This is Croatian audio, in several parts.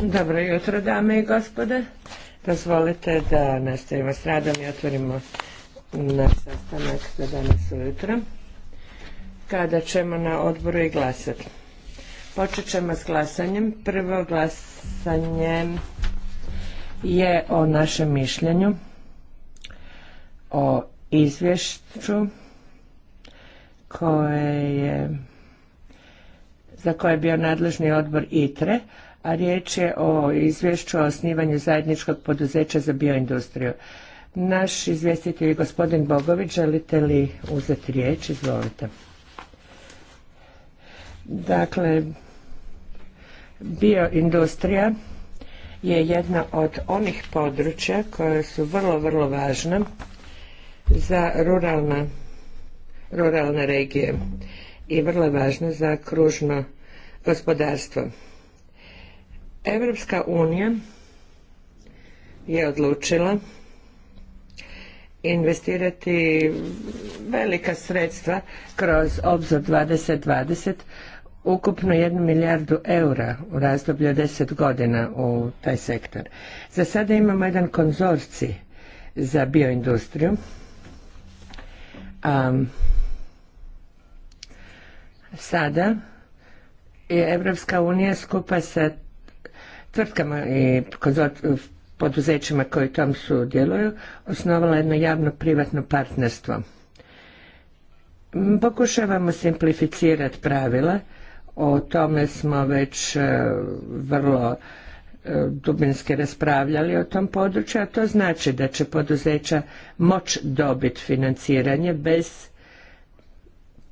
Dobro jutro, dame i gospode. Dozvolite da nastavimo s radom i otvorimo naš sastanak za danas ujutro, kada ćemo na odboru i glasati. Počet ćemo s glasanjem. Prvo glasanje je o našem mišljenju, o izvješću koje je za koje je bio nadležni odbor ITRE, a riječ je o izvješću o osnivanju zajedničkog poduzeća za bioindustriju. Naš izvjestitelj gospodin Bogović, želite li uzeti riječ? Izvolite. Dakle, bioindustrija je jedna od onih područja koja su vrlo, vrlo važna za ruralna, ruralne regije i vrlo važna za kružno gospodarstvo. europska unija je odlučila investirati velika sredstva kroz obzor 2020 ukupno jednu milijardu eura u razdoblju 10 godina u taj sektor. Za sada imamo jedan konzorci za bioindustriju. sada i Evropska unija skupa sa tvrtkama i poduzećima koji tom sudjeluju osnovala jedno javno privatno partnerstvo. Pokušavamo simplificirati pravila, o tome smo već e, vrlo e, dubinski raspravljali o tom području, a to znači da će poduzeća moć dobiti financiranje bez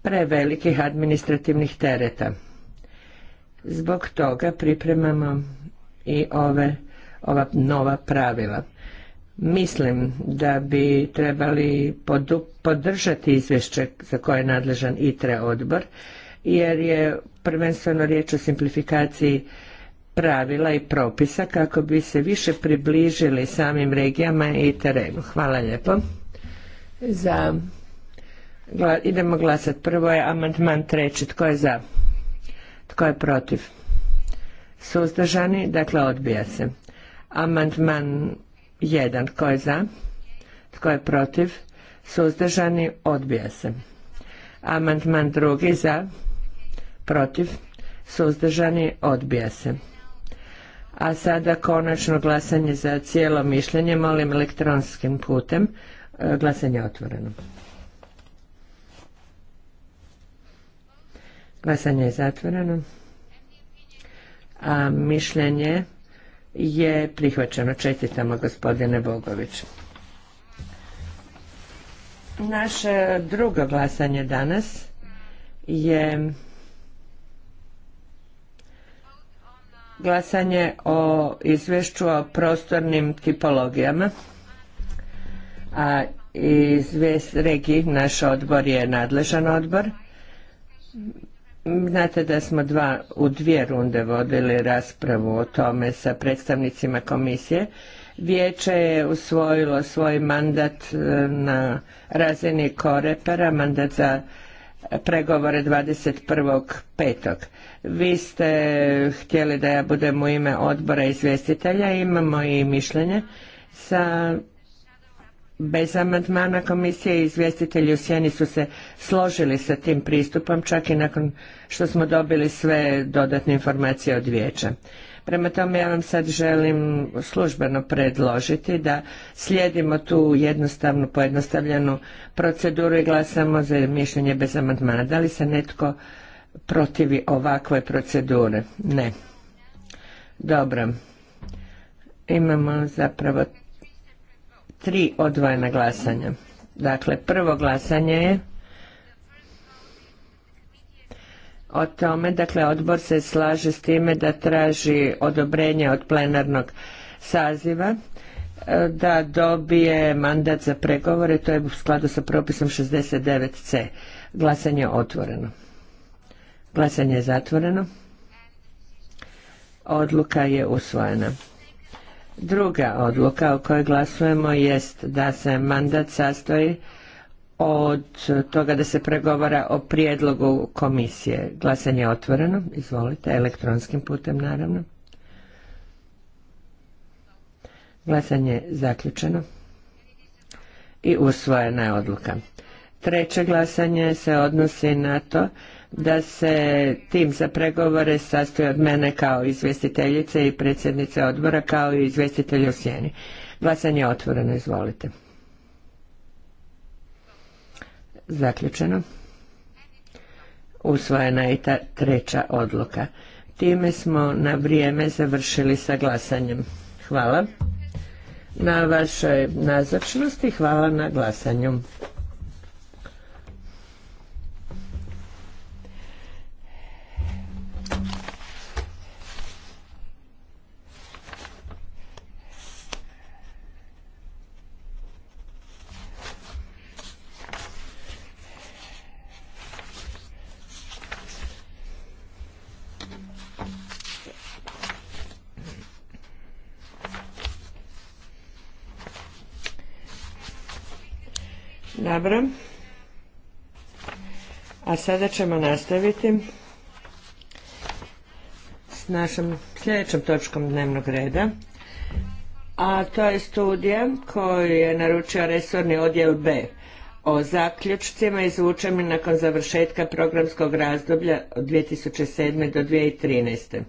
prevelikih administrativnih tereta. Zbog toga pripremamo i ove, ova nova pravila. Mislim da bi trebali podržati izvješće za koje je nadležan ITRE odbor, jer je prvenstveno riječ o simplifikaciji pravila i propisa kako bi se više približili samim regijama i terenu. Hvala lijepo. Za... Idemo glasati. Prvo je amandman treći. Tko je za? Tko je protiv? Suzdržani? Dakle, odbija se. Amandman 1. Tko je za? Tko je protiv? Suzdržani? Odbija se. Amandman 2. Za? Protiv? Suzdržani? Odbija se. A sada konačno glasanje za cijelo mišljenje. Molim elektronskim putem. E, glasanje otvoreno. Glasanje je zatvoreno. A mišljenje je prihvaćeno. Čestitamo gospodine Bogović. Naše drugo glasanje danas je glasanje o izvješću o prostornim tipologijama. A iz Regi naš odbor je nadležan odbor. Znate da smo dva, u dvije runde vodili raspravu o tome sa predstavnicima komisije. Vijeće je usvojilo svoj mandat e, na razini korepera, mandat za pregovore 21.5. Vi ste htjeli da ja budem u ime odbora izvjestitelja, imamo i mišljenje sa bez amandmana komisije i izvjestitelji u sjeni su se složili sa tim pristupom čak i nakon što smo dobili sve dodatne informacije od vijeća. Prema tome ja vam sad želim službeno predložiti da slijedimo tu jednostavnu pojednostavljenu proceduru i glasamo za mišljenje bez amandmana. Da li se netko protivi ovakve procedure? Ne. Dobro. Imamo zapravo tri odvojena glasanja. Dakle, prvo glasanje je o tome, dakle odbor se slaže s time da traži odobrenje od plenarnog saziva e, da dobije mandat za pregovore, to je u skladu sa propisom 69c. Glasanje je otvoreno. Glasanje je zatvoreno. Odluka je usvojena. Druga odluka o kojoj glasujemo jest da se mandat sastoji od toga da se pregovara o prijedlogu komisije. Glasanje je otvoreno, izvolite, elektronskim putem naravno. Glasanje je zaključeno i usvojena je odluka. Treće glasanje se odnosi na to da se tim za pregovore sastoji od mene kao izvjestiteljice i predsjednice odbora kao i izvjestitelj u sjeni. Glasanje je otvoreno, izvolite. Zaključeno. Usvojena je ta treća odluka. Time smo na vrijeme završili sa glasanjem. Hvala na vašoj nazočnosti, hvala na glasanju. Dobro. A sada ćemo nastaviti s našom sljedećom točkom dnevnog reda. A to je studija koju je naručio resorni odjel B o zaključcima izvučenim nakon završetka programskog razdoblja od 2007. do 2013.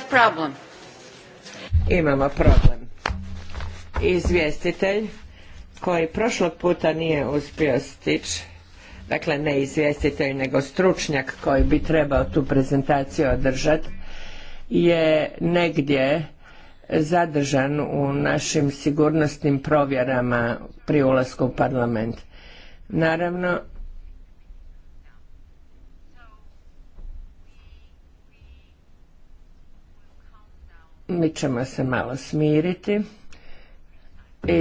problem. Imamo problem. Izvjestitelj koji prošlog puta nije uspio stići, dakle ne izvjestitelj nego stručnjak koji bi trebao tu prezentaciju održati, je negdje zadržan u našim sigurnosnim provjerama pri ulasku u parlament. Naravno, Mi ćemo se malo smiriti i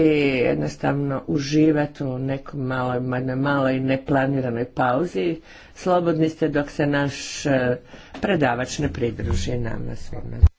jednostavno uživati u nekom maloj, maloj neplaniranoj pauzi. Slobodni ste dok se naš eh, predavač ne pridruži nama svima.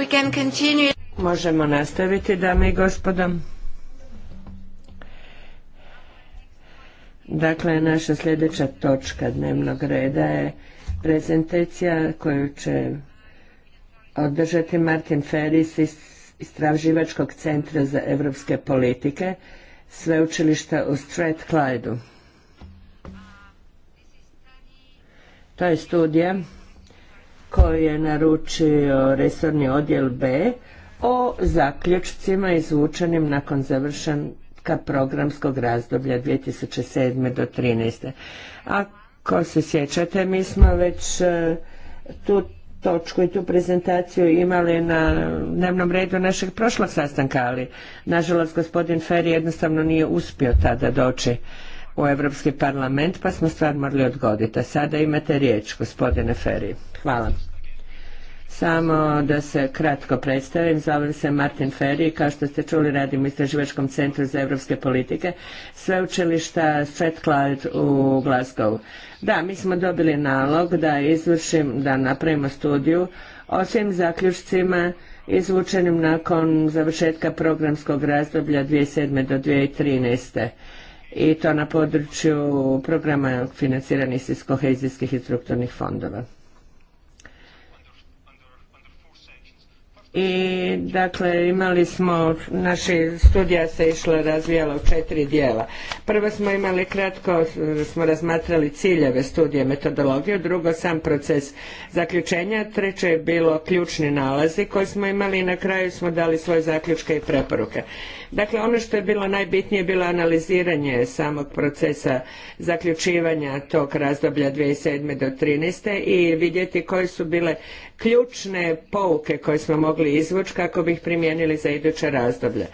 we Možemo nastaviti, dame i gospodo. Dakle, naša sljedeća točka dnevnog reda je prezentacija koju će održati Martin Ferris iz Istraživačkog centra za evropske politike sveučilišta u strathclyde To je studija koju je naručio resorni odjel B o zaključcima izvučenim nakon završenka programskog razdoblja 2007. do 2013. Ako se sjećate, mi smo već e, tu točku i tu prezentaciju imali na dnevnom redu našeg prošlog sastanka, ali nažalost gospodin Feri jednostavno nije uspio tada doći u Europski parlament pa smo stvar morali odgoditi. A sada imate riječ, gospodine Ferri. Hvala. Samo da se kratko predstavim, zovem se Martin i kao što ste čuli radim u Istraživačkom centru za europske politike, sveučilišta Strathclyde u Glasgow. Da, mi smo dobili nalog da izvršim, da napravimo studiju o svim zaključcima izvučenim nakon završetka programskog razdoblja 2007. do 2013 i to na području programa financiranih iz kohezijskih i strukturnih fondova. I dakle imali smo, naša studija se išla razvijala u četiri dijela. Prvo smo imali kratko, smo razmatrali ciljeve studije metodologiju, drugo sam proces zaključenja, treće je bilo ključni nalazi koji smo imali i na kraju smo dali svoje zaključke i preporuke. Dakle, ono što je bilo najbitnije bilo analiziranje samog procesa zaključivanja tog razdoblja 2007. do 2013. i vidjeti koje su bile ključne pouke koje smo mogli izvući kako bi ih primijenili za iduće razdoblje.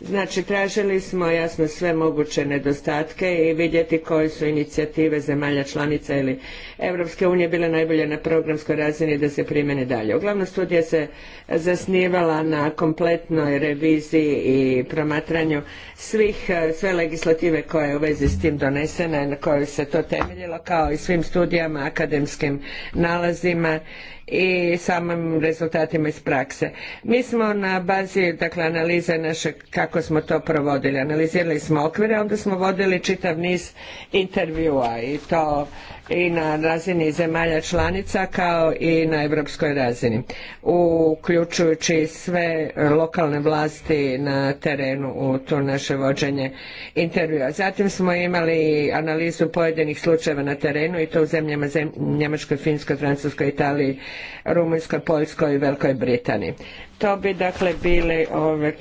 Znači, tražili smo jasno sve moguće nedostatke i vidjeti koje su inicijative zemalja članica ili Europske unije bile najbolje na programskoj razini da se primjene dalje. Uglavnom, studija se zasnivala na kompletnoj reviziji i promatranju svih, e, sve legislative koja je u vezi s tim donesena i na kojoj se to temeljilo, kao i svim studijama, akademskim nalazima i samim rezultatima iz prakse. Mi smo na bazi dakle, analize naše kako smo to provodili. Analizirali smo okvire, onda smo vodili čitav niz intervjua i to i na razini zemalja članica kao i na europskoj razini, uključujući sve lokalne vlasti na terenu u to naše vođenje intervjua. Zatim smo imali analizu pojedinih slučajeva na terenu i to u zemljama Njemačkoj, Finskoj, Francuskoj, Italiji, Rumunjskoj, Poljskoj i Velikoj Britaniji. To bi dakle bili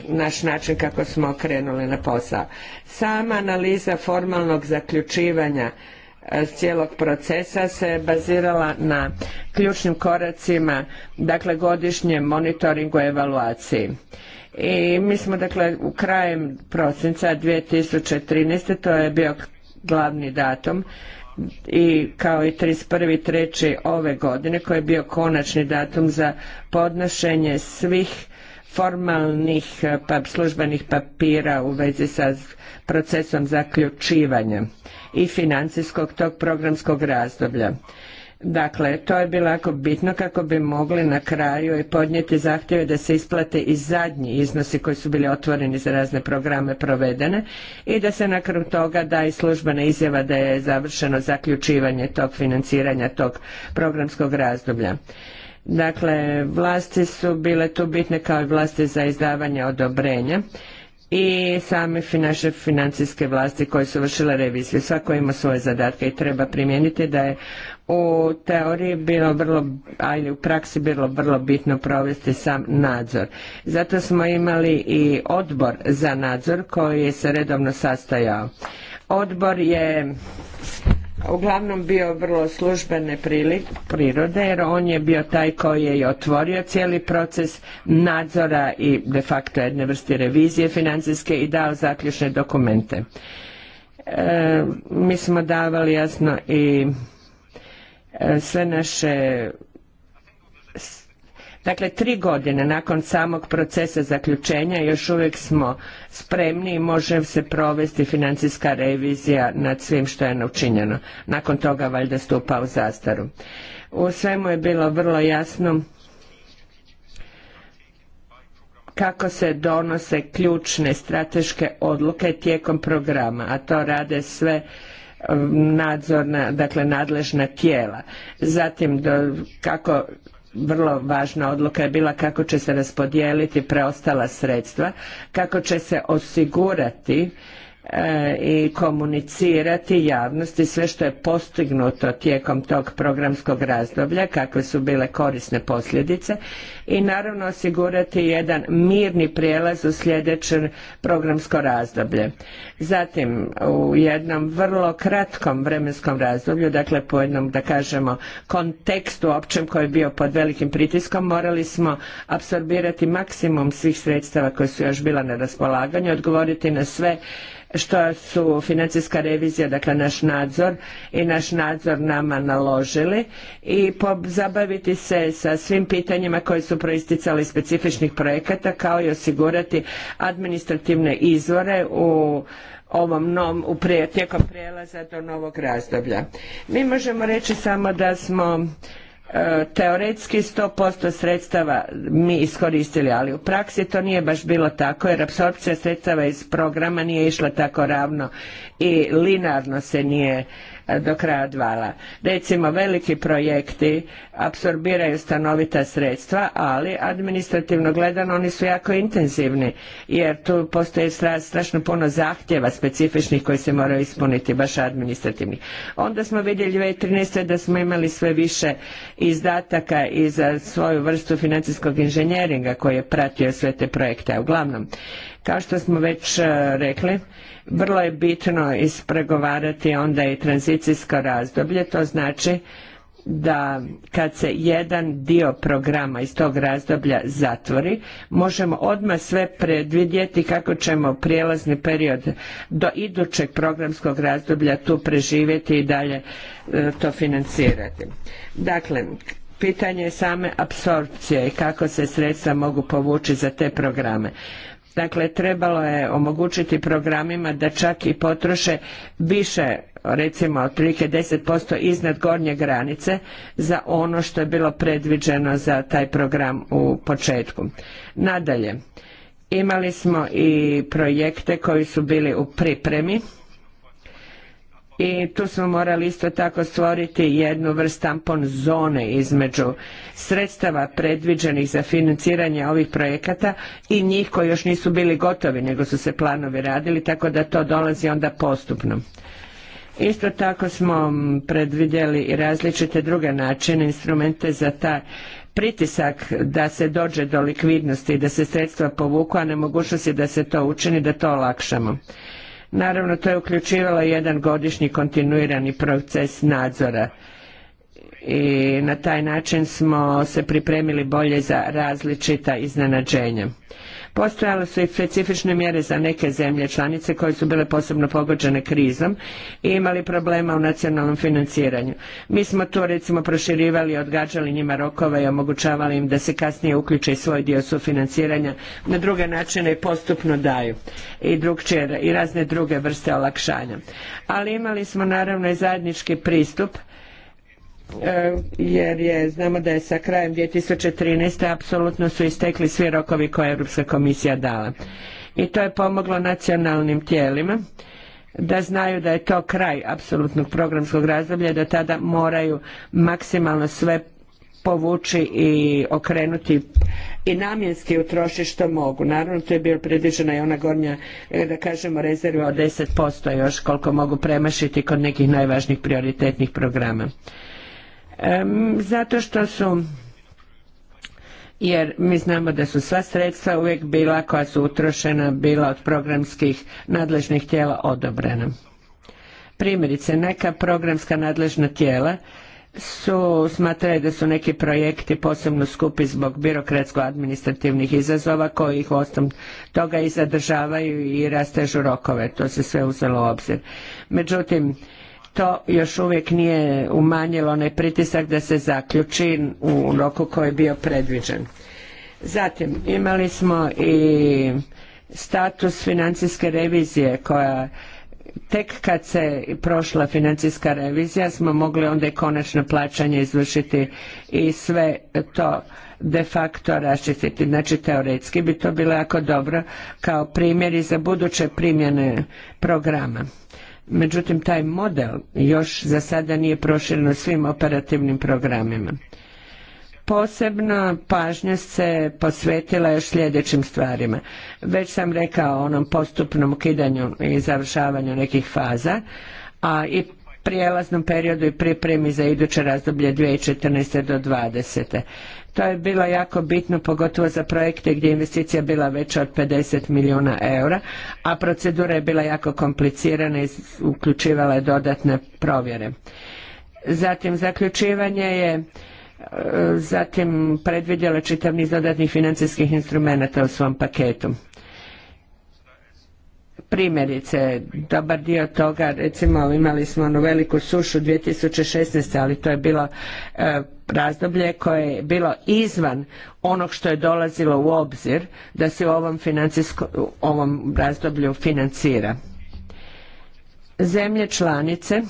naš način kako smo krenuli na posao. Sama analiza formalnog zaključivanja cijelog procesa se bazirala na ključnim koracima, dakle godišnjem monitoringu i evaluaciji. I mi smo dakle u krajem prosinca 2013. to je bio glavni datum i kao i 31.3. ove godine koji je bio konačni datum za podnošenje svih formalnih pa, službenih papira u vezi sa procesom zaključivanja i financijskog tog programskog razdoblja. Dakle, to je bilo jako bitno kako bi mogli na kraju i podnijeti zahtjeve da se isplate i zadnji iznosi koji su bili otvoreni za razne programe provedene i da se nakon toga da i službena izjava da je završeno zaključivanje tog financiranja tog programskog razdoblja. Dakle, vlasti su bile tu bitne kao i vlasti za izdavanje odobrenja i same naše financijske vlasti koje su vršile reviziju. Svako ima svoje zadatke i treba primijeniti da je u teoriji bilo vrlo, ali u praksi bilo vrlo bitno provesti sam nadzor. Zato smo imali i odbor za nadzor koji je se redovno sastajao. Odbor je uglavnom bio vrlo službene prirode jer on je bio taj koji je i otvorio cijeli proces nadzora i de facto jedne vrste revizije financijske i dao zaključne dokumente. E, mi smo davali jasno i e, sve naše Dakle, tri godine nakon samog procesa zaključenja još uvijek smo spremni i može se provesti financijska revizija nad svim što je učinjeno. Nakon toga valjda stupa u zastaru. U svemu je bilo vrlo jasno kako se donose ključne strateške odluke tijekom programa, a to rade sve um, nadzorna, dakle nadležna tijela. Zatim kako vrlo važna odluka je bila kako će se raspodijeliti preostala sredstva, kako će se osigurati E, i komunicirati javnosti sve što je postignuto tijekom tog programskog razdoblja, kakve su bile korisne posljedice i naravno osigurati jedan mirni prijelaz u sljedeće programsko razdoblje. Zatim u jednom vrlo kratkom vremenskom razdoblju, dakle po jednom da kažemo kontekstu općem koji je bio pod velikim pritiskom, morali smo apsorbirati maksimum svih sredstava koja su još bila na raspolaganju, odgovoriti na sve što su financijska revizija, dakle naš nadzor i naš nadzor nama naložili i zabaviti se sa svim pitanjima koje su proisticali specifičnih projekata kao i osigurati administrativne izvore u ovom nom, u prije, tijekom prijelaza do novog razdoblja. Mi možemo reći samo da smo teoretski 100% sredstava mi iskoristili, ali u praksi to nije baš bilo tako jer apsorpcija sredstava iz programa nije išla tako ravno i linearno se nije E, do kraja dvala. Recimo, veliki projekti apsorbiraju stanovita sredstva, ali administrativno gledano oni su jako intenzivni, jer tu postoje strašno puno zahtjeva specifičnih koji se moraju ispuniti, baš administrativni. Onda smo vidjeli 2013. E da smo imali sve više izdataka i za svoju vrstu financijskog inženjeringa koji je pratio sve te projekte. Uglavnom, kao što smo već e, rekli, vrlo je bitno ispregovarati onda i tranzicijsko razdoblje, to znači da kad se jedan dio programa iz tog razdoblja zatvori, možemo odmah sve predvidjeti kako ćemo prijelazni period do idućeg programskog razdoblja tu preživjeti i dalje e, to financirati. Dakle, pitanje je same apsorpcije i kako se sredstva mogu povući za te programe. Dakle, trebalo je omogućiti programima da čak i potroše više, recimo otprilike 10% iznad gornje granice za ono što je bilo predviđeno za taj program u početku. Nadalje, imali smo i projekte koji su bili u pripremi i tu smo morali isto tako stvoriti jednu vrst tampon zone između sredstava predviđenih za financiranje ovih projekata i njih koji još nisu bili gotovi nego su se planovi radili tako da to dolazi onda postupno. Isto tako smo predvidjeli i različite druge načine, instrumente za taj pritisak da se dođe do likvidnosti, i da se sredstva povuku, a je da se to učini, da to olakšamo. Naravno, to je uključivalo jedan godišnji kontinuirani proces nadzora i na taj način smo se pripremili bolje za različita iznenađenja. Postojale su i specifične mjere za neke zemlje članice koje su bile posebno pogođene krizom i imali problema u nacionalnom financiranju. Mi smo tu recimo proširivali i odgađali njima rokove i omogućavali im da se kasnije uključe i svoj dio sufinanciranja na druge načine i postupno daju i, i razne druge vrste olakšanja. Ali imali smo naravno i zajednički pristup E, jer je, znamo da je sa krajem 2013. apsolutno su istekli svi rokovi koje je Europska komisija dala. I to je pomoglo nacionalnim tijelima da znaju da je to kraj apsolutnog programskog razdoblja, da tada moraju maksimalno sve povući i okrenuti i namjenski utrošiti što mogu. Naravno, tu je bio predviđena i ona gornja, e, da kažemo, rezerva od 10% još koliko mogu premašiti kod nekih najvažnijih prioritetnih programa zato što su jer mi znamo da su sva sredstva uvijek bila koja su utrošena bila od programskih nadležnih tijela odobrena. Primjerice, neka programska nadležna tijela su smatraju da su neki projekti posebno skupi zbog birokratsko-administrativnih izazova koji ih osnovno toga i zadržavaju i rastežu rokove. To se sve uzelo u obzir. Međutim, to još uvijek nije umanjilo onaj pritisak da se zaključi u roku koji je bio predviđen. Zatim, imali smo i status financijske revizije koja tek kad se prošla financijska revizija smo mogli onda i konačno plaćanje izvršiti i sve to de facto raščistiti. Znači teoretski bi to bilo jako dobro kao primjeri za buduće primjene programa. Međutim, taj model još za sada nije proširen na svim operativnim programima. Posebno pažnja se posvetila još sljedećim stvarima. Već sam rekao o onom postupnom ukidanju i završavanju nekih faza, a i prijelaznom periodu i pripremi za iduće razdoblje 2014. do 2020. To je bilo jako bitno pogotovo za projekte gdje je investicija bila veća od 50 milijuna eura, a procedura je bila jako komplicirana i uključivala je dodatne provjere. Zatim zaključivanje je e, zatim predvidjela čitav niz dodatnih financijskih instrumenata u svom paketu primjerice, dobar dio toga, recimo imali smo onu veliku sušu 2016. ali to je bilo e, razdoblje koje je bilo izvan onog što je dolazilo u obzir da se u ovom, ovom razdoblju financira. Zemlje članice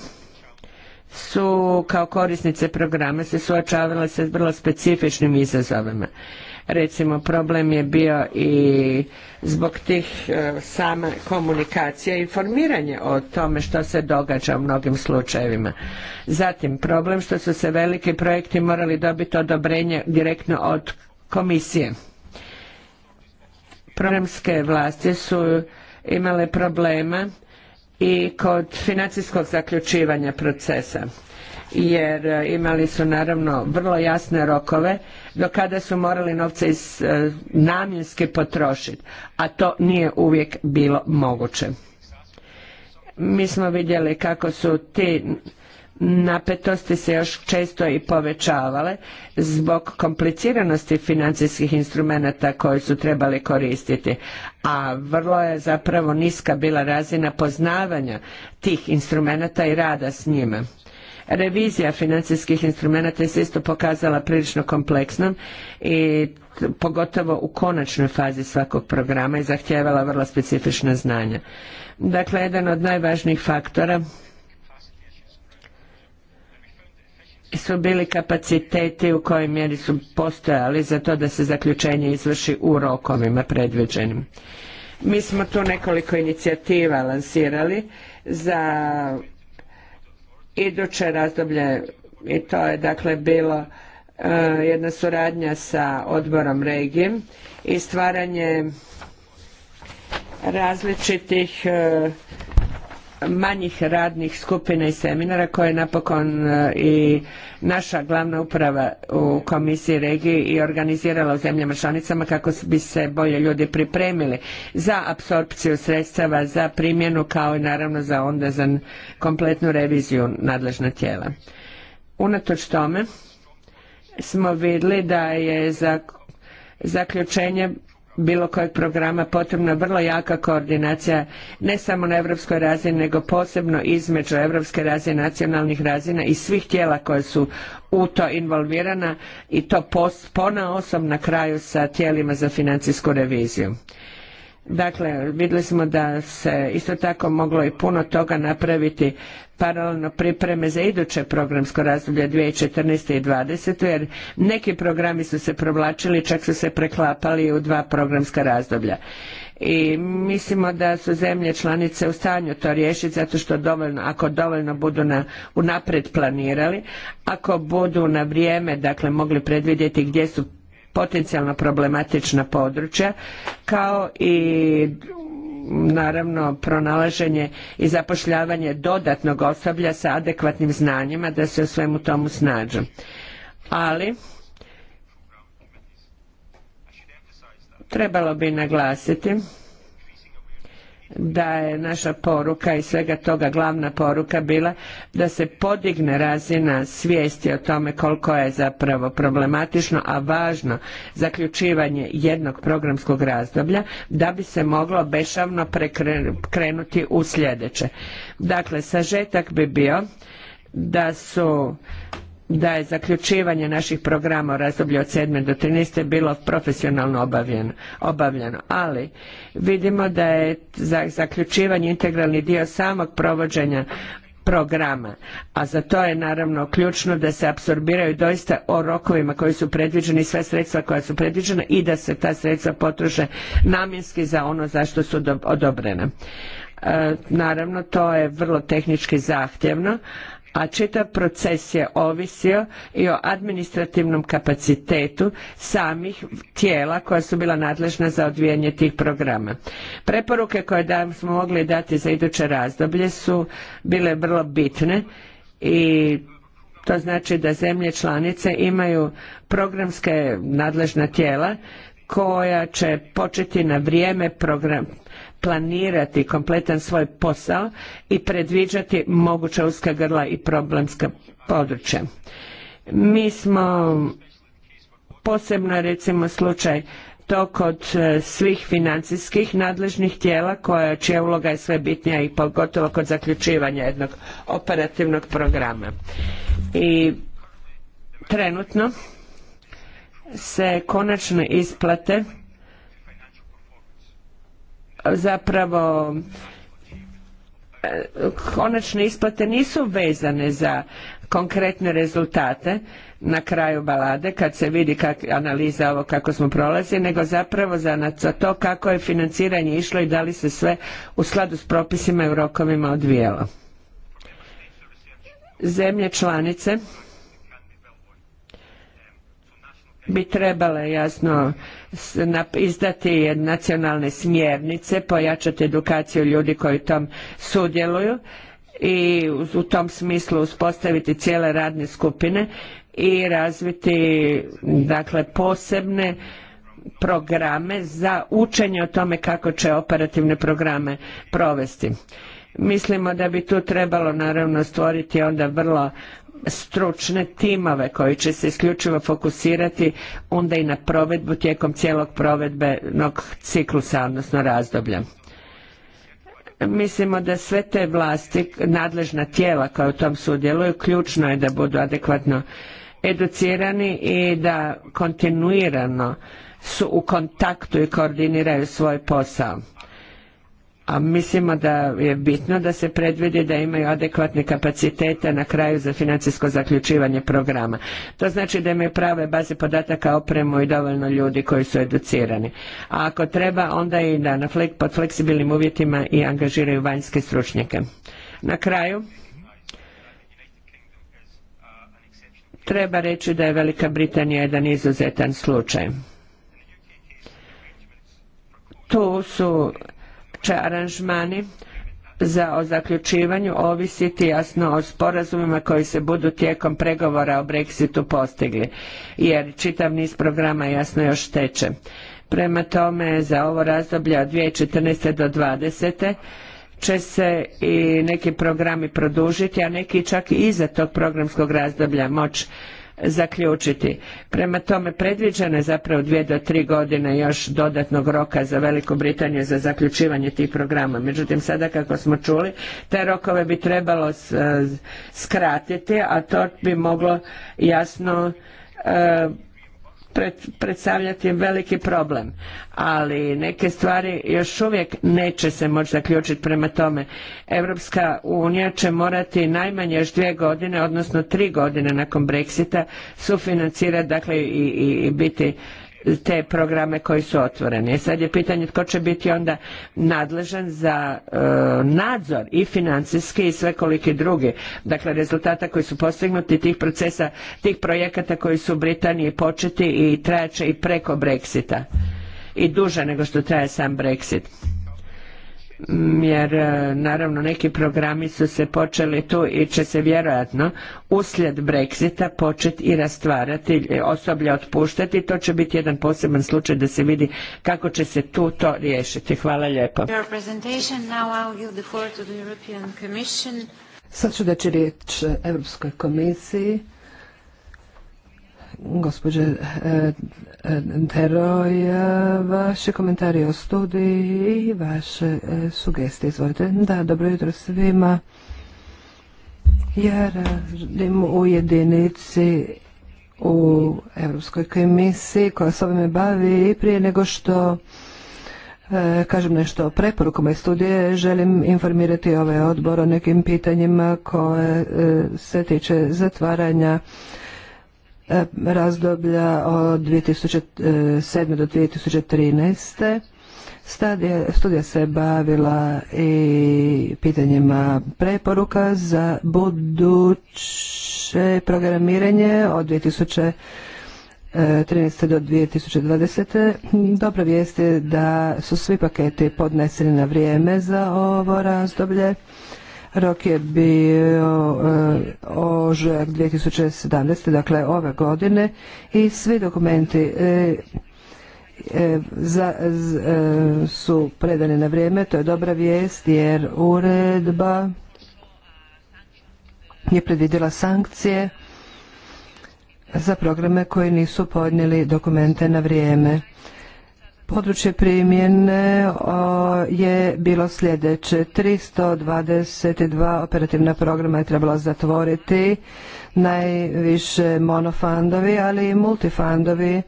su kao korisnice programa se suočavale sa vrlo specifičnim izazovima Recimo problem je bio i zbog tih sama e, same komunikacije i informiranje o tome što se događa u mnogim slučajevima. Zatim problem što su se veliki projekti morali dobiti odobrenje direktno od komisije. Programske vlasti su imale problema i kod financijskog zaključivanja procesa jer e, imali su naravno vrlo jasne rokove do kada su morali novce e, namjenski potrošiti, a to nije uvijek bilo moguće. Mi smo vidjeli kako su ti napetosti se još često i povećavale zbog kompliciranosti financijskih instrumenata koje su trebali koristiti, a vrlo je zapravo niska bila razina poznavanja tih instrumenata i rada s njima. Revizija financijskih instrumenta se isto pokazala prilično kompleksnom i pogotovo u konačnoj fazi svakog programa i zahtijevala vrlo specifična znanja. Dakle, jedan od najvažnijih faktora su bili kapaciteti u kojoj mjeri su postojali za to da se zaključenje izvrši u rokovima predviđenim. Mi smo tu nekoliko inicijativa lansirali za iduće razdoblje i to je dakle bilo e, jedna suradnja sa odborom regije i stvaranje različitih e, manjih radnih skupina i seminara koje je napokon e, i naša glavna uprava u komisiji regiji i organizirala u zemljama članicama kako bi se bolje ljudi pripremili za apsorpciju sredstava, za primjenu kao i naravno za onda za kompletnu reviziju nadležna tijela. Unatoč tome smo vidjeli da je za zaključenje bilo kojeg programa potrebna vrlo jaka koordinacija ne samo na europskoj razini nego posebno između europske razine, nacionalnih razina i svih tijela koje su u to involvirana i to ponaosob na kraju sa tijelima za financijsku reviziju. Dakle, vidjeli smo da se isto tako moglo i puno toga napraviti paralelno pripreme za iduće programsko razdoblje 2014. i 2020. jer neki programi su se provlačili, čak su se preklapali u dva programska razdoblja. I mislimo da su zemlje članice u stanju to riješiti zato što dovoljno, ako dovoljno budu na, unaprijed planirali, ako budu na vrijeme dakle mogli predvidjeti gdje su potencijalno problematična područja kao i naravno pronalaženje i zapošljavanje dodatnog osoblja sa adekvatnim znanjima da se u svemu tomu snađu. Ali trebalo bi naglasiti da je naša poruka i svega toga glavna poruka bila da se podigne razina svijesti o tome koliko je zapravo problematično, a važno zaključivanje jednog programskog razdoblja da bi se moglo bešavno krenuti u sljedeće. Dakle, sažetak bi bio da su da je zaključivanje naših programa u razdoblju od 7. do 13. bilo profesionalno obavljeno, ali vidimo da je za zaključivanje integralni dio samog provođenja programa, a za to je naravno ključno da se apsorbiraju doista o rokovima koji su predviđeni, sva sredstva koja su predviđena i da se ta sredstva potroše namjenski za ono zašto su odobrena. E, naravno, to je vrlo tehnički zahtjevno, a čitav proces je ovisio i o administrativnom kapacitetu samih tijela koja su bila nadležna za odvijanje tih programa. Preporuke koje smo mogli dati za iduće razdoblje su bile vrlo bitne i to znači da zemlje članice imaju programske nadležna tijela koja će početi na vrijeme program, planirati kompletan svoj posao i predviđati moguća uska grla i problemska područja. Mi smo posebno recimo slučaj to kod e, svih financijskih nadležnih tijela koja čija uloga je sve bitnija i pogotovo kod zaključivanja jednog operativnog programa. I trenutno se konačne isplate zapravo e, konačne isplate nisu vezane za konkretne rezultate na kraju balade kad se vidi kak, analiza ovo kako smo prolazili nego zapravo za, to kako je financiranje išlo i da li se sve u skladu s propisima i rokovima odvijalo. Zemlje članice bi trebale jasno izdati nacionalne smjernice, pojačati edukaciju ljudi koji tom sudjeluju i u tom smislu uspostaviti cijele radne skupine i razviti dakle posebne programe za učenje o tome kako će operativne programe provesti. Mislimo da bi tu trebalo naravno stvoriti onda vrlo stručne timove koji će se isključivo fokusirati onda i na provedbu tijekom cijelog provedbenog ciklusa, odnosno razdoblja. Mislimo da sve te vlasti, nadležna tijela koja u tom sudjeluju, ključno je da budu adekvatno educirani i da kontinuirano su u kontaktu i koordiniraju svoj posao a mislimo da je bitno da se predvidi da imaju adekvatne kapacitete na kraju za financijsko zaključivanje programa. To znači da imaju prave baze podataka, opremu i dovoljno ljudi koji su educirani. A ako treba, onda i da pod fleksibilnim uvjetima i angažiraju vanjske stručnjake. Na kraju, treba reći da je Velika Britanija jedan izuzetan slučaj. Tu su će aranžmani za o zaključivanju ovisiti jasno o sporazumima koji se budu tijekom pregovora o Brexitu postigli, jer čitav niz programa jasno još teče. Prema tome, za ovo razdoblje od 2014. do 2020 će se i neki programi produžiti, a neki čak i iza tog programskog razdoblja moći zaključiti. Prema tome, predviđeno je zapravo dvije do tri godine još dodatnog roka za Veliku Britaniju za zaključivanje tih programa. Međutim, sada kako smo čuli, te rokove bi trebalo e, skratiti, a to bi moglo jasno e, predstavljati veliki problem, ali neke stvari još uvijek neće se moći zaključiti prema tome. Europska unija će morati najmanje još dvije godine, odnosno tri godine nakon Brexita sufinancirati, dakle i biti te programe koji su otvoreni. Sad je pitanje tko će biti onda nadležan za e, nadzor i financijski i koliki drugi. Dakle, rezultata koji su postignuti tih procesa, tih projekata koji su u Britaniji početi i trajaće i preko Brexita i duže nego što traje sam Brexit jer e, naravno neki programi su se počeli tu i će se vjerojatno uslijed Brexita početi i rastvarati, e, osoblje otpuštati. To će biti jedan poseban slučaj da se vidi kako će se tu to riješiti. Hvala lijepo. Sad ću daći riječ Europskoj komisiji gospođe eh, eh, Teroj, eh, vaše komentari o studiji i vaše sugestije. Izvolite. Da, dobro jutro svima. Ja radim u jedinici u Europskoj komisiji koja se ovime bavi i prije nego što kažem nešto o preporukama i studije, želim informirati ovaj odbor o nekim pitanjima koje se tiče zatvaranja E, razdoblja od 2007. do 2013. studija se bavila i pitanjima preporuka za buduće programiranje od 2013. do 2020. Dobra vijest je da su svi paketi podneseni na vrijeme za ovo razdoblje. Rok je bio e, ožujak 2017. dakle ove godine i svi dokumenti e, e, su predani na vrijeme, to je dobra vijest jer uredba je predvidjela sankcije za programe koji nisu podnijeli dokumente na vrijeme. Područje primjene je bilo sljedeće. 322 operativna programa je trebalo zatvoriti, najviše monofandovi, ali i multifandovi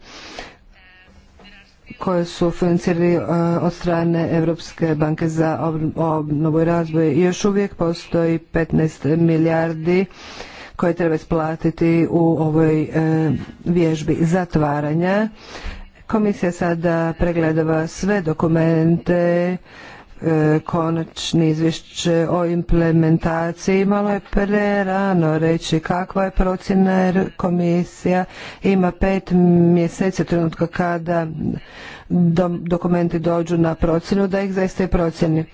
koje su financirali e, od strane Europske banke za obnovu i razvoj. Još uvijek postoji 15 milijardi koje treba isplatiti u ovoj e, vježbi zatvaranja. Komisija sada pregledava sve dokumente, e, konačni izvješće o implementaciji. Malo je prerano reći kakva je procjena jer komisija ima pet mjeseci trenutka kada dokumenti dođu na procjenu da ih zaista i procjeni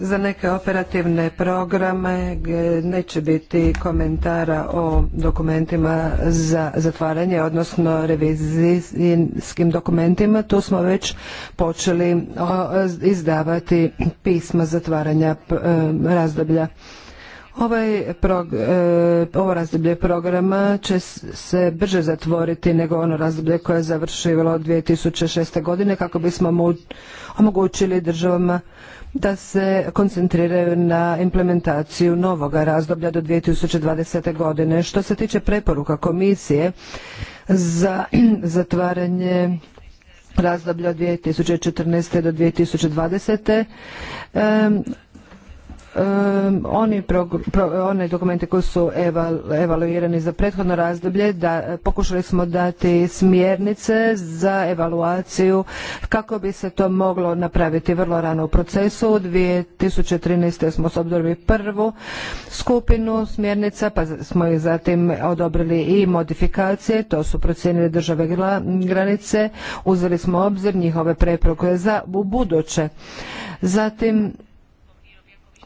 za neke operativne programe neće biti komentara o dokumentima za zatvaranje, odnosno revizijskim dokumentima. Tu smo već počeli izdavati pisma zatvaranja e, razdoblja. Ovaj e, ovo razdoblje programa će se brže zatvoriti nego ono razdoblje koje je završivalo 2006. godine kako bismo omogućili državama da se koncentriraju na implementaciju novoga razdoblja do 2020. godine. Što se tiče preporuka komisije za zatvaranje razdoblja od 2014. do 2020 oni dokumenti one dokumente koji su evaluirani za prethodno razdoblje da pokušali smo dati smjernice za evaluaciju kako bi se to moglo napraviti vrlo rano u procesu. U 2013. smo s prvu skupinu smjernica pa smo ih zatim odobrili i modifikacije. To su procijenile države granice. Uzeli smo obzir njihove preproke za u buduće. Zatim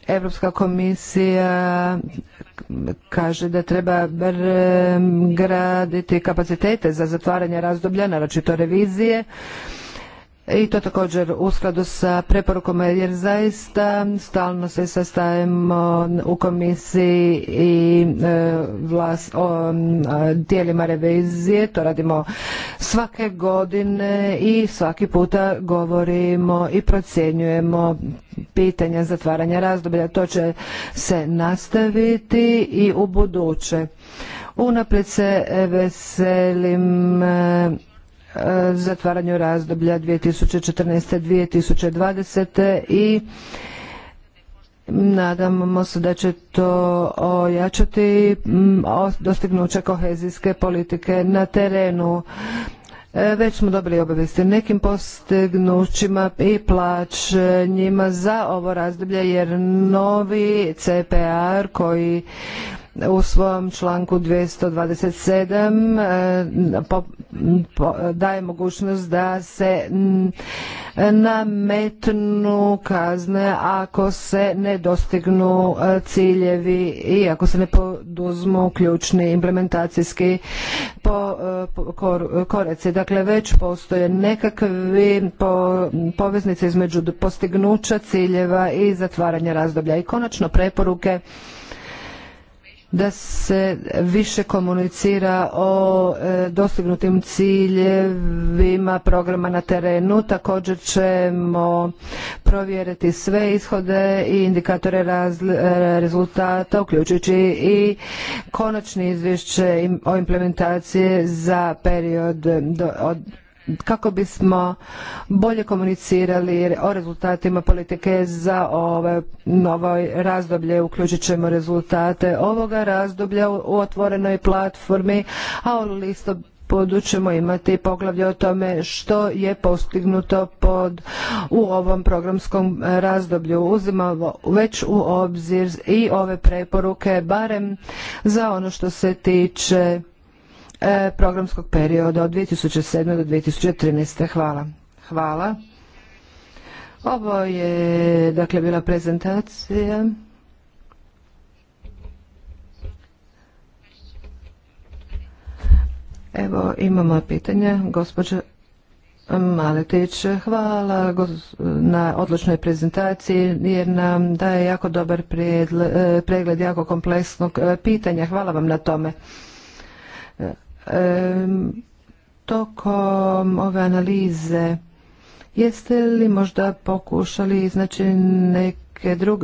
Europska komisija kaže da treba graditi kapacitete za zatvaranje razdoblja, naročito revizije i to također u skladu sa preporukom, jer zaista stalno se sastajemo u komisiji i dijelima o, tijelima revizije, to radimo svake godine i svaki puta govorimo i procjenjujemo pitanja zatvaranja razdoblja. To će se nastaviti i u buduće. Unaprijed se veselim e, E, zatvaranju razdoblja 2014-2020 i Nadamo se da će to ojačati dostignuće kohezijske politike na terenu. E, već smo dobili obavijesti nekim postignućima i njima za ovo razdoblje jer novi CPR koji u svom članku 227 eh, daje mogućnost da se mm, nametnu kazne ako se ne dostignu eh, ciljevi i ako se ne poduzmu ključni implementacijski eh, koreci. Dakle, već postoje nekakvi poveznice između postignuća ciljeva i zatvaranja razdoblja. I konačno preporuke da se više komunicira o e, dostignutim ciljevima programa na terenu. Također ćemo provjeriti sve ishode i indikatore e, rezultata, uključujući i konačni izvješće o implementaciji za period do, od kako bismo bolje komunicirali o rezultatima politike za ove novo razdoblje. Uključit ćemo rezultate ovoga razdoblja u otvorenoj platformi, a u listopadu ćemo imati poglavlje o tome što je postignuto pod, u ovom programskom razdoblju. Uzimamo već u obzir i ove preporuke, barem za ono što se tiče E, programskog perioda od 2007. do 2013. Hvala. Hvala. Ovo je dakle bila prezentacija. Evo imamo pitanja. Gospođa Maletić, hvala na odličnoj prezentaciji jer nam daje jako dobar e, pregled jako kompleksnog e, pitanja. Hvala vam na tome tokom ove analize jeste li možda pokušali iznaći neke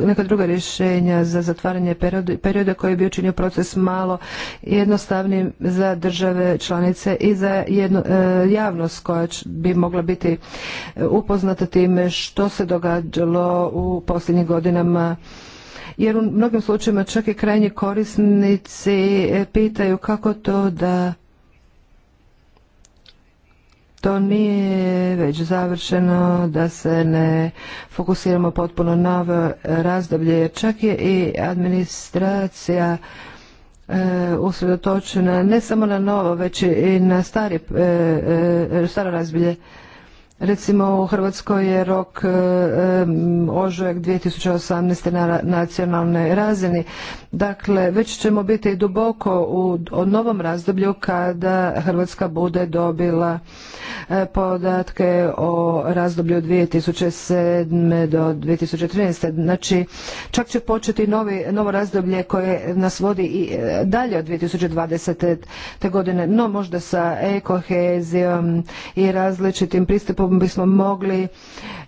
neka druga rješenja za zatvaranje perioda, koji bi učinio proces malo jednostavnim za države članice i za e, javnost koja bi mogla biti upoznata time što se događalo u posljednjim godinama jer u mnogim slučajevima čak i krajnji korisnici e, pitaju kako to da to nije već završeno, da se ne fokusiramo potpuno na ovo razdoblje, jer čak je i administracija e, usredotočena ne samo na novo, već i na stare e, e, razdoblje Recimo u Hrvatskoj je rok e, ožujak 2018. na nacionalnoj razini. Dakle, već ćemo biti duboko u, novom razdoblju kada Hrvatska bude dobila e, podatke o razdoblju 2007. do 2013. Znači, čak će početi novo razdoblje koje nas vodi i e, dalje od 2020. godine, no možda sa ekohezijom i različitim pristupom bismo mogli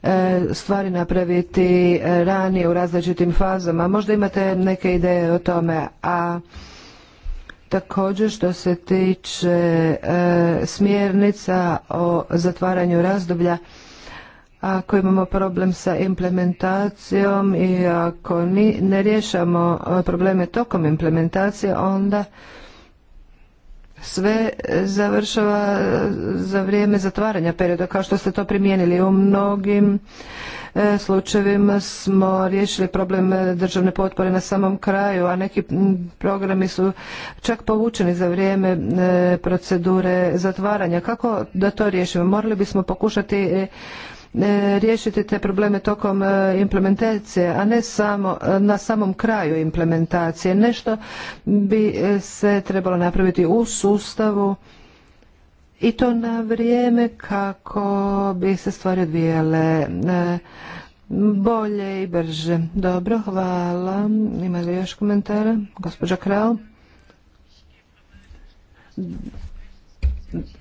e, stvari napraviti e, ranije u različitim fazama. Možda imate neke ideje o tome, a također što se tiče e, smjernica o zatvaranju razdoblja, ako imamo problem sa implementacijom i ako ne rješamo probleme tokom implementacije, onda sve e, završava e, za vrijeme zatvaranja perioda kao što ste to primijenili u mnogim e, slučajevima smo riješili problem državne potpore na samom kraju a neki programi su čak povučeni za vrijeme procedure zatvaranja kako da to riješimo morali bismo pokušati E, riješiti te probleme tokom e, implementacije, a ne samo e, na samom kraju implementacije. Nešto bi se trebalo napraviti u sustavu i to na vrijeme kako bi se stvari odvijale bolje i brže. Dobro, hvala. Ima li još komentara? Gospođa Kral.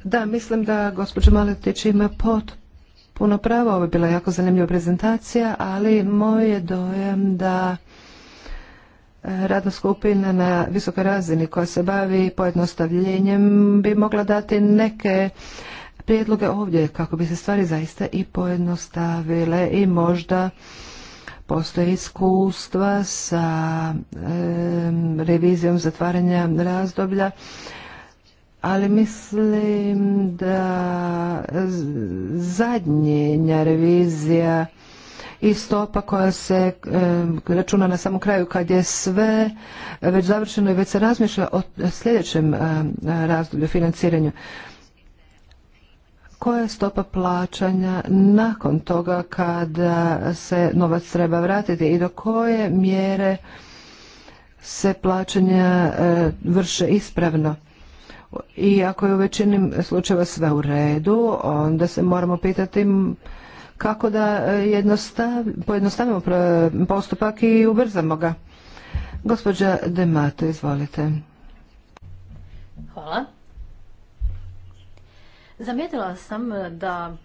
Da, mislim da gospođa Maletić ima potpuno puno pravo. Ovo je bila jako zanimljiva prezentacija, ali moj je dojam da e, radna skupina na visokoj razini koja se bavi pojednostavljenjem bi mogla dati neke prijedloge ovdje kako bi se stvari zaista i pojednostavile i možda postoje iskustva sa e, revizijom zatvaranja razdoblja ali mislim da zadnja revizija i stopa koja se računa na samom kraju kad je sve već završeno i već se razmišlja o sljedećem razdoblju financiranju. Koja je stopa plaćanja nakon toga kada se novac treba vratiti i do koje mjere se plaćanja vrše ispravno? i ako je u većini slučajeva sve u redu, onda se moramo pitati kako da e, jednostav, pojednostavimo postupak i ubrzamo ga. Gospođa Demato, izvolite. Hvala. Zamijetila sam e, da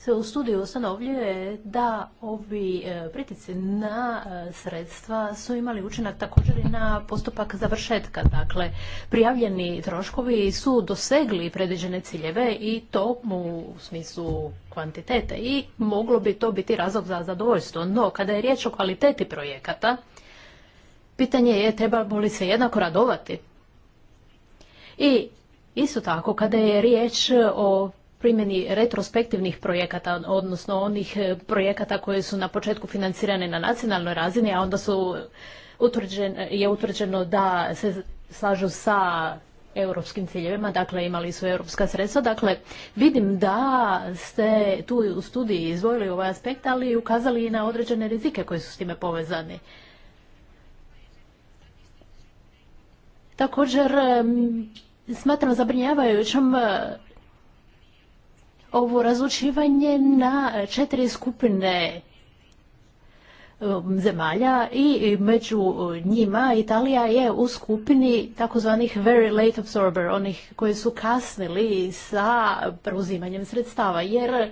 se u studiju ustanovljuje da ovi e, pritici na e, sredstva su imali učinak također i na postupak završetka. Dakle, prijavljeni troškovi su dosegli predviđene ciljeve i to u smislu kvantitete i moglo bi to biti razlog za zadovoljstvo. No, kada je riječ o kvaliteti projekata, pitanje je treba li se jednako radovati. I isto tako, kada je riječ o primjeni retrospektivnih projekata, odnosno onih e, projekata koje su na početku financirane na nacionalnoj razini, a onda su utvrđen, je utvrđeno da se slažu sa europskim ciljevima, dakle imali su europska sredstva. Dakle, vidim da ste tu u studiji izvojili ovaj aspekt, ali ukazali i na određene rizike koji su s time povezani. Također, smatram zabrinjavajućom ovo razlučivanje na četiri skupine um, zemalja i među njima Italija je u skupini takozvanih very late absorber, onih koji su kasnili sa preuzimanjem sredstava, jer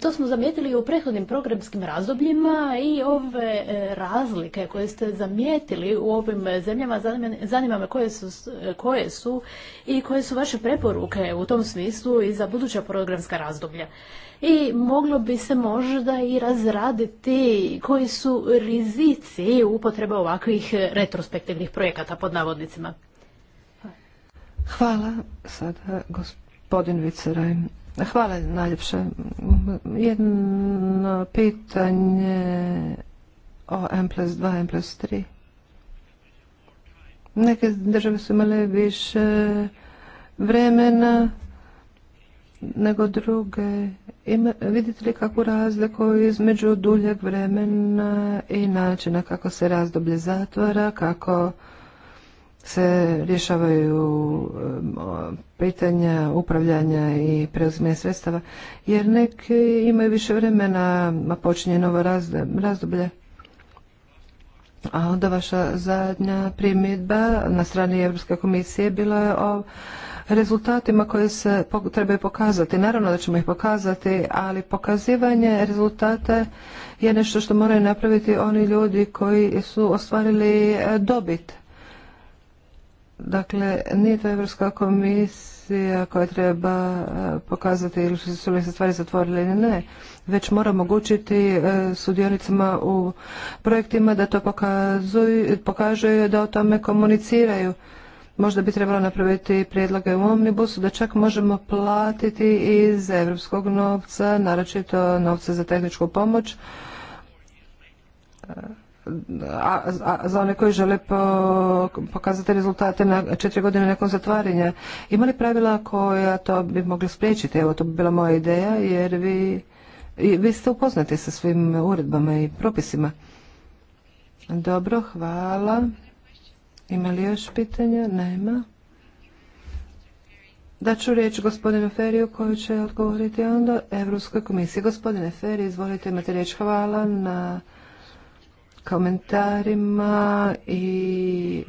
to smo zamijetili u prethodnim programskim razdobljima i ove e, razlike koje ste zamijetili u ovim zemljama, zanima me koje su, e, koje su i koje su vaše preporuke u tom smislu i za buduća programska razdoblja. I moglo bi se možda i razraditi koji su rizici upotrebe ovakvih e, retrospektivnih projekata pod navodnicima. Hvala. Sada gospodin Viceraj. Hvala najljepše. Jedno pitanje o M plus 2, M plus 3. Neke države su imale više vremena nego druge. vidite li kakvu razliku između duljeg vremena i načina kako se razdoblje zatvara, kako se rješavaju um, pitanja upravljanja i preuzimanja sredstava, jer neki imaju više vremena, a počinje novo razdoblje. A onda vaša zadnja primjedba na strani Europske komisije bila je o rezultatima koje se trebaju pokazati. Naravno da ćemo ih pokazati, ali pokazivanje rezultata je nešto što moraju napraviti oni ljudi koji su ostvarili e, dobit Dakle, nije to Evropska komisija koja treba e, pokazati ili su li se stvari zatvorili ili ne, već mora omogućiti e, sudionicama u projektima da to pokazuju, pokažu i da o tome komuniciraju. Možda bi trebalo napraviti prijedloge u omnibusu da čak možemo platiti iz evropskog novca, naročito novce za tehničku pomoć e, za one koji žele pokazati rezultate na četiri godine nakon zatvaranja. Ima li pravila koja to bi mogli spriječiti? Evo, to bi bila moja ideja, jer vi, vi ste upoznati sa svim uredbama i propisima. Dobro, hvala. Ima li još pitanja? Nema. Da ću riječ gospodinu Feriju koji će odgovoriti onda Evropskoj komisiji. Gospodine Feri, izvolite, imate riječ. Hvala na komentarima i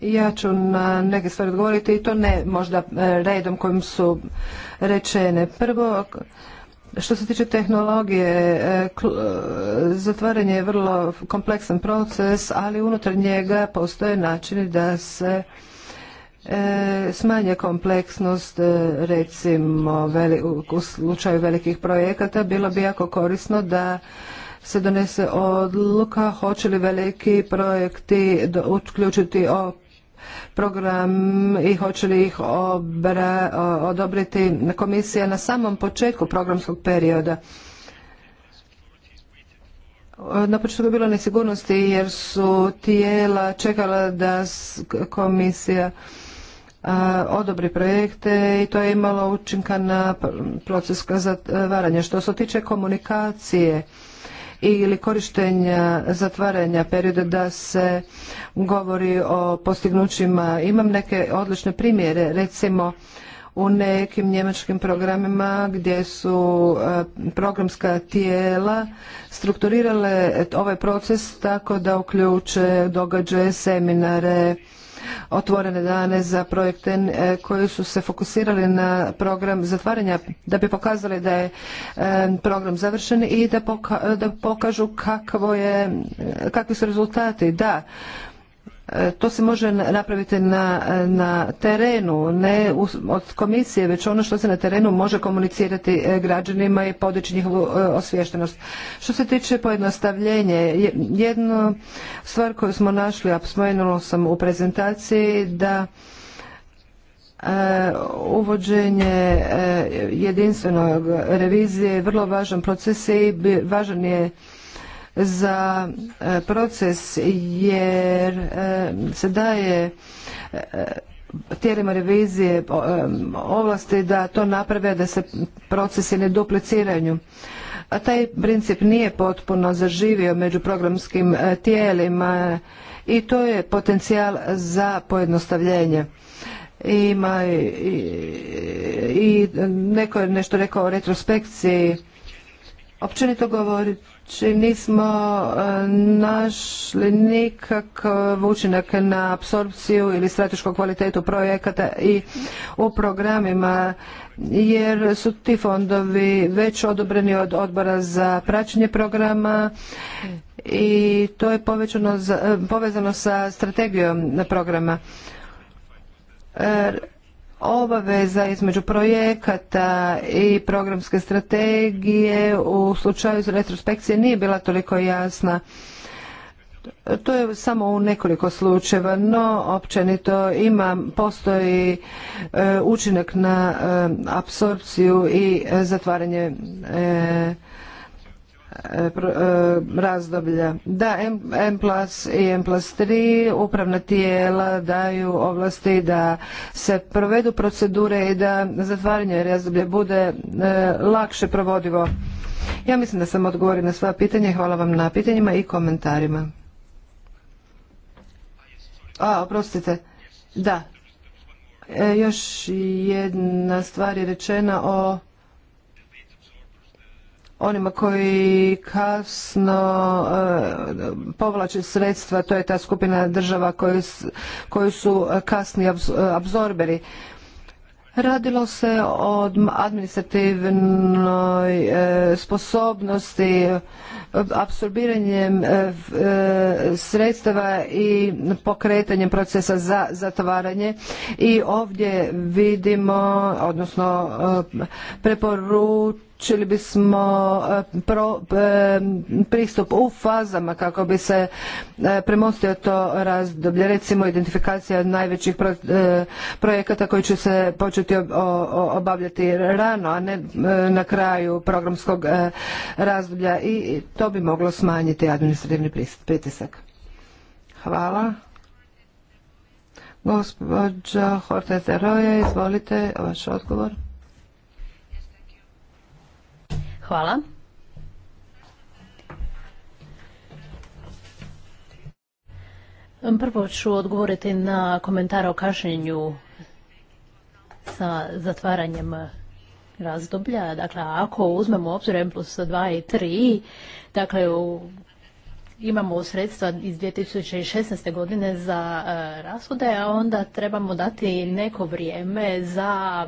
ja ću na neke stvari odgovoriti i to ne možda e, redom kojim su rečene. Prvo, što se tiče tehnologije, e, e, zatvaranje je vrlo kompleksan proces, ali unutar njega postoje načini da se smanje kompleksnost recimo u slučaju velikih projekata bilo bi jako korisno da se donese odluka hoće li veliki projekti uključiti o program i hoće li ih odobriti komisija na samom početku programskog perioda. Na početku je bilo nesigurnosti jer su tijela čekala da komisija odobri projekte i to je imalo učinka na proces zatvaranja. Što se tiče komunikacije, ili korištenja zatvaranja perioda da se govori o postignućima. Imam neke odlične primjere, recimo u nekim njemačkim programima gdje su e, programska tijela strukturirale ovaj proces tako da uključe događaje, seminare, otvorene dane za projekte e, koji su se fokusirali na program zatvaranja da bi pokazali da je e, program završen i da pokažu kakvo je, e, kakvi su rezultati. Da, E, to se može napraviti na, na terenu, ne od komisije, već ono što se na terenu može komunicirati e, građanima i podići njihovu e, osviještenost. Što se tiče pojednostavljenje, jedno stvar koju smo našli, a spomenula sam u prezentaciji, da uvođenje jedinstvenog revizije je vrlo važan proces i važan je za e, proces jer e, se daje e, tijelima revizije ovlasti da to naprave, da se procesi ne dupliciraju. A taj princip nije potpuno zaživio među programskim tijelima i to je potencijal za pojednostavljenje. Ima i, neko je nešto rekao o retrospekciji Općenito govoreći nismo e, našli nikakav učinak na apsorpciju ili stratešku kvalitetu projekata i u programima jer su ti fondovi već odobreni od odbora za praćenje programa i to je e, povezano sa strategijom programa. E, obaveza između projekata i programske strategije u slučaju retrospekcije nije bila toliko jasna. To je samo u nekoliko slučajeva, no općenito ima, postoji e, učinak na e, apsorpciju i e, zatvaranje e, E, e, razdoblja. Da, M plus i M plus 3 upravna tijela daju ovlasti da se provedu procedure i da zatvaranje razdoblja bude e, lakše provodivo. Ja mislim da sam odgovorila na sva pitanja. Hvala vam na pitanjima i komentarima. A, oprostite. Da. još jedna stvar je rečena o onima koji kasno eh, povlače sredstva, to je ta skupina država koju su eh, kasni eh, absorberi. Radilo se o administrativnoj sposobnosti, apsorbiranjem sredstava i pokretanjem procesa za zatvaranje i ovdje vidimo, odnosno preporučujemo omogućili bismo e, pro, e, pristup u fazama kako bi se e, premostio to razdoblje, recimo identifikacija najvećih projekata koji će se početi obavljati rano, a ne na kraju programskog razdoblja i to bi moglo smanjiti administrativni pritisak. Hvala. Gospođa Hortez Roja, izvolite, vaš odgovor. Hvala. Prvo ću odgovoriti na komentar o kašnjenju sa zatvaranjem razdoblja. Dakle, ako uzmemo obzir M plus 2 i 3, dakle, u, imamo sredstva iz 2016. godine za e, rashode, a onda trebamo dati neko vrijeme za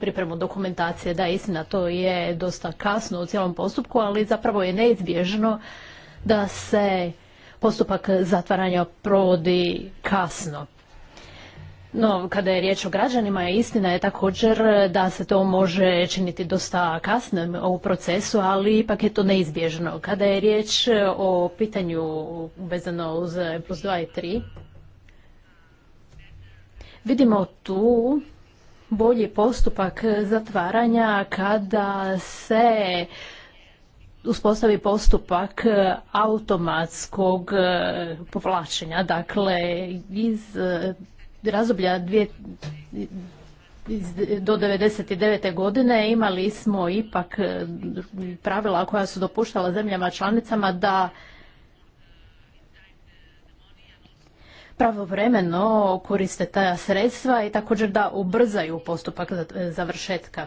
pripremu dokumentacije. Da, istina, to je dosta kasno u cijelom postupku, ali zapravo je neizbježno da se postupak zatvaranja provodi kasno. No, kada je riječ o građanima, istina je također da se to može činiti dosta kasno u procesu, ali ipak je to neizbježno. Kada je riječ o pitanju vezano uz plus 2 i 3, vidimo tu bolji postupak zatvaranja kada se uspostavi postupak automatskog e, povlačenja. Dakle, iz e, razdoblja dvije, do 99. godine imali smo ipak e, pravila koja su dopuštala zemljama članicama da pravovremeno koriste ta sredstva i također da ubrzaju postupak završetka.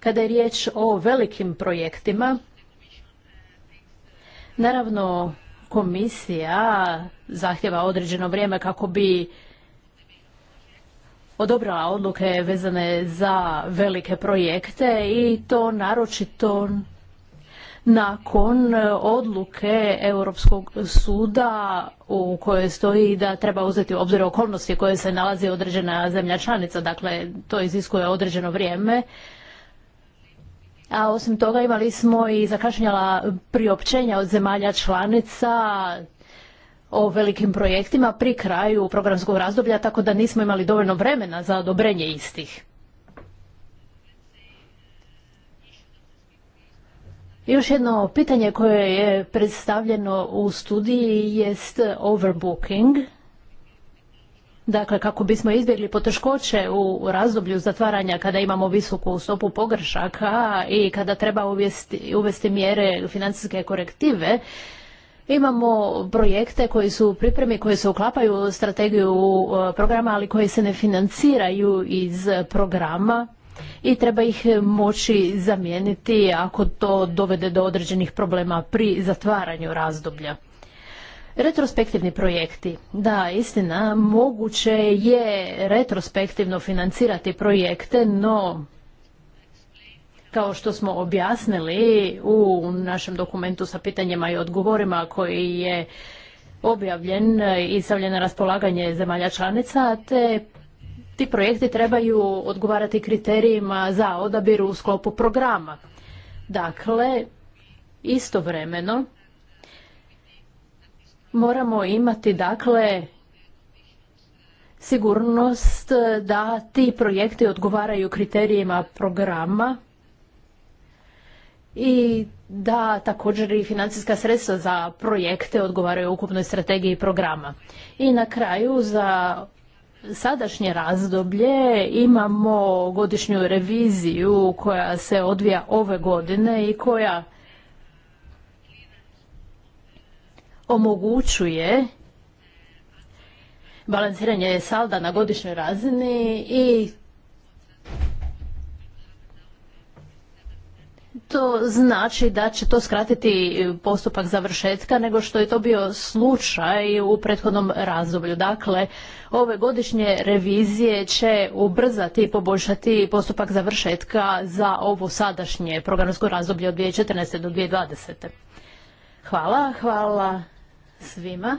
Kada je riječ o velikim projektima, naravno komisija zahtjeva određeno vrijeme kako bi odobrala odluke vezane za velike projekte i to naročito nakon e, odluke Europskog suda u kojoj stoji da treba uzeti u obzir okolnosti koje se nalazi određena zemlja članica, dakle to iziskuje određeno vrijeme. A osim toga imali smo i zakašnjala priopćenja od zemalja članica o velikim projektima pri kraju programskog razdoblja, tako da nismo imali dovoljno vremena za odobrenje istih. Još jedno pitanje koje je predstavljeno u studiji jest overbooking. Dakle, kako bismo izbjegli poteškoće u razdoblju zatvaranja kada imamo visoku stopu pogrešaka i kada treba uvesti, uvesti mjere financijske korektive, imamo projekte koji su u pripremi, koji se uklapaju u strategiju e, programa, ali koji se ne financiraju iz programa i treba ih eh, moći zamijeniti ako to dovede do određenih problema pri zatvaranju razdoblja. Retrospektivni projekti. Da, istina, moguće je retrospektivno financirati projekte, no kao što smo objasnili u našem dokumentu sa pitanjima i odgovorima koji je objavljen i stavljen na raspolaganje zemalja članica, te ti projekti trebaju odgovarati kriterijima za odabir u sklopu programa. Dakle, istovremeno moramo imati dakle sigurnost da ti projekti odgovaraju kriterijima programa i da također i financijska sredstva za projekte odgovaraju ukupnoj strategiji programa. I na kraju za sadašnje razdoblje imamo godišnju reviziju koja se odvija ove godine i koja omogućuje balansiranje salda na godišnjoj razini i to znači da će to skratiti postupak završetka nego što je to bio slučaj u prethodnom razdoblju. Dakle, ove godišnje revizije će ubrzati i poboljšati postupak završetka za ovo sadašnje programsko razdoblje od 2014. do 2020. Hvala, hvala svima.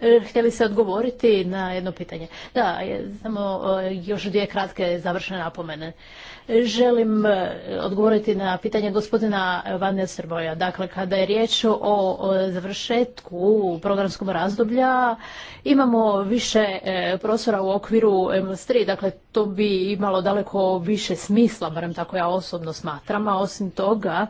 E, htjeli se odgovoriti na jedno pitanje. Da, samo e, još dvije kratke završene napomene. E, želim odgovoriti na pitanje gospodina Van Nesterboja. Dakle, kada je riječ o završetku programskog razdoblja, imamo više prostora u okviru MS3, dakle to bi imalo daleko više smisla, barem tako ja osobno smatram, a osim toga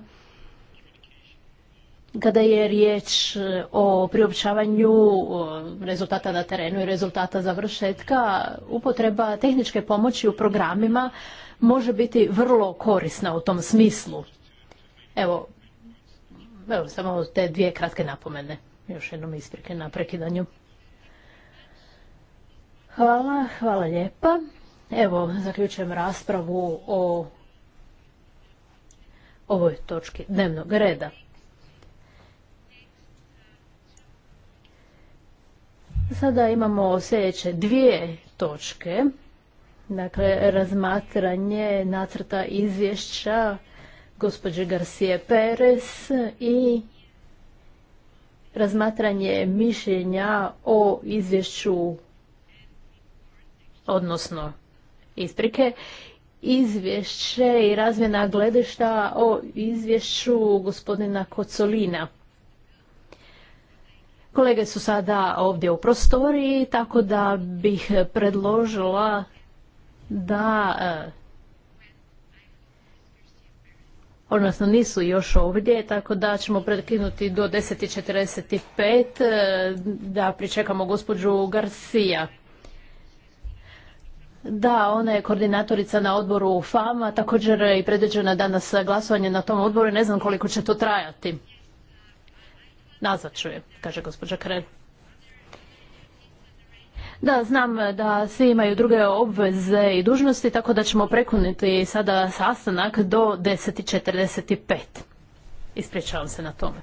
kada je riječ e, o priopćavanju e, rezultata na terenu i rezultata završetka, upotreba tehničke pomoći u programima može biti vrlo korisna u tom smislu. Evo, evo samo te dvije kratke napomene. Još jednom isprike na prekidanju. Hvala, hvala lijepa. Evo, zaključujem raspravu o ovoj točki dnevnog reda. Sada imamo sljedeće dvije točke. Dakle, razmatranje nacrta izvješća gospođe Garcije Perez i razmatranje mišljenja o izvješću, odnosno isprike, izvješće i razmjena gledišta o izvješću gospodina Kocolina. Kolege su sada ovdje u prostoriji, tako da bih predložila da eh, odnosno nisu još ovdje, tako da ćemo prekinuti do 10.45 eh, da pričekamo gospođu Garcia. Da, ona je koordinatorica na odboru FAMA, također je i predviđena danas glasovanje na tom odboru i ne znam koliko će to trajati nazočuje, kaže gospođa Kren. Da, znam da svi imaju druge obveze i dužnosti, tako da ćemo prekuniti sada sastanak do 10.45. Ispričavam se na tome.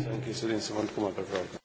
Thank you,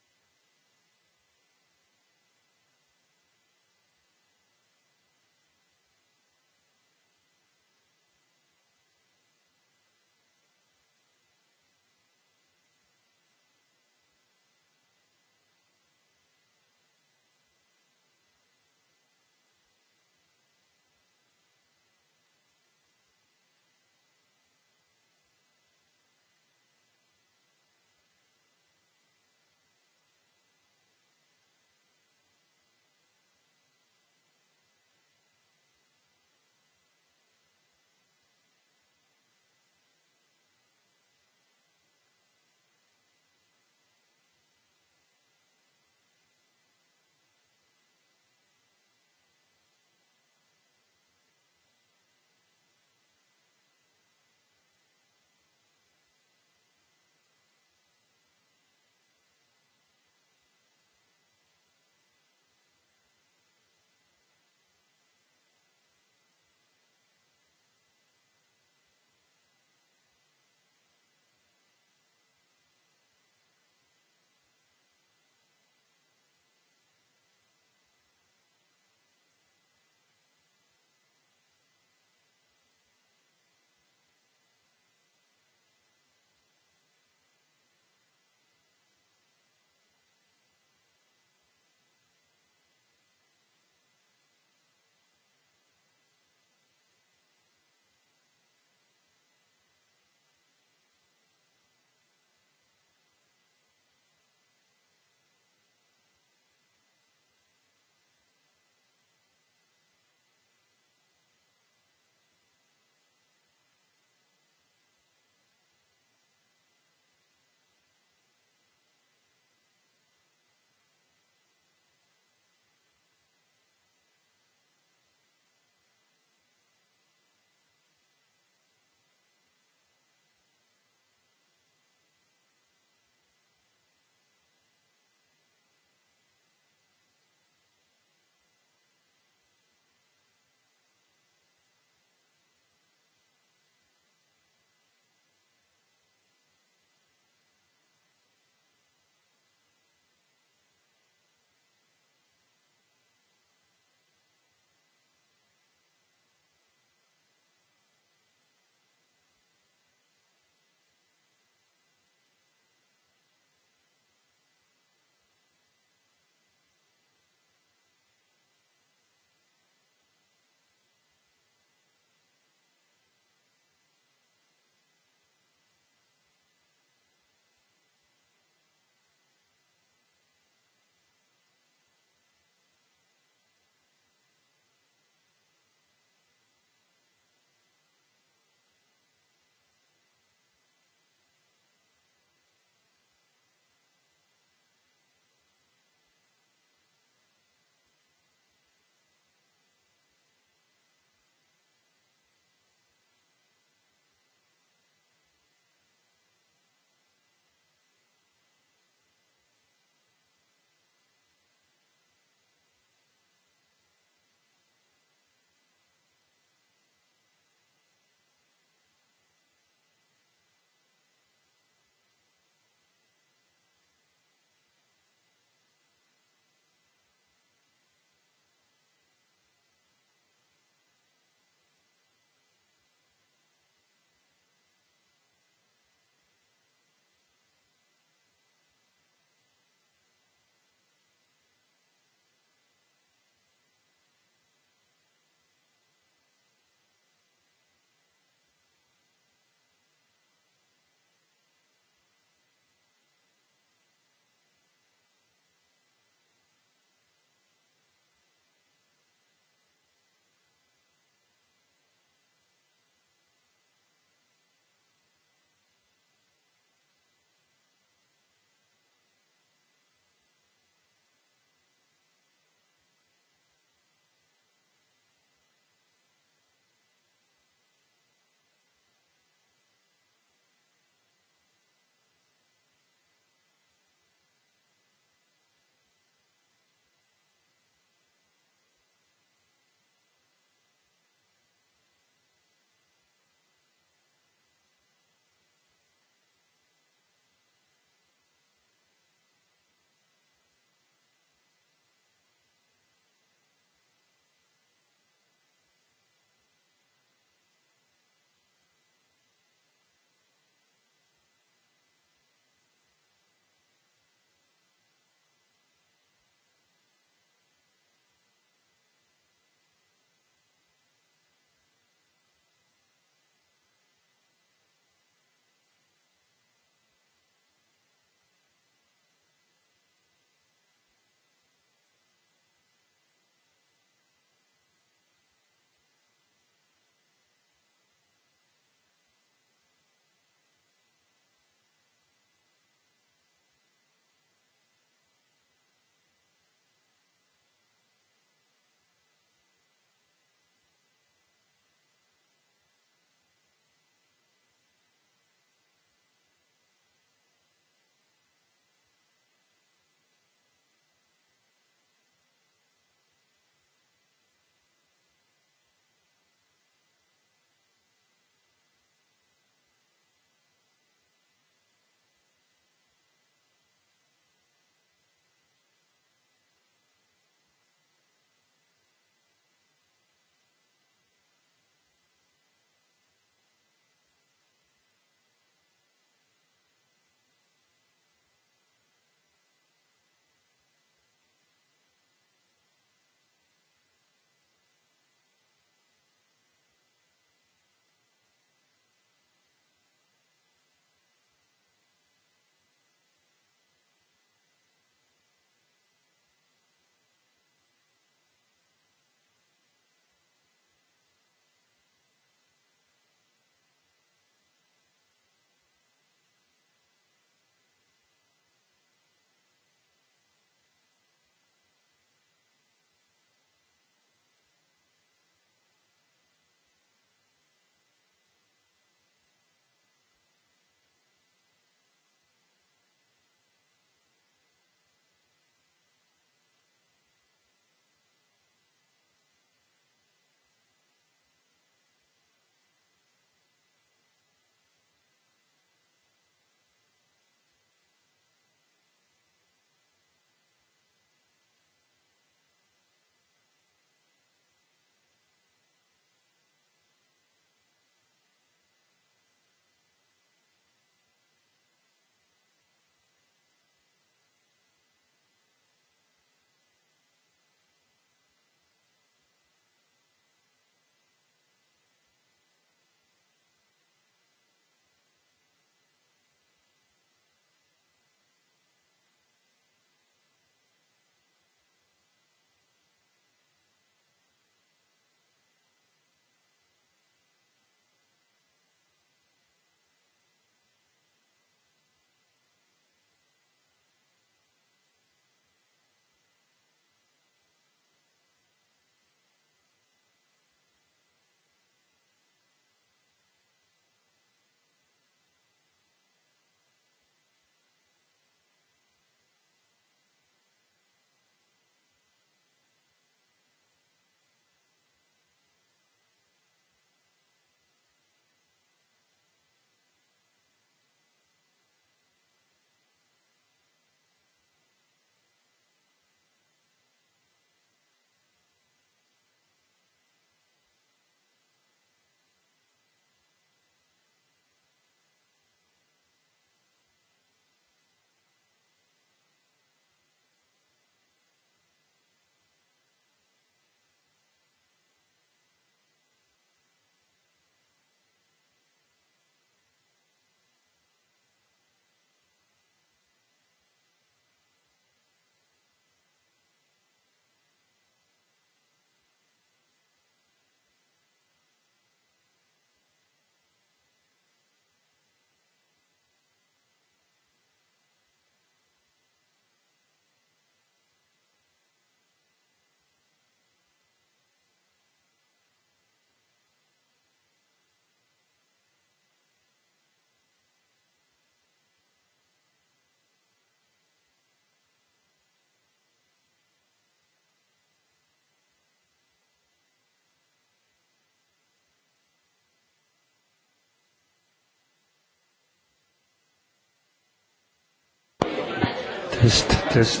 Test, test.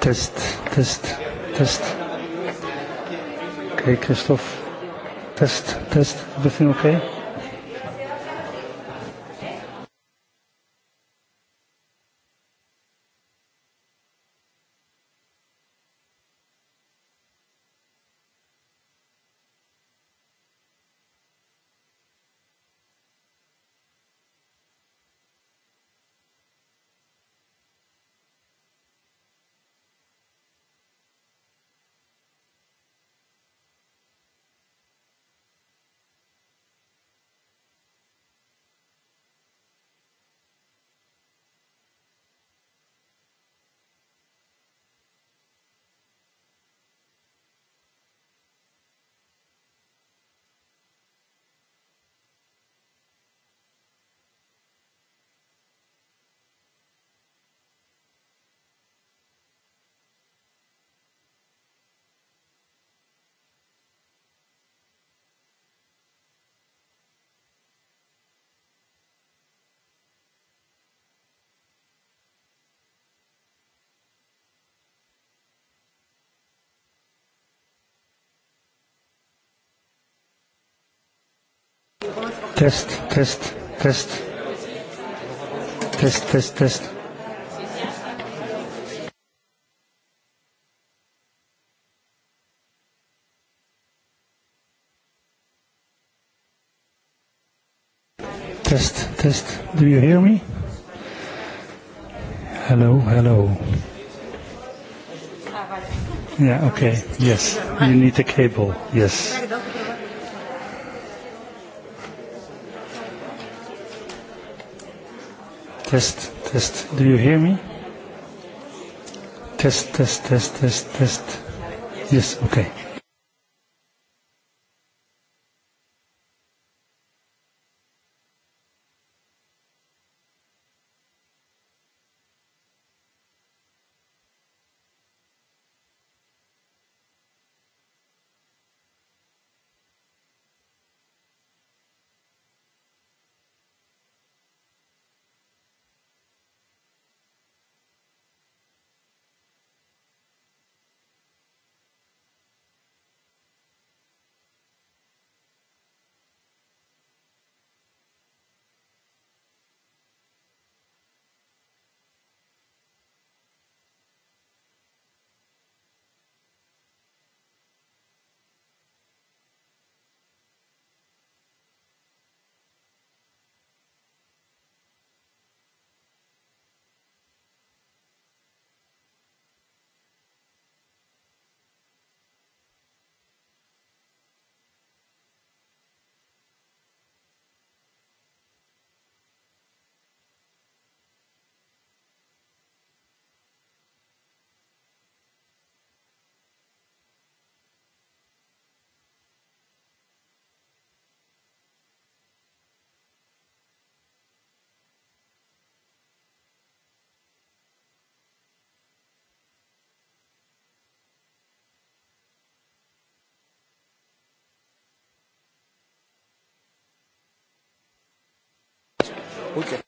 Test, test, test. Okay, Christoph. Test, test. Everything okay? Test, test, test. Test, test, test. Test, test. Do you hear me? Hello, hello. Yeah, okay. Yes. You need a cable. Yes. test, test. Do you hear me? Test, test, test, test, test. Yes, okay. Okay.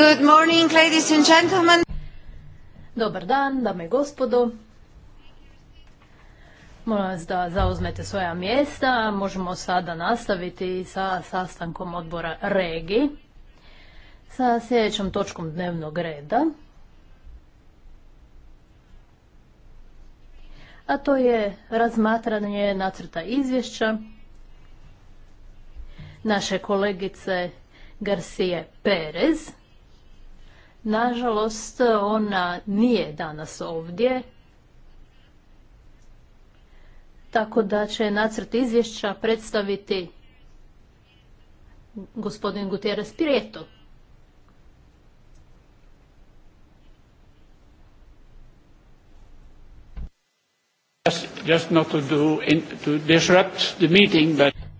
Good morning, ladies and gentlemen. Dobar dan, dame i gospodo. Molim vas da zauzmete svoja mjesta. Možemo sada nastaviti sa sastankom odbora REGI. Sa sljedećom točkom dnevnog reda. A to je razmatranje nacrta izvješća naše kolegice Garcije Perez Nažalost, ona nije danas ovdje, tako da će nacrt izvješća predstaviti gospodin Gutierrez Pireto.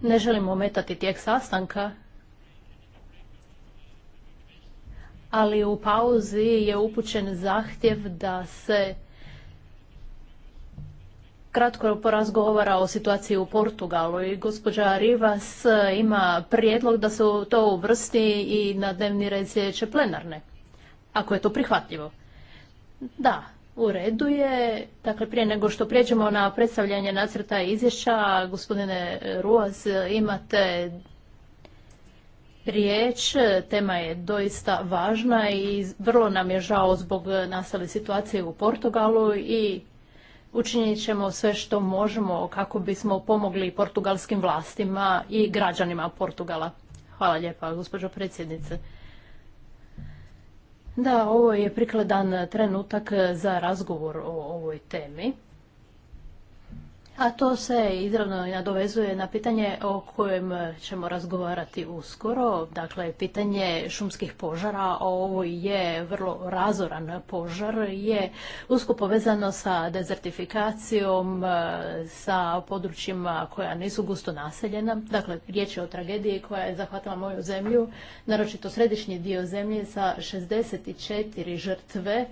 Ne želim ometati tijek sastanka, ali u pauzi je upućen zahtjev da se kratko porazgovara o situaciji u Portugalu i gospođa Rivas ima prijedlog da se to uvrsti i na dnevni red sljedeće plenarne, ako je to prihvatljivo. Da, u redu je. Dakle, prije nego što prijeđemo na predstavljanje nacrta izvješća, gospodine Ruas, imate riječ. Tema je doista važna i vrlo nam je žao zbog nastale situacije u Portugalu i učinit ćemo sve što možemo kako bismo pomogli portugalskim vlastima i građanima Portugala. Hvala lijepa, gospođo predsjednice. Da, ovo je prikladan trenutak za razgovor o ovoj temi a to se izravno i nadovezuje na pitanje o kojem ćemo razgovarati uskoro. Dakle, pitanje šumskih požara, ovo je vrlo razoran požar, je usko povezano sa dezertifikacijom, sa područjima koja nisu gusto naseljena. Dakle, riječ je o tragediji koja je zahvatila moju zemlju, naročito središnji dio zemlje sa 64 žrtve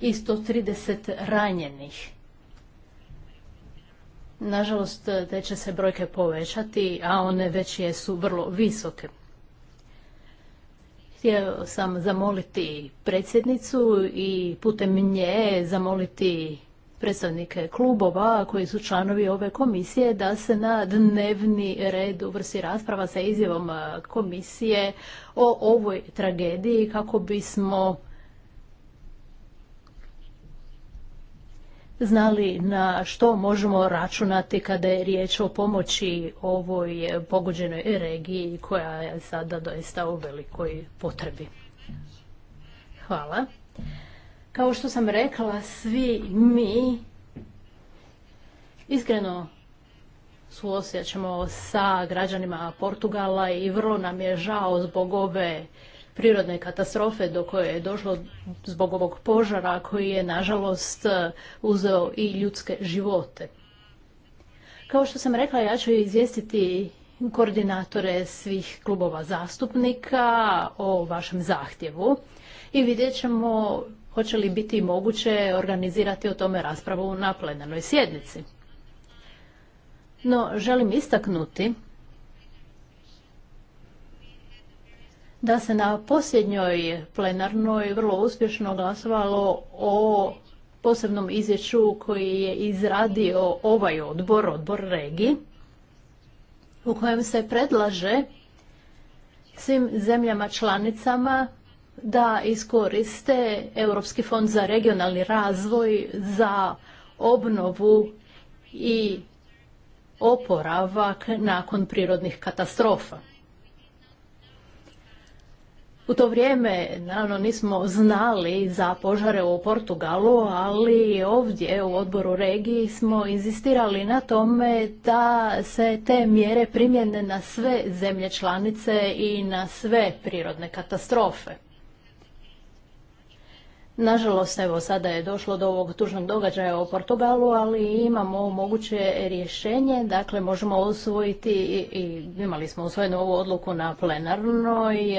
i 130 ranjenih. Nažalost, te će se brojke povećati, a one već jesu vrlo visoke. Htio sam zamoliti predsjednicu i putem nje zamoliti predstavnike klubova koji su članovi ove komisije da se na dnevni red uvrsi rasprava sa izjavom komisije o ovoj tragediji kako bismo znali na što možemo računati kada je riječ o pomoći ovoj pogođenoj regiji koja je sada doista u velikoj potrebi. Hvala. Kao što sam rekla, svi mi iskreno suosjećamo sa građanima Portugala i vrlo nam je žao zbog ove prirodne katastrofe do koje je došlo zbog ovog požara koji je nažalost uzeo i ljudske živote. Kao što sam rekla, ja ću izvijestiti koordinatore svih klubova zastupnika o vašem zahtjevu i vidjet ćemo hoće li biti moguće organizirati o tome raspravu na plenarnoj sjednici. No, želim istaknuti da se na posljednjoj plenarnoj vrlo uspješno glasovalo o posebnom izvješću koji je izradio ovaj odbor, odbor regi, u kojem se predlaže svim zemljama članicama da iskoriste Europski fond za regionalni razvoj za obnovu i oporavak nakon prirodnih katastrofa. U to vrijeme, naravno, nismo znali za požare u Portugalu, ali ovdje u odboru regiji smo inzistirali na tome da se te mjere primjene na sve zemlje članice i na sve prirodne katastrofe. Nažalost, evo sada je došlo do ovog tužnog događaja u Portugalu, ali imamo moguće rješenje, dakle možemo usvojiti i, i imali smo usvojenu ovu odluku na plenarnoj,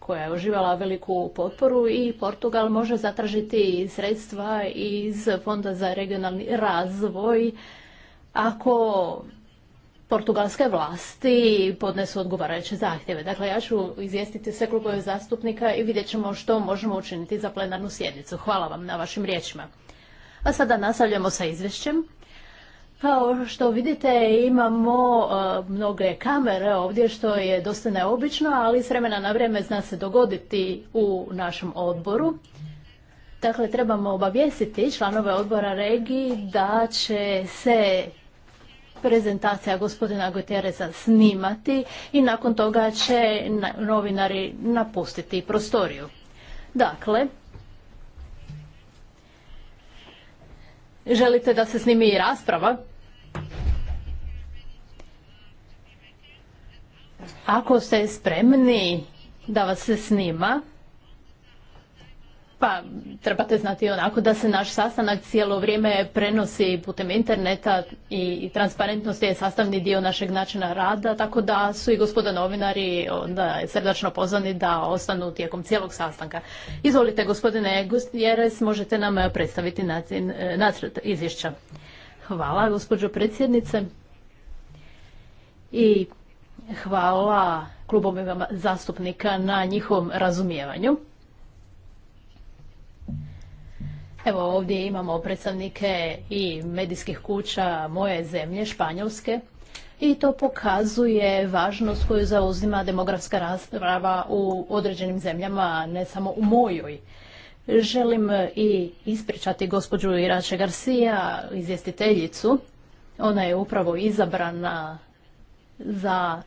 koja je uživala veliku potporu i Portugal može zatražiti sredstva iz Fonda za regionalni razvoj ako portugalske vlasti podnesu odgovarajuće zahtjeve. Dakle, ja ću izvijestiti sve klubove zastupnika i vidjet ćemo što možemo učiniti za plenarnu sjednicu. Hvala vam na vašim riječima. A sada nastavljamo sa izvješćem. Kao što vidite imamo e, mnoge kamere ovdje što je dosta neobično, ali s vremena na vrijeme zna se dogoditi u našem odboru. Dakle, trebamo obavijestiti članove odbora regiji da će se prezentacija gospodina Gutjereza snimati i nakon toga će novinari napustiti prostoriju. Dakle, želite da se snimi i rasprava? Ako ste spremni da vas se snima, pa trebate znati onako da se naš sastanak cijelo vrijeme prenosi putem interneta i transparentnost je sastavni dio našeg načina rada, tako da su i gospoda novinari onda srdačno pozvani da ostanu tijekom cijelog sastanka. Izvolite gospodine Gustjeres, možete nam predstaviti nacrt izvješća. Hvala gospođo predsjednice. I Hvala klubovima zastupnika na njihovom razumijevanju. Evo ovdje imamo predstavnike i medijskih kuća moje zemlje, Španjolske. I to pokazuje važnost koju zauzima demografska rasprava u određenim zemljama, ne samo u mojoj. Želim i ispričati gospođu Irače Garcia, izvjestiteljicu. Ona je upravo izabrana za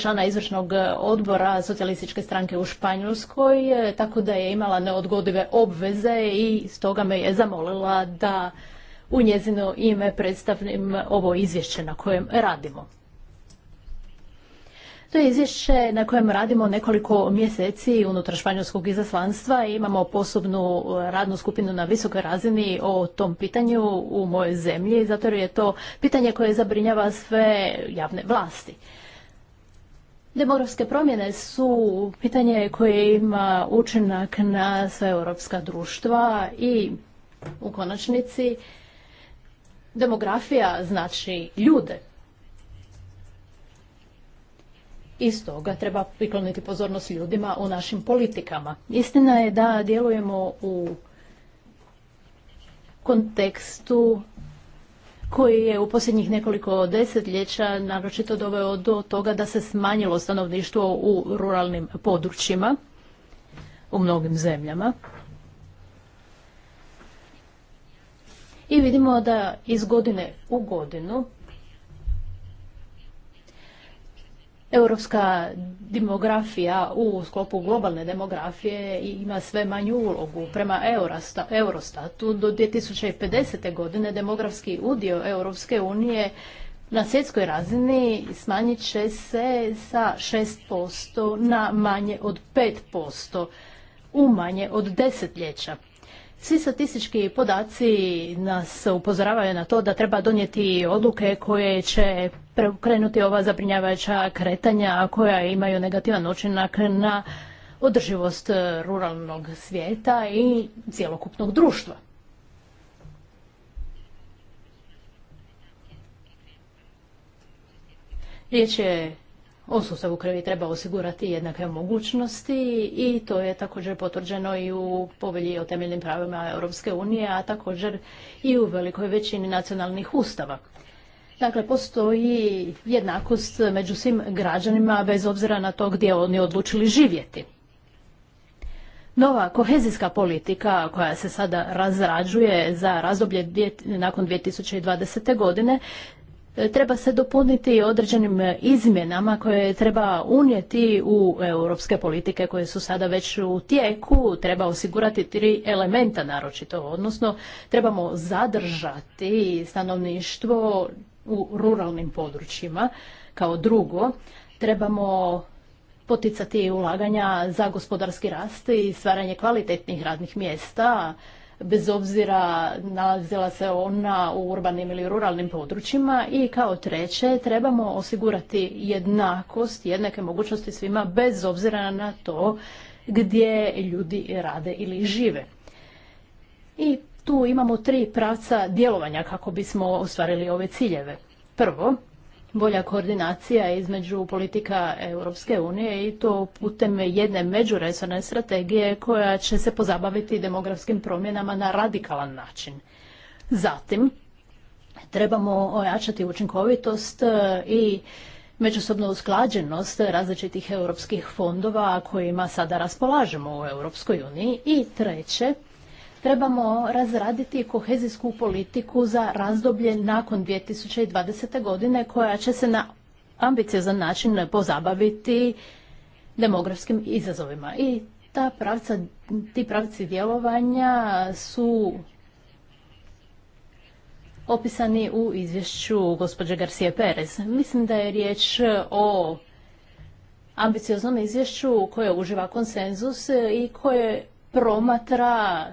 člana izvršnog odbora socijalističke stranke u Španjolskoj, tako da je imala neodgodive obveze i stoga me je zamolila da u njezino ime predstavim ovo izvješće na kojem radimo. To je izvješće na kojem radimo nekoliko mjeseci unutar španjolskog izaslanstva i imamo posebnu uh, radnu skupinu na visokoj razini o tom pitanju u mojoj zemlji, zato jer je to pitanje koje zabrinjava sve javne vlasti. Demografske promjene su pitanje koje ima učinak na sve europska društva i u konačnici demografija znači ljude. I toga treba prikloniti pozornost ljudima u našim politikama. Istina je da djelujemo u kontekstu koji je u posljednjih nekoliko desetljeća naročito doveo do toga da se smanjilo stanovništvo u ruralnim područjima u mnogim zemljama. I vidimo da iz godine u godinu Europska demografija u sklopu globalne demografije ima sve manju ulogu. Prema Eurostatu do 2050. godine demografski udio Europske unije na svjetskoj razini smanjit će se sa 6% na manje od 5% u manje od desetljeća. Svi statistički podaci nas upozoravaju na to da treba donijeti odluke koje će preokrenuti ova zabrinjavajuća kretanja koja imaju negativan učinak na održivost ruralnog svijeta i cjelokupnog društva. Riječ je o sustavu krvi treba osigurati jednake mogućnosti i to je također potvrđeno i u povelji o temeljnim pravima Europske unije, a također i u velikoj većini nacionalnih ustava. Dakle, postoji jednakost među svim građanima bez obzira na to gdje oni odlučili živjeti. Nova kohezijska politika koja se sada razrađuje za razdoblje nakon 2020. godine E, treba se dopuniti određenim e, izmjenama koje treba unijeti u europske politike koje su sada već u tijeku. Treba osigurati tri elementa naročito, odnosno trebamo zadržati stanovništvo u ruralnim područjima kao drugo. Trebamo poticati ulaganja za gospodarski rast i stvaranje kvalitetnih radnih mjesta, bez obzira nalazila se ona u urbanim ili ruralnim područjima i kao treće trebamo osigurati jednakost, jednake mogućnosti svima bez obzira na to gdje ljudi rade ili žive. I tu imamo tri pravca djelovanja kako bismo ostvarili ove ciljeve. Prvo, bolja koordinacija između politika Europske unije i to putem jedne međuresorne strategije koja će se pozabaviti demografskim promjenama na radikalan način. Zatim, trebamo ojačati učinkovitost e, i međusobnu usklađenost različitih europskih fondova kojima sada raspolažemo u Europskoj uniji. I treće, trebamo razraditi kohezijsku politiku za razdoblje nakon 2020. godine koja će se na ambiciozan način pozabaviti demografskim izazovima. I ta pravca, ti pravci djelovanja su opisani u izvješću gospođe Garcije Perez. Mislim da je riječ o ambicioznom izvješću koje uživa konsenzus i koje promatra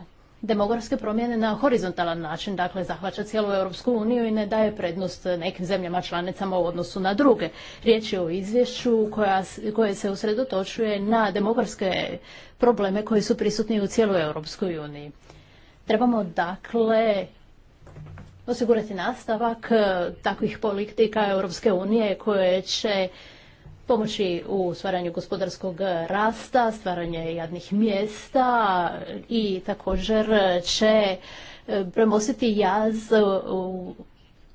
demografske promjene na horizontalan način, dakle zahvaća cijelu Europsku uniju i ne daje prednost nekim zemljama članicama u odnosu na druge. Riječ je o izvješću koja, koje se usredotočuje na demografske probleme koji su prisutni u cijeloj Europskoj uniji. Trebamo dakle osigurati nastavak eh, takvih politika Europske unije koje će pomoći u stvaranju gospodarskog rasta, stvaranje jadnih mjesta i također će premostiti jaz u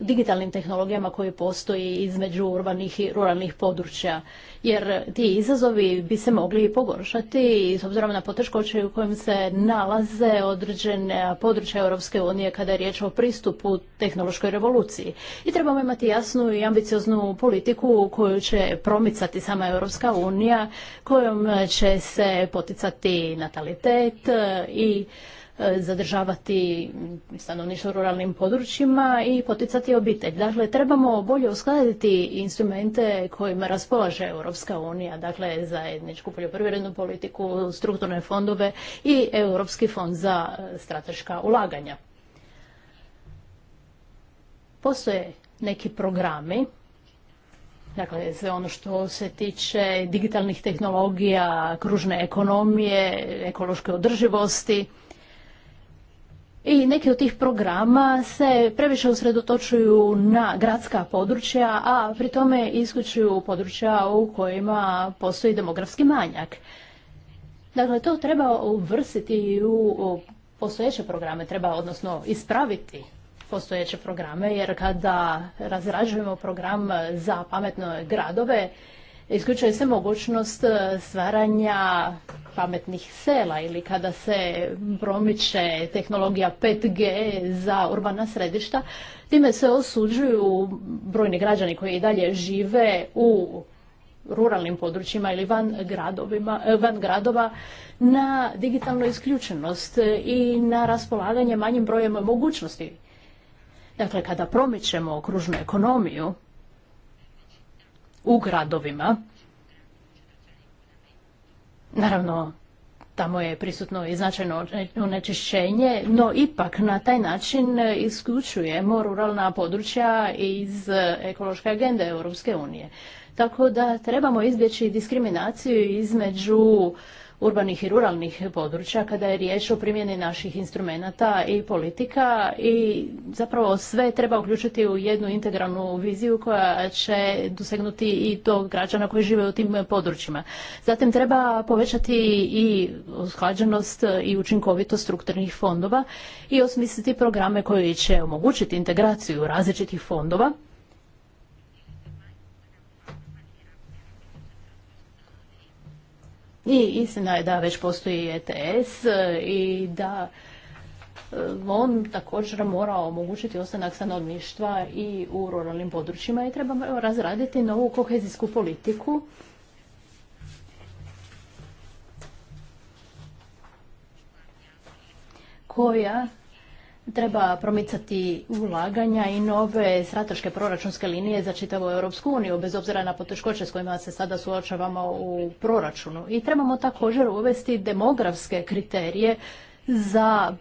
digitalnim tehnologijama koji postoji između urbanih i ruralnih područja. Jer ti izazovi bi se mogli pogoršati s obzirom na poteškoće u kojim se nalaze određene područja Europske unije kada je riječ o pristupu tehnološkoj revoluciji. I trebamo imati jasnu i ambicioznu politiku koju će promicati sama Europska unija, kojom će se poticati natalitet i E, zadržavati stanovništvo u ruralnim područjima i poticati obitelj. Dakle, trebamo bolje uskladiti instrumente kojima raspolaže Europska unija, dakle zajedničku poljoprivrednu politiku, strukturne fondove i Europski fond za e, strateška ulaganja. Postoje neki programi Dakle, sve ono što se tiče digitalnih tehnologija, kružne ekonomije, ekološke održivosti i neki od tih programa se previše usredotočuju na gradska područja, a pri tome isključuju područja u kojima postoji demografski manjak. Dakle, to treba uvrstiti u postojeće programe, treba odnosno ispraviti postojeće programe, jer kada razrađujemo program za pametne gradove, isključuje se mogućnost stvaranja pametnih sela ili kada se promiče tehnologija 5G za urbana središta, time se osuđuju brojni građani koji i dalje žive u ruralnim područjima ili van, gradovima, van gradova na digitalnu isključenost i na raspolaganje manjim brojem mogućnosti. Dakle, kada promičemo okružnu ekonomiju u gradovima, Naravno, tamo je prisutno i značajno onečišćenje, no ipak na taj način e, isključujemo ruralna područja iz e, ekološke agende Europske unije. Tako da trebamo izbjeći diskriminaciju između urbanih i ruralnih područja kada je riječ o primjeni naših instrumenata i politika i zapravo sve treba uključiti u jednu integralnu viziju koja će dosegnuti i do građana koji žive u tim područjima. Zatim treba povećati i usklađenost i učinkovitost strukturnih fondova i osmisliti programe koji će omogućiti integraciju različitih fondova I istina je da već postoji ETS e, i da e, on također mora omogućiti ostanak stanovništva i u ruralnim područjima i treba razraditi novu kohezijsku politiku. koja treba promicati ulaganja i nove strateške proračunske linije za čitavu Europsku uniju, bez obzira na poteškoće s kojima se sada suočavamo u proračunu. I trebamo također uvesti demografske kriterije za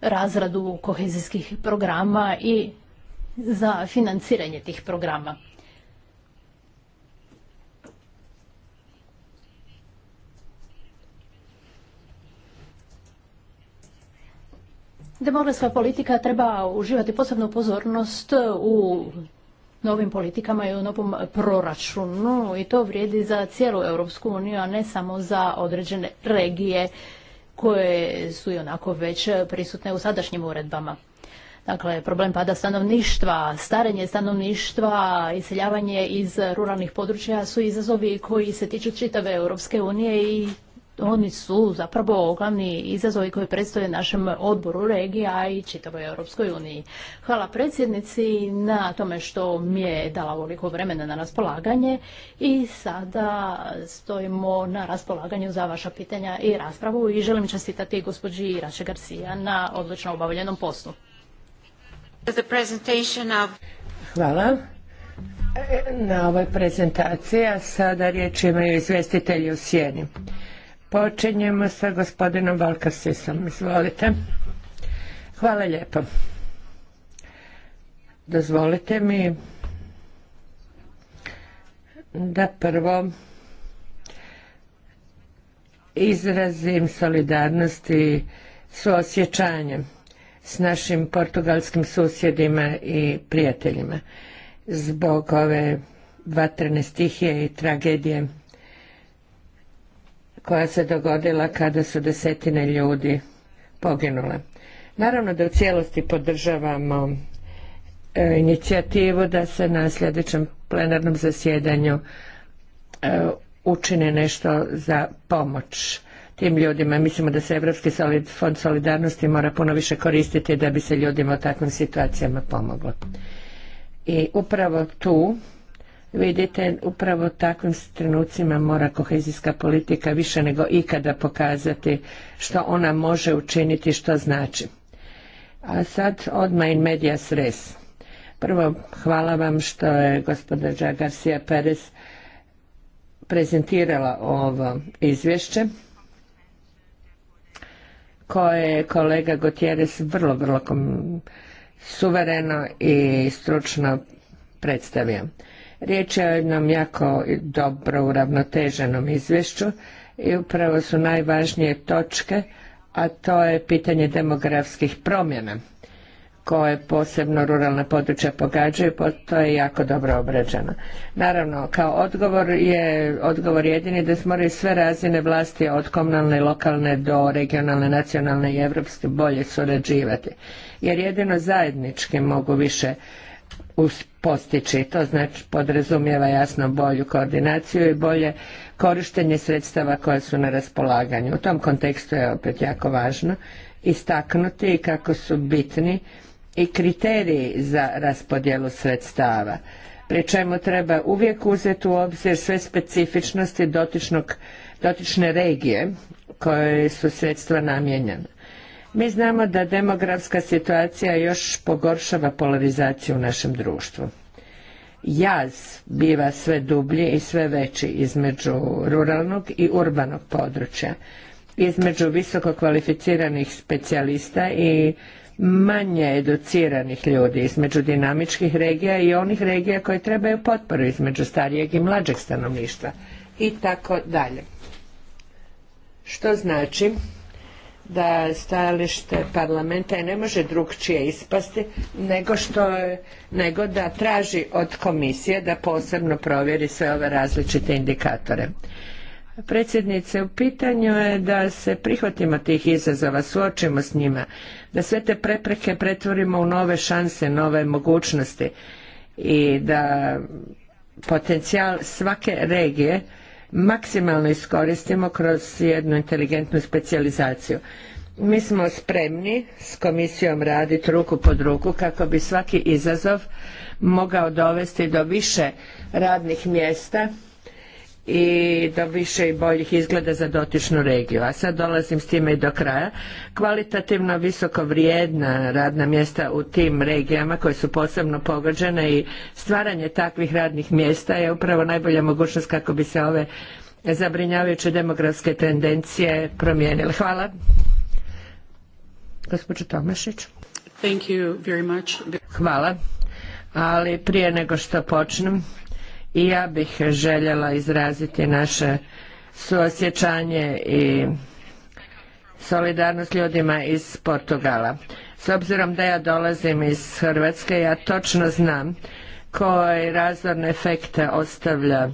razradu kohezijskih programa i za financiranje tih programa. Demografska politika treba uživati posebnu pozornost u novim politikama i u novom proračunu i to vrijedi za cijelu Europsku uniju, a ne samo za određene regije koje su i onako već prisutne u sadašnjim uredbama. Dakle, problem pada stanovništva, starenje stanovništva, iseljavanje iz ruralnih područja su izazovi koji se tiču čitave Europske unije i oni su zapravo glavni izazovi koji predstoje našem odboru regija i čitavoj Europskoj uniji. Hvala predsjednici na tome što mi je dala ovoliko vremena na raspolaganje i sada stojimo na raspolaganju za vaša pitanja i raspravu i želim čestitati gospođi Irače na odlično obavljenom poslu. Hvala e, na ovoj prezentaciji, a sada riječ imaju izvjestitelji u sjeni. Počinjemo sa gospodinom Valkasisom. Izvolite. Hvala lijepo. Dozvolite mi da prvo izrazim solidarnost i suosjećanje s našim portugalskim susjedima i prijateljima zbog ove vatrene stihije i tragedije koja se dogodila kada su desetine ljudi poginule. Naravno da u cijelosti podržavamo e, inicijativu da se na sljedećem plenarnom zasjedanju e, učine nešto za pomoć tim ljudima. Mislimo da se Europski fond solidarnosti mora puno više koristiti da bi se ljudima u takvim situacijama pomoglo. I upravo tu Vidite, upravo u takvim trenucima mora kohezijska politika više nego ikada pokazati što ona može učiniti, što znači. A sad odmah in medija res. Prvo, hvala vam što je gospođa Garcia Perez prezentirala ovo izvješće koje je kolega Gutierrez vrlo, vrlo suvereno i stručno predstavio. Riječ je o jednom jako dobro uravnoteženom izvješću i upravo su najvažnije točke, a to je pitanje demografskih promjena koje posebno ruralna područja pogađaju, to je jako dobro obrađeno. Naravno, kao odgovor je odgovor jedini da se moraju sve razine vlasti od komunalne lokalne do regionalne, nacionalne i evropske bolje surađivati. Jer jedino zajednički mogu više postići. To znači podrazumijeva jasno bolju koordinaciju i bolje korištenje sredstava koja su na raspolaganju. U tom kontekstu je opet jako važno istaknuti i kako su bitni i kriteriji za raspodjelu sredstava pri čemu treba uvijek uzeti u obzir sve specifičnosti dotične regije koje su sredstva namijenjena. Mi znamo da demografska situacija još pogoršava polarizaciju u našem društvu. Jaz biva sve dublji i sve veći između ruralnog i urbanog područja, između visoko kvalificiranih specijalista i manje educiranih ljudi između dinamičkih regija i onih regija koje trebaju potporu između starijeg i mlađeg stanovništva i tako dalje. Što znači da stajalište parlamenta i ne može drugčije ispasti nego, što, nego da traži od komisije da posebno provjeri sve ove različite indikatore. Predsjednice, u pitanju je da se prihvatimo tih izazova, suočimo s njima, da sve te prepreke pretvorimo u nove šanse, nove mogućnosti i da potencijal svake regije maksimalno iskoristimo kroz jednu inteligentnu specijalizaciju. Mi smo spremni s komisijom raditi ruku pod ruku kako bi svaki izazov mogao dovesti do više radnih mjesta i do više i boljih izgleda za dotičnu regiju. A sad dolazim s time i do kraja. Kvalitativno visoko vrijedna radna mjesta u tim regijama koje su posebno pogođene i stvaranje takvih radnih mjesta je upravo najbolja mogućnost kako bi se ove zabrinjavajuće demografske tendencije promijenile. Hvala. Gospođo Tomašić. Thank you very much. Hvala. Ali prije nego što počnem, i ja bih željela izraziti naše suosjećanje i solidarnost ljudima iz Portugala. S obzirom da ja dolazim iz Hrvatske, ja točno znam koje razorne efekte ostavlja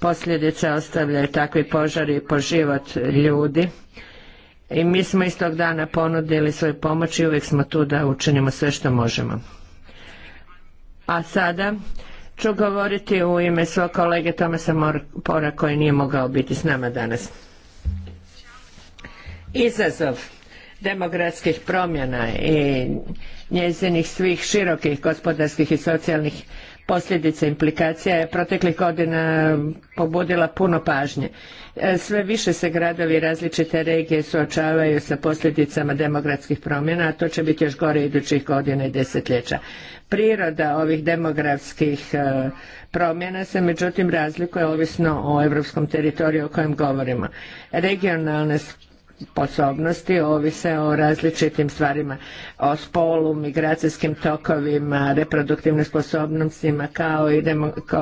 posljedice ostavlja takvi požari po život ljudi i mi smo istog dana ponudili svoju pomoć i uvijek smo tu da učinimo sve što možemo. A sada ću govoriti u ime svog kolege Tomasa Pora koji nije mogao biti s nama danas. Izazov demografskih promjena i njezinih svih širokih gospodarskih i socijalnih posljedica implikacija je proteklih godina pobudila puno pažnje. E, sve više se gradovi različite regije suočavaju sa posljedicama demografskih promjena, a to će biti još gore idućih godina i desetljeća. Priroda ovih demografskih e, promjena se međutim razlikuje ovisno o europskom teritoriju o kojem govorimo. Regionalne sposobnosti ovise o različitim stvarima, o spolu, migracijskim tokovima, reproduktivnim sposobnostima kao i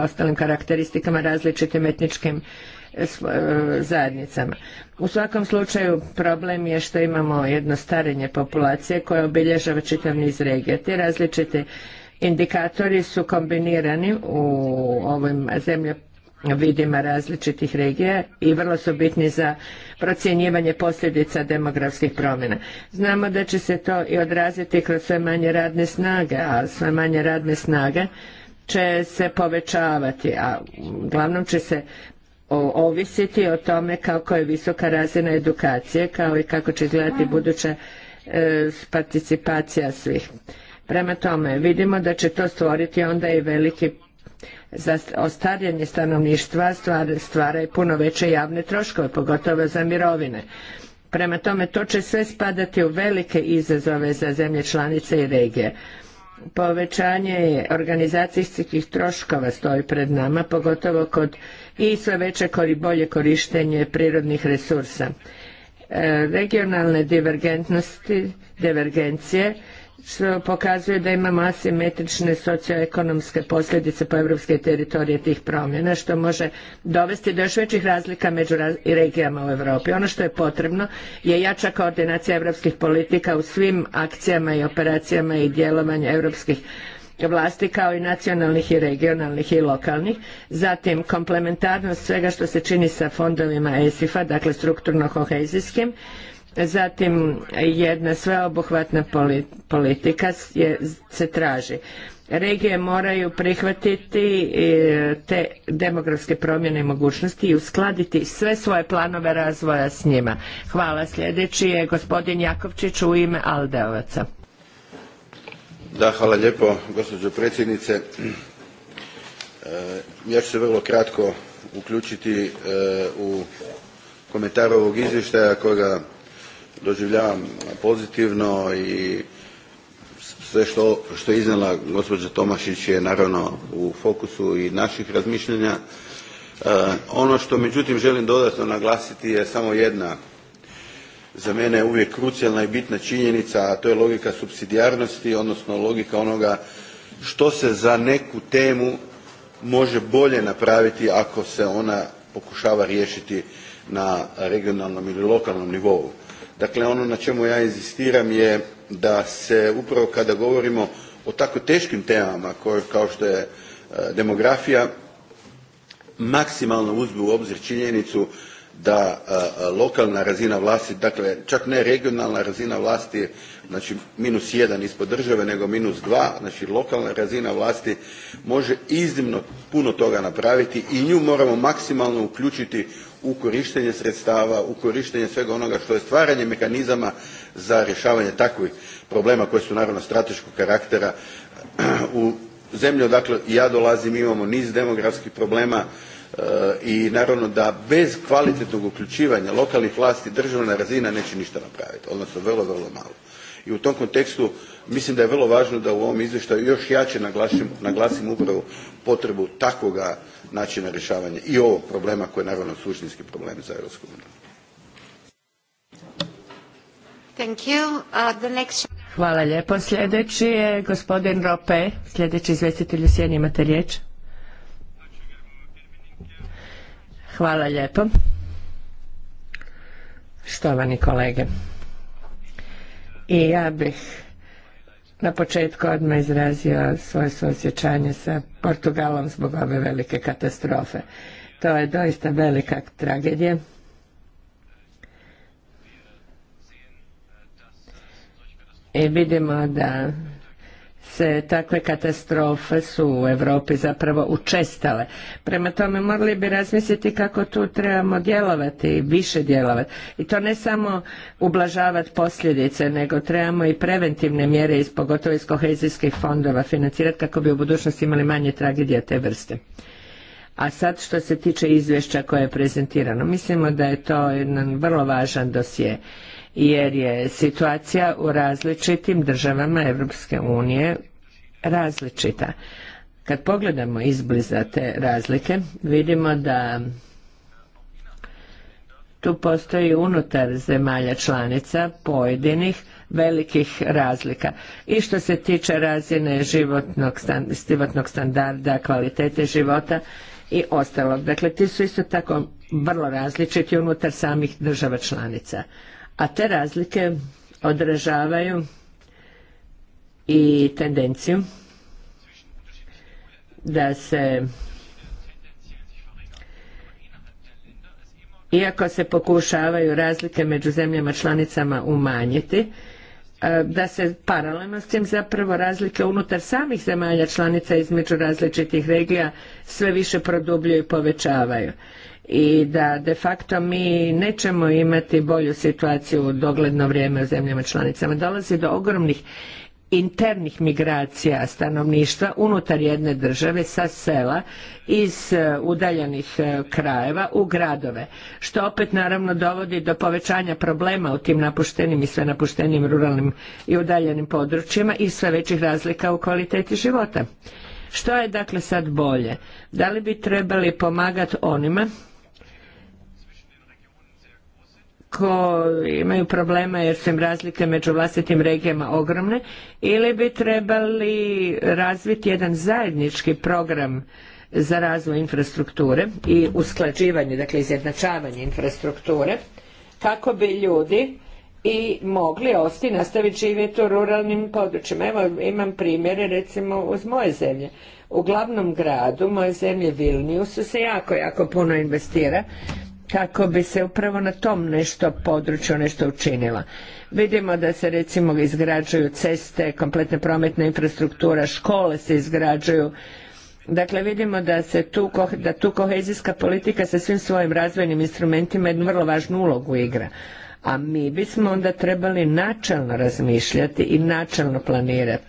ostalim karakteristikama različitim etničkim E, zajednicama. U svakom slučaju problem je što imamo jedno starenje populacije koje obilježava čitav niz regija. Ti različiti indikatori su kombinirani u ovim vidima različitih regija i vrlo su bitni za procjenjivanje posljedica demografskih promjena. Znamo da će se to i odraziti kroz sve manje radne snage, a sve manje radne snage će se povećavati, a uglavnom će se ovisiti o tome kako je visoka razina edukacije kao i kako će izgledati buduća e, participacija svih. Prema tome, vidimo da će to stvoriti onda i veliki za ostarjanje stanovništva stvara i puno veće javne troškove, pogotovo za mirovine. Prema tome, to će sve spadati u velike izazove za zemlje članice i regije. Povećanje organizacijskih troškova stoji pred nama, pogotovo kod i sve veće i bolje korištenje prirodnih resursa. E, regionalne divergentnosti, divergencije pokazuje da imamo asimetrične socioekonomske posljedice po europske teritorije tih promjena što može dovesti do još većih razlika među regijama u Europi. Ono što je potrebno je jača koordinacija europskih politika u svim akcijama i operacijama i djelovanju europskih vlasti kao i nacionalnih i regionalnih i lokalnih, zatim komplementarnost svega što se čini sa fondovima ESIF-a, dakle strukturno kohezijskim, zatim jedna sveobuhvatna politika se traži. Regije moraju prihvatiti e, te demografske promjene i mogućnosti i uskladiti sve svoje planove razvoja s njima. Hvala. Sljedeći je gospodin Jakovčić u ime Aldeovaca. Da, hvala lijepo gospođo predsjednice. E, ja ću se vrlo kratko uključiti e, u komentar ovog izvještaja kojega doživljavam pozitivno i sve što, što je iznijela gospođa Tomašić je naravno u fokusu i naših razmišljanja. E, ono što međutim želim dodatno naglasiti je samo jedna za mene je uvijek krucijalna i bitna činjenica a to je logika supsidijarnosti odnosno logika onoga što se za neku temu može bolje napraviti ako se ona pokušava riješiti na regionalnom ili lokalnom nivou. dakle ono na čemu ja inzistiram je da se upravo kada govorimo o tako teškim temama kao što je e, demografija maksimalno uzme u obzir činjenicu da lokalna razina vlasti dakle čak ne regionalna razina vlasti znači minus jedan ispod države nego minus dva znači lokalna razina vlasti može iznimno puno toga napraviti i nju moramo maksimalno uključiti u korištenje sredstava u korištenje svega onoga što je stvaranje mehanizama za rješavanje takvih problema koji su naravno strateškog karaktera u zemlju, dakle ja dolazim imamo niz demografskih problema E, i naravno da bez kvalitetnog uključivanja lokalnih vlasti državna razina neće ništa napraviti odnosno vrlo vrlo malo i u tom kontekstu mislim da je vrlo važno da u ovom izvještaju još jače naglasimo upravo potrebu takvoga načina rješavanja i ovog problema koji je naravno suštinski problem za europsku uh, next... Hvala lijepo. je gospodin Rope, sljedeći Hvala lijepo. Štovani kolege, i ja bih na početku odmah izrazio svoje suosjećanje sa Portugalom zbog ove velike katastrofe. To je doista velika tragedija. I vidimo da se takve katastrofe su u Europi zapravo učestale. Prema tome morali bi razmisliti kako tu trebamo djelovati i više djelovati. I to ne samo ublažavati posljedice, nego trebamo i preventivne mjere iz pogotovo iz kohezijskih fondova financirati kako bi u budućnosti imali manje tragedija te vrste. A sad što se tiče izvješća koje je prezentirano, mislimo da je to jedan vrlo važan dosje jer je situacija u različitim državama Europske unije različita. Kad pogledamo izbliza te razlike, vidimo da tu postoji unutar zemalja članica pojedinih velikih razlika. I što se tiče razine životnog, životnog standarda, kvalitete života i ostalog. Dakle, ti su isto tako vrlo različiti unutar samih država članica a te razlike odražavaju i tendenciju da se iako se pokušavaju razlike među zemljama članicama umanjiti e, da se paralelno s tim zapravo razlike unutar samih zemalja članica između različitih regija sve više produbljuju i povećavaju i da de facto mi nećemo imati bolju situaciju u dogledno vrijeme u zemljama članicama. Dolazi do ogromnih internih migracija stanovništva unutar jedne države sa sela iz e, udaljenih e, krajeva u gradove, što opet naravno dovodi do povećanja problema u tim napuštenim i sve napuštenim ruralnim i udaljenim područjima i sve većih razlika u kvaliteti života. Što je dakle sad bolje? Da li bi trebali pomagati onima koji imaju problema jer su im razlike među vlastitim regijama ogromne ili bi trebali razviti jedan zajednički program za razvoj infrastrukture i usklađivanje, dakle izjednačavanje infrastrukture kako bi ljudi i mogli osti nastaviti živjeti u ruralnim područjima. Evo imam primjere recimo uz moje zemlje. U glavnom gradu moje zemlje Vilniusu se jako, jako puno investira kako bi se upravo na tom nešto području nešto učinilo. Vidimo da se recimo izgrađuju ceste, kompletna prometna infrastruktura, škole se izgrađuju. Dakle, vidimo da se tu, da tu kohezijska politika sa svim svojim razvojnim instrumentima jednu vrlo važnu ulogu igra. A mi bismo onda trebali načelno razmišljati i načelno planirati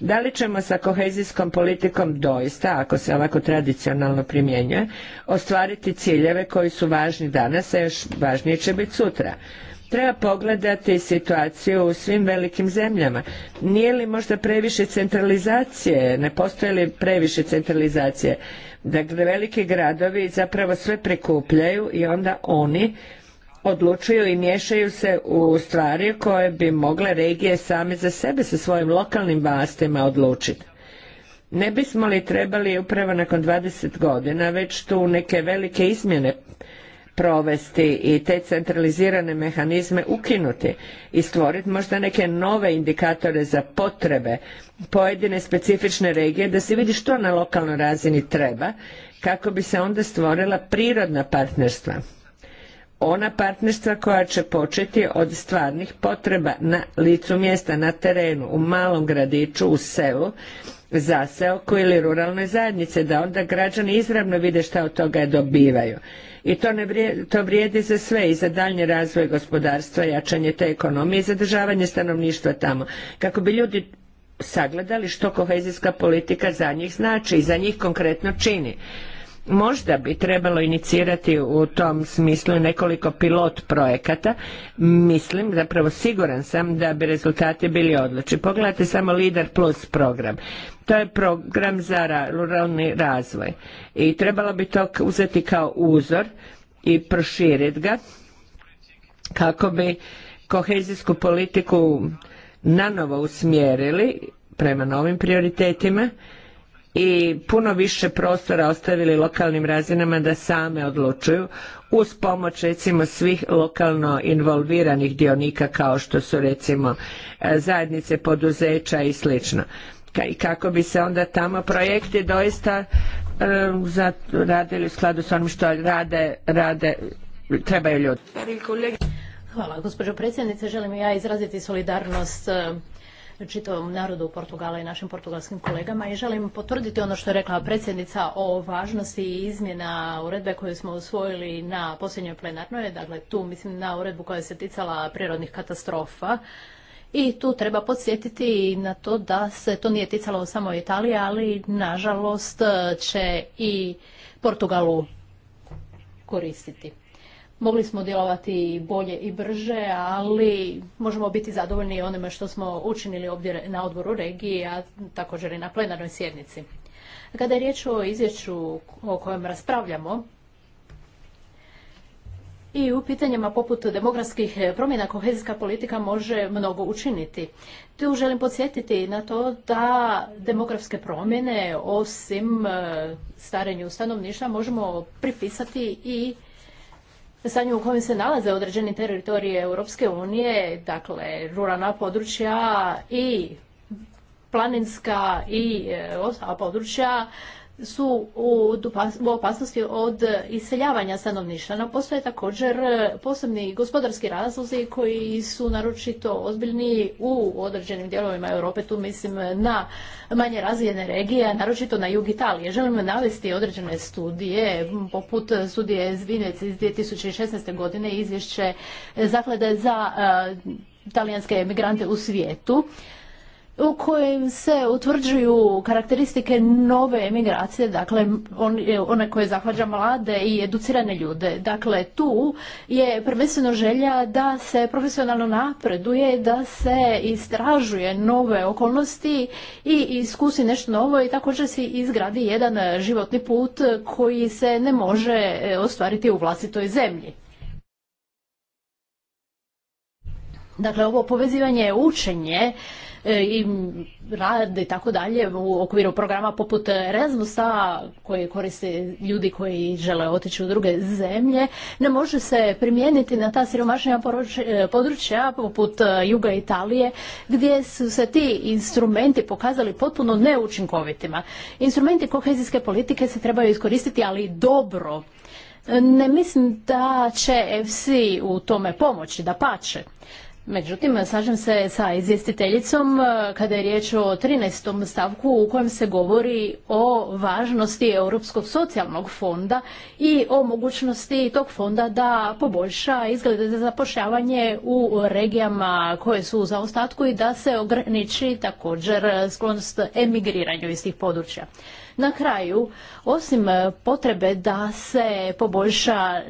da li ćemo sa kohezijskom politikom doista, ako se ovako tradicionalno primjenjuje, ostvariti ciljeve koji su važni danas, a još važnije će biti sutra? Treba pogledati situaciju u svim velikim zemljama. Nije li možda previše centralizacije, ne postoje li previše centralizacije? da veliki gradovi zapravo sve prikupljaju i onda oni odlučuju i miješaju se u stvari koje bi mogle regije same za sebe sa svojim lokalnim vlastima odlučiti. Ne bismo li trebali upravo nakon 20 godina već tu neke velike izmjene provesti i te centralizirane mehanizme ukinuti i stvoriti možda neke nove indikatore za potrebe pojedine specifične regije da se vidi što na lokalnoj razini treba kako bi se onda stvorila prirodna partnerstva ona partnerstva koja će početi od stvarnih potreba na licu mjesta, na terenu, u malom gradiću, u selu, zaseoku ili ruralnoj zajednici, da onda građani izravno vide šta od toga dobivaju. I to, ne to vrijedi za sve i za daljnji razvoj gospodarstva, jačanje te ekonomije i zadržavanje stanovništva tamo. Kako bi ljudi sagledali što kohezijska politika za njih znači i za njih konkretno čini možda bi trebalo inicirati u tom smislu nekoliko pilot projekata. Mislim, zapravo siguran sam da bi rezultati bili odlični. Pogledajte samo Lider Plus program. To je program za ruralni razvoj i trebalo bi to uzeti kao uzor i proširiti ga kako bi kohezijsku politiku nanovo usmjerili prema novim prioritetima i puno više prostora ostavili lokalnim razinama da same odlučuju uz pomoć recimo svih lokalno involviranih dionika kao što su recimo e, zajednice poduzeća i slično. I kako bi se onda tamo projekti doista e, radili u skladu s onim što rade, rade trebaju ljudi. Hvala, gospođo predsjednice. Želim ja izraziti solidarnost e, čitavom narodu Portugala i našim portugalskim kolegama i želim potvrditi ono što je rekla predsjednica o važnosti izmjena uredbe koju smo usvojili na posljednjoj plenarnoj, dakle tu mislim na uredbu koja se ticala prirodnih katastrofa. I tu treba podsjetiti na to da se to nije ticalo samo Italije, ali nažalost će i Portugalu koristiti. Mogli smo djelovati bolje i brže, ali možemo biti zadovoljni onime što smo učinili ovdje na odboru regije, a također i na plenarnoj sjednici. Kada je riječ o izvješću o kojem raspravljamo, i u pitanjima poput demografskih promjena kohezijska politika može mnogo učiniti. Tu želim podsjetiti na to da demografske promjene osim e, starenju stanovništva možemo pripisati i stanju u kojem se nalaze određeni teritorije Europske unije, dakle ruralna područja i planinska i e, ostala područja, su u opasnosti od iseljavanja stanovništva. No, postoje također e, posebni gospodarski razlozi koji su naročito ozbiljniji u određenim dijelovima Europe. Tu mislim na manje razvijene regije, naročito na jug Italije. Želim navesti određene studije, poput studije Zvinec iz 2016. godine, izvješće Zaklade za e, talijanske emigrante u svijetu u kojem se utvrđuju karakteristike nove emigracije, dakle on, one koje zahvađa mlade i educirane ljude. Dakle, tu je prvenstveno želja da se profesionalno napreduje, da se istražuje nove okolnosti i iskusi nešto novo i također se izgradi jedan životni put koji se ne može e, ostvariti u vlastitoj zemlji. Dakle, ovo povezivanje učenje E, i rad i tako dalje u okviru programa poput Erasmusa koje koriste ljudi koji žele otići u druge zemlje, ne može se primijeniti na ta siromašnija e, područja poput e, juga Italije gdje su se ti instrumenti pokazali potpuno neučinkovitima. Instrumenti kohezijske politike se trebaju iskoristiti, ali dobro. Ne mislim da će FC u tome pomoći, da pače. Međutim, slažem se sa izvjestiteljicom e, kada je riječ o 13. stavku u kojem se govori o važnosti Europskog socijalnog fonda i o mogućnosti tog fonda da poboljša izglede za zapošljavanje u regijama koje su u zaostatku i da se ograniči također sklonost emigriranju iz tih područja. Na kraju, osim potrebe da se poboljša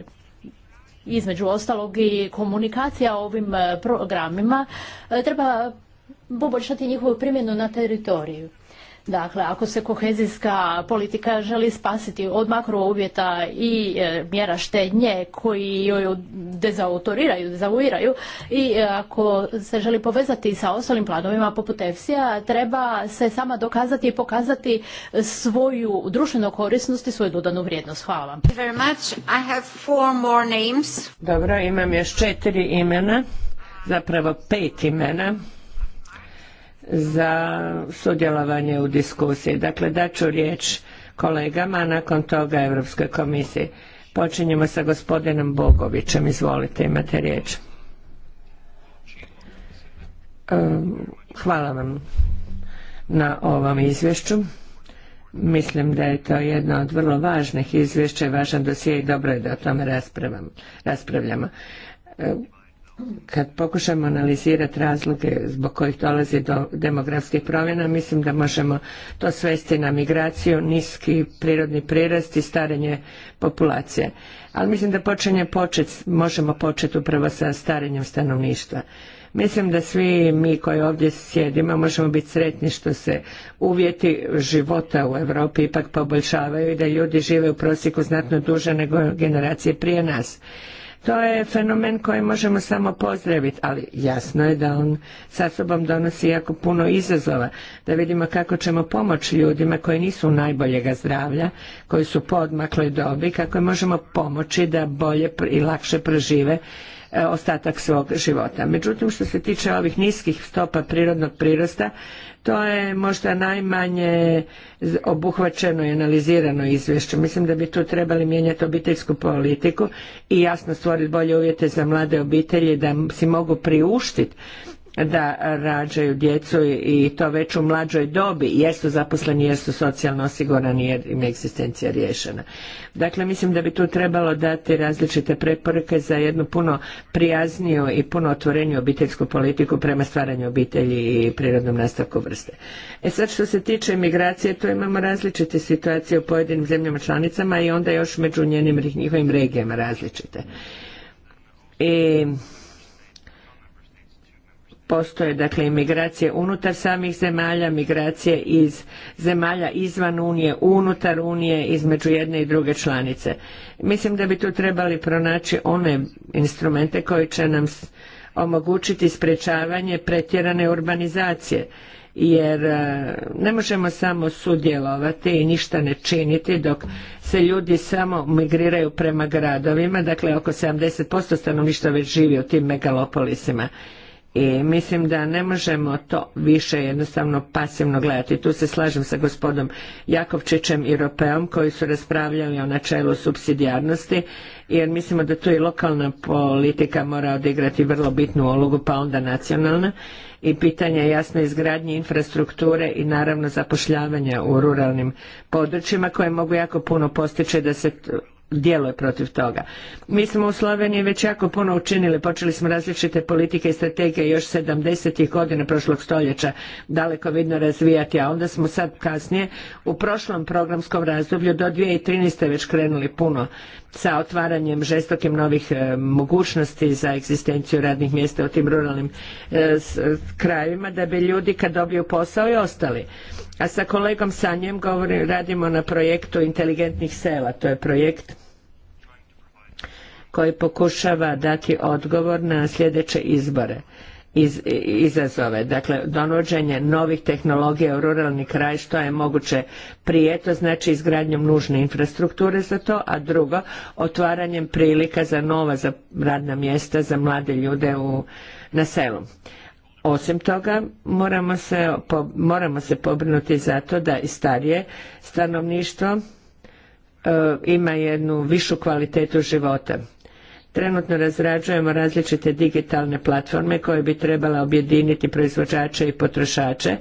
između ostalog i komunikacija o ovim eh, programima, eh, treba poboljšati njihovu primjenu na teritoriju. Dakle, ako se kohezijska politika želi spasiti od makro uvjeta i e, mjera štednje koji joj dezautoriraju, dezavuiraju i e, ako se želi povezati sa ostalim planovima poput EFSI-a, treba se sama dokazati i pokazati svoju društvenu korisnost i svoju dodanu vrijednost. Hvala vam. Dobro, imam još četiri imena, zapravo pet imena za sudjelovanje u diskusiji. Dakle, daću riječ kolegama, a nakon toga Europskoj komisiji. Počinjemo sa gospodinom Bogovićem. Izvolite, imate riječ. Hvala vam na ovom izvješću. Mislim da je to jedno od vrlo važnih izvješća i važan dosije i dobro je da o tome raspravljamo kad pokušamo analizirati razloge zbog kojih dolazi do demografskih promjena, mislim da možemo to svesti na migraciju, niski prirodni prirast i starenje populacije. Ali mislim da počinje počet, možemo početi upravo sa starenjem stanovništva. Mislim da svi mi koji ovdje sjedimo možemo biti sretni što se uvjeti života u Europi ipak poboljšavaju i da ljudi žive u prosjeku znatno duže nego generacije prije nas. To je fenomen koji možemo samo pozdraviti, ali jasno je da on sa sobom donosi jako puno izazova, da vidimo kako ćemo pomoći ljudima koji nisu najboljega zdravlja, koji su podmakle dobi, kako možemo pomoći da bolje i lakše prežive E, ostatak svog života. Međutim, što se tiče ovih niskih stopa prirodnog prirosta, to je možda najmanje obuhvaćeno i analizirano izvješće. Mislim da bi tu trebali mijenjati obiteljsku politiku i jasno stvoriti bolje uvjete za mlade obitelji da si mogu priuštiti da rađaju djecu i to već u mlađoj dobi jer su zaposleni, jer su socijalno osigurani, jer im je egzistencija riješena. Dakle, mislim da bi tu trebalo dati različite preporuke za jednu puno prijazniju i puno otvoreniju obiteljsku politiku prema stvaranju obitelji i prirodnom nastavku vrste. E sad što se tiče migracije, tu imamo različite situacije u pojedinim zemljama članicama i onda još među njenim njihovim regijama različite. I postoje dakle imigracije unutar samih zemalja, migracije iz zemalja izvan Unije, unutar Unije, između jedne i druge članice. Mislim da bi tu trebali pronaći one instrumente koji će nam omogućiti sprečavanje pretjerane urbanizacije jer e, ne možemo samo sudjelovati i ništa ne činiti dok se ljudi samo migriraju prema gradovima, dakle oko 70% stanovništva već živi u tim megalopolisima i mislim da ne možemo to više jednostavno pasivno gledati. Tu se slažem sa gospodom Jakovčićem i Ropeom koji su raspravljali o načelu subsidijarnosti jer mislimo da tu i lokalna politika mora odigrati vrlo bitnu ulogu pa onda nacionalna i pitanje jasne izgradnje infrastrukture i naravno zapošljavanja u ruralnim područjima koje mogu jako puno postići da se djeluje protiv toga. Mi smo u Sloveniji već jako puno učinili, počeli smo različite politike i strategije još 70. godina prošlog stoljeća daleko vidno razvijati, a onda smo sad kasnije u prošlom programskom razdoblju do 2013. već krenuli puno sa otvaranjem žestokim novih e, mogućnosti za egzistenciju radnih mjesta u tim ruralnim e, krajevima da bi ljudi kad dobiju posao i ostali. A sa kolegom Sanjem govorim, radimo na projektu inteligentnih sela. To je projekt koji pokušava dati odgovor na sljedeće izbore iz, izazove. Dakle, donođenje novih tehnologija u ruralni kraj što je moguće prije, to znači izgradnjom nužne infrastrukture za to, a drugo, otvaranjem prilika za nova za radna mjesta za mlade ljude u, na selu. Osim toga, moramo se, po, moramo se pobrinuti za to da i starije stanovništvo e, ima jednu višu kvalitetu života Trenutno razrađujemo različite digitalne platforme koje bi trebala objediniti proizvođače i potrošače,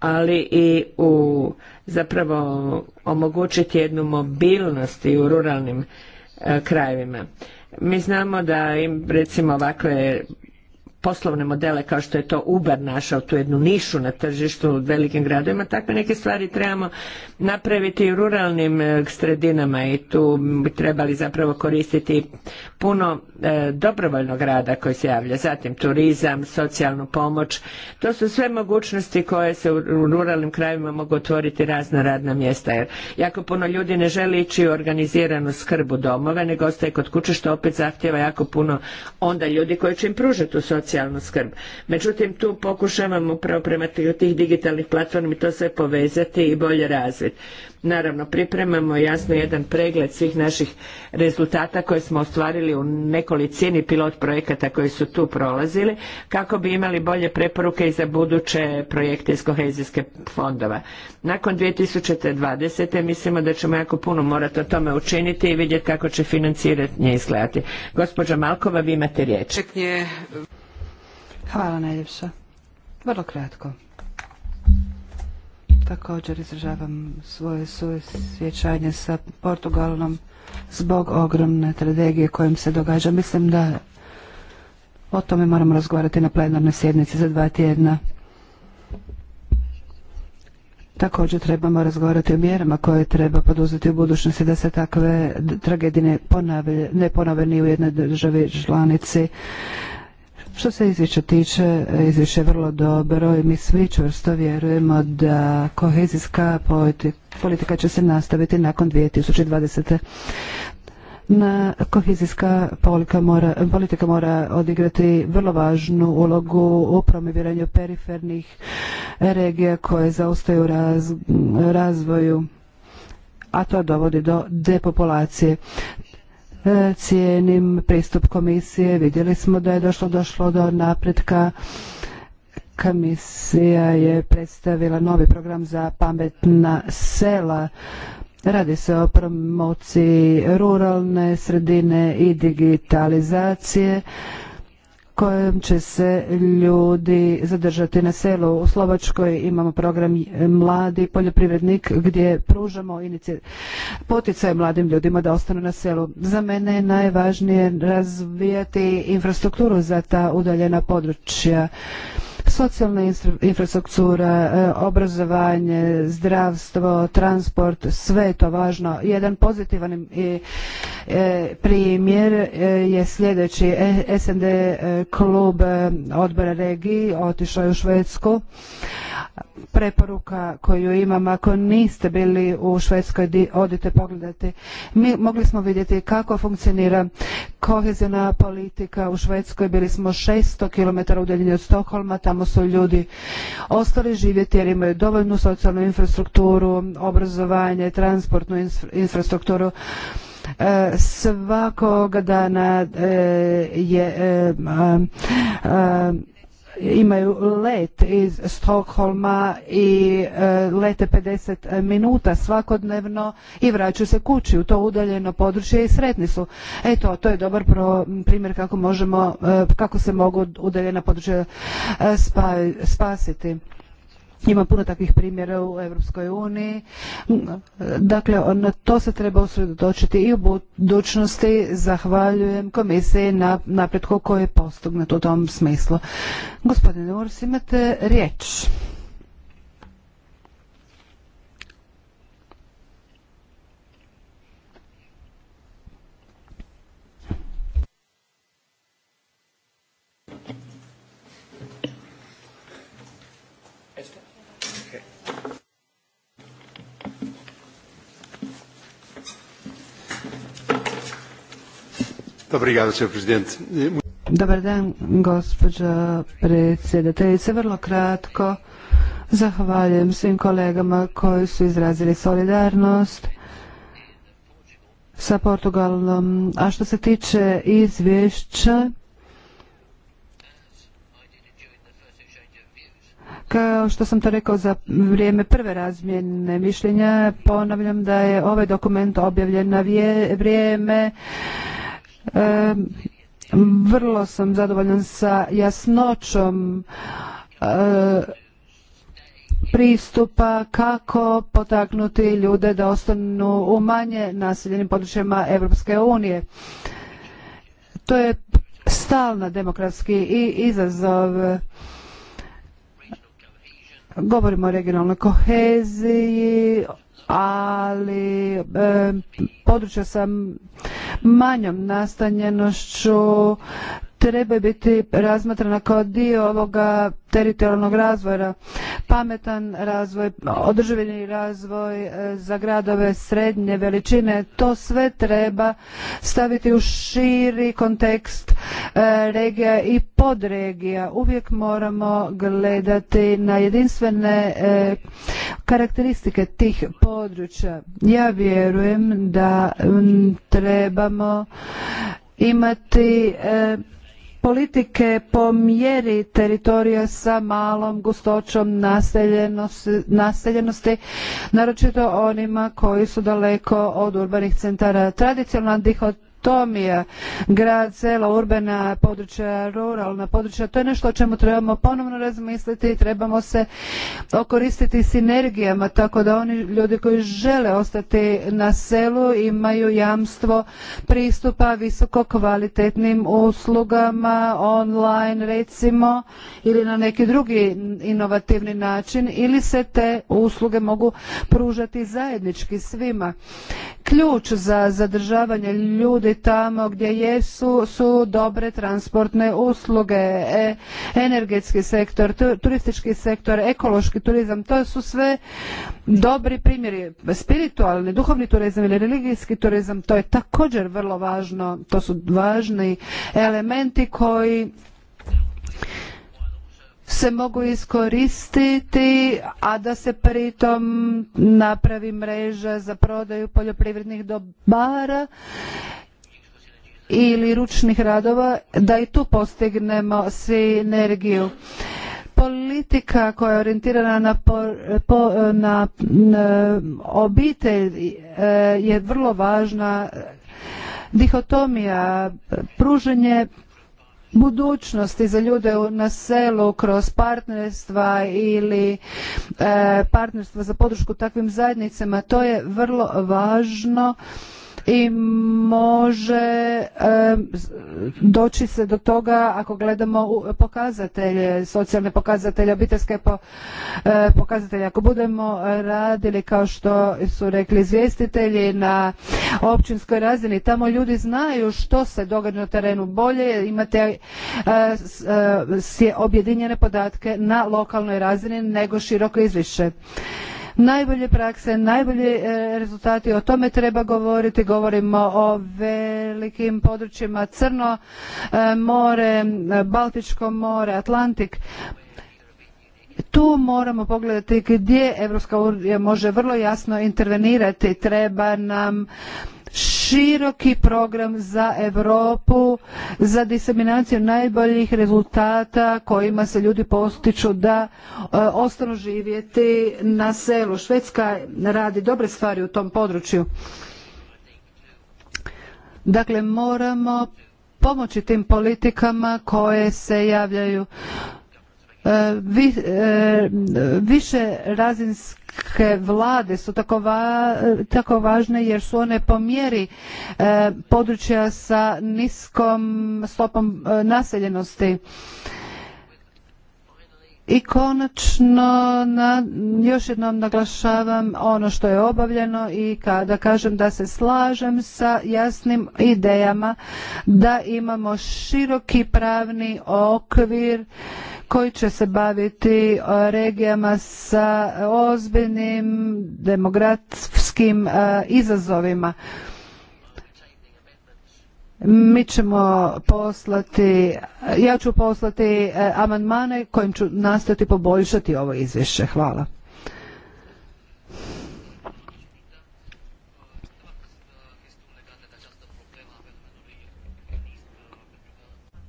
ali i u zapravo omogućiti jednu mobilnost i u ruralnim e, krajevima. Mi znamo da im recimo ovakve poslovne modele kao što je to Uber našao, tu jednu nišu na tržištu u velikim gradovima, takve neke stvari trebamo napraviti i u ruralnim e, sredinama i tu bi trebali zapravo koristiti puno e, dobrovoljnog rada koji se javlja, zatim turizam, socijalnu pomoć, to su sve mogućnosti koje se u, ruralnim krajevima mogu otvoriti razna radna mjesta jer jako puno ljudi ne želi ići u organiziranu skrbu domove nego ostaje kod kuće što opet zahtjeva jako puno onda ljudi koji će im pružati tu socijalnu socijalnu skrb. Međutim, tu pokušavamo upravo prema tih digitalnih platformi to sve povezati i bolje razviti. Naravno, pripremamo jasno jedan pregled svih naših rezultata koje smo ostvarili u nekolicini pilot projekata koji su tu prolazili, kako bi imali bolje preporuke i za buduće projekte iz kohezijske fondova. Nakon 2020. mislimo da ćemo jako puno morati o tome učiniti i vidjeti kako će financiranje izgledati. Gospođa Malkova, vi imate riječ. Hvala najljepša. Vrlo kratko. Također izražavam svoje suosjećanje sa Portugalom zbog ogromne tragedije kojom se događa. Mislim da o tome moramo razgovarati na plenarnoj sjednici za dva tjedna. Također trebamo razgovarati o mjerama koje treba poduzeti u budućnosti da se takve tragedije ne ponave ni u jednoj državi članici što se izvješća tiče, izvješće je vrlo dobro i mi svi čvrsto vjerujemo da kohezijska politika će se nastaviti nakon 2020. Na kohezijska politika mora, politika mora odigrati vrlo važnu ulogu u promoviranju perifernih regija koje zaostaju razvoju a to dovodi do depopulacije. E, cijenim pristup komisije. Vidjeli smo da je došlo, došlo do napretka. Komisija je predstavila novi program za pametna sela. Radi se o promociji ruralne sredine i digitalizacije kojom će se ljudi zadržati na selu. U Slovačkoj imamo program Mladi poljoprivrednik gdje pružamo poticaje mladim ljudima da ostanu na selu. Za mene je najvažnije razvijati infrastrukturu za ta udaljena područja socijalna infrastruktura, e, obrazovanje, zdravstvo, transport, sve je to važno. Jedan pozitivan e, primjer e, je sljedeći. SND klub odbora regiji otišao je u Švedsku preporuka koju imam. Ako niste bili u Švedskoj, odite pogledati. Mi mogli smo vidjeti kako funkcionira kohezijona politika u Švedskoj. Bili smo 600 km udaljeni od Stokholma, tamo su ljudi ostali živjeti jer imaju dovoljnu socijalnu infrastrukturu, obrazovanje, transportnu infrastrukturu e, svakog dana e, je e, imaju let iz Stokholma i e, lete 50 minuta svakodnevno i vraćaju se kući u to udaljeno područje i sretni su. Eto, to je dobar primjer kako možemo, e, kako se mogu udaljena područja e, spasiti. Ima puno takvih primjera u Europskoj uniji. Dakle, na to se treba usredotočiti i u budućnosti. Zahvaljujem komisiji na napretku koji je postignut u tom smislu. Gospodine Urs, imate riječ. Dobar dan, gospođo predsjedateljice. Vrlo kratko zahvaljujem svim kolegama koji su izrazili solidarnost sa Portugalom. A što se tiče izvješća, kao što sam to rekao za vrijeme prve razmjene mišljenja, ponavljam da je ovaj dokument objavljen na vrijeme vrlo sam zadovoljan sa jasnoćom e, pristupa kako potaknuti ljude da ostanu u manje naseljenim područjima Europske unije. To je stalna demokratski i izazov. Govorimo o regionalnoj koheziji, ali područja sa manjom nastanjenošću treba biti razmatrana kao dio ovoga teritorijalnog razvoja, pametan razvoj, održavljeni razvoj e, za gradove srednje veličine, to sve treba staviti u širi kontekst e, regija i podregija. Uvijek moramo gledati na jedinstvene e, karakteristike tih područja. Ja vjerujem da trebamo imati politike po mjeri teritorija sa malom gustoćom naseljenosti, naseljenosti naročito onima koji su daleko od urbanih centara. Tradicionalna dihot dihotomija grad, sela, urbana područja, ruralna područja, to je nešto o čemu trebamo ponovno razmisliti i trebamo se okoristiti sinergijama tako da oni ljudi koji žele ostati na selu imaju jamstvo pristupa visoko kvalitetnim uslugama online recimo ili na neki drugi inovativni način ili se te usluge mogu pružati zajednički svima. Ključ za zadržavanje ljudi tamo gdje jesu su dobre transportne usluge, e, energetski sektor, turistički sektor, ekološki turizam, to su sve dobri primjeri. Spiritualni, duhovni turizam ili religijski turizam, to je također vrlo važno, to su važni elementi koji se mogu iskoristiti, a da se pritom napravi mreža za prodaju poljoprivrednih dobara ili ručnih radova da i tu postignemo sinergiju politika koja je orijentirana na, na, na obitelj e, je vrlo važna dihotomija pruženje budućnosti za ljude na selu kroz partnerstva ili e, partnerstva za podršku takvim zajednicama to je vrlo važno i može doći se do toga ako gledamo pokazatelje, socijalne pokazatelje, obiteljske e, pokazatelje. Ako budemo radili kao što su rekli izvjestitelji na općinskoj razini, tamo ljudi znaju što se događa na terenu bolje, imate e, e, objedinjene podatke na lokalnoj razini nego široko izvišće najbolje prakse, najbolji e, rezultati, o tome treba govoriti, govorimo o velikim područjima Crno e, more, Baltičko more, Atlantik. Tu moramo pogledati gdje Evropska unija može vrlo jasno intervenirati. Treba nam široki program za Europu za diseminaciju najboljih rezultata kojima se ljudi postiču da e, ostanu živjeti na selu. Švedska radi dobre stvari u tom području. Dakle, moramo pomoći tim politikama koje se javljaju E, e, više razinske vlade su tako, važne jer su one po mjeri e, područja sa niskom stopom naseljenosti. I konačno još jednom naglašavam ono što je obavljeno i kada kažem da se slažem sa jasnim idejama da imamo široki pravni okvir koji će se baviti e, regijama sa ozbiljnim demografskim e, izazovima. Mi ćemo poslati, ja ću poslati e, amandmane kojim ću nastojati poboljšati ovo izvješće. Hvala.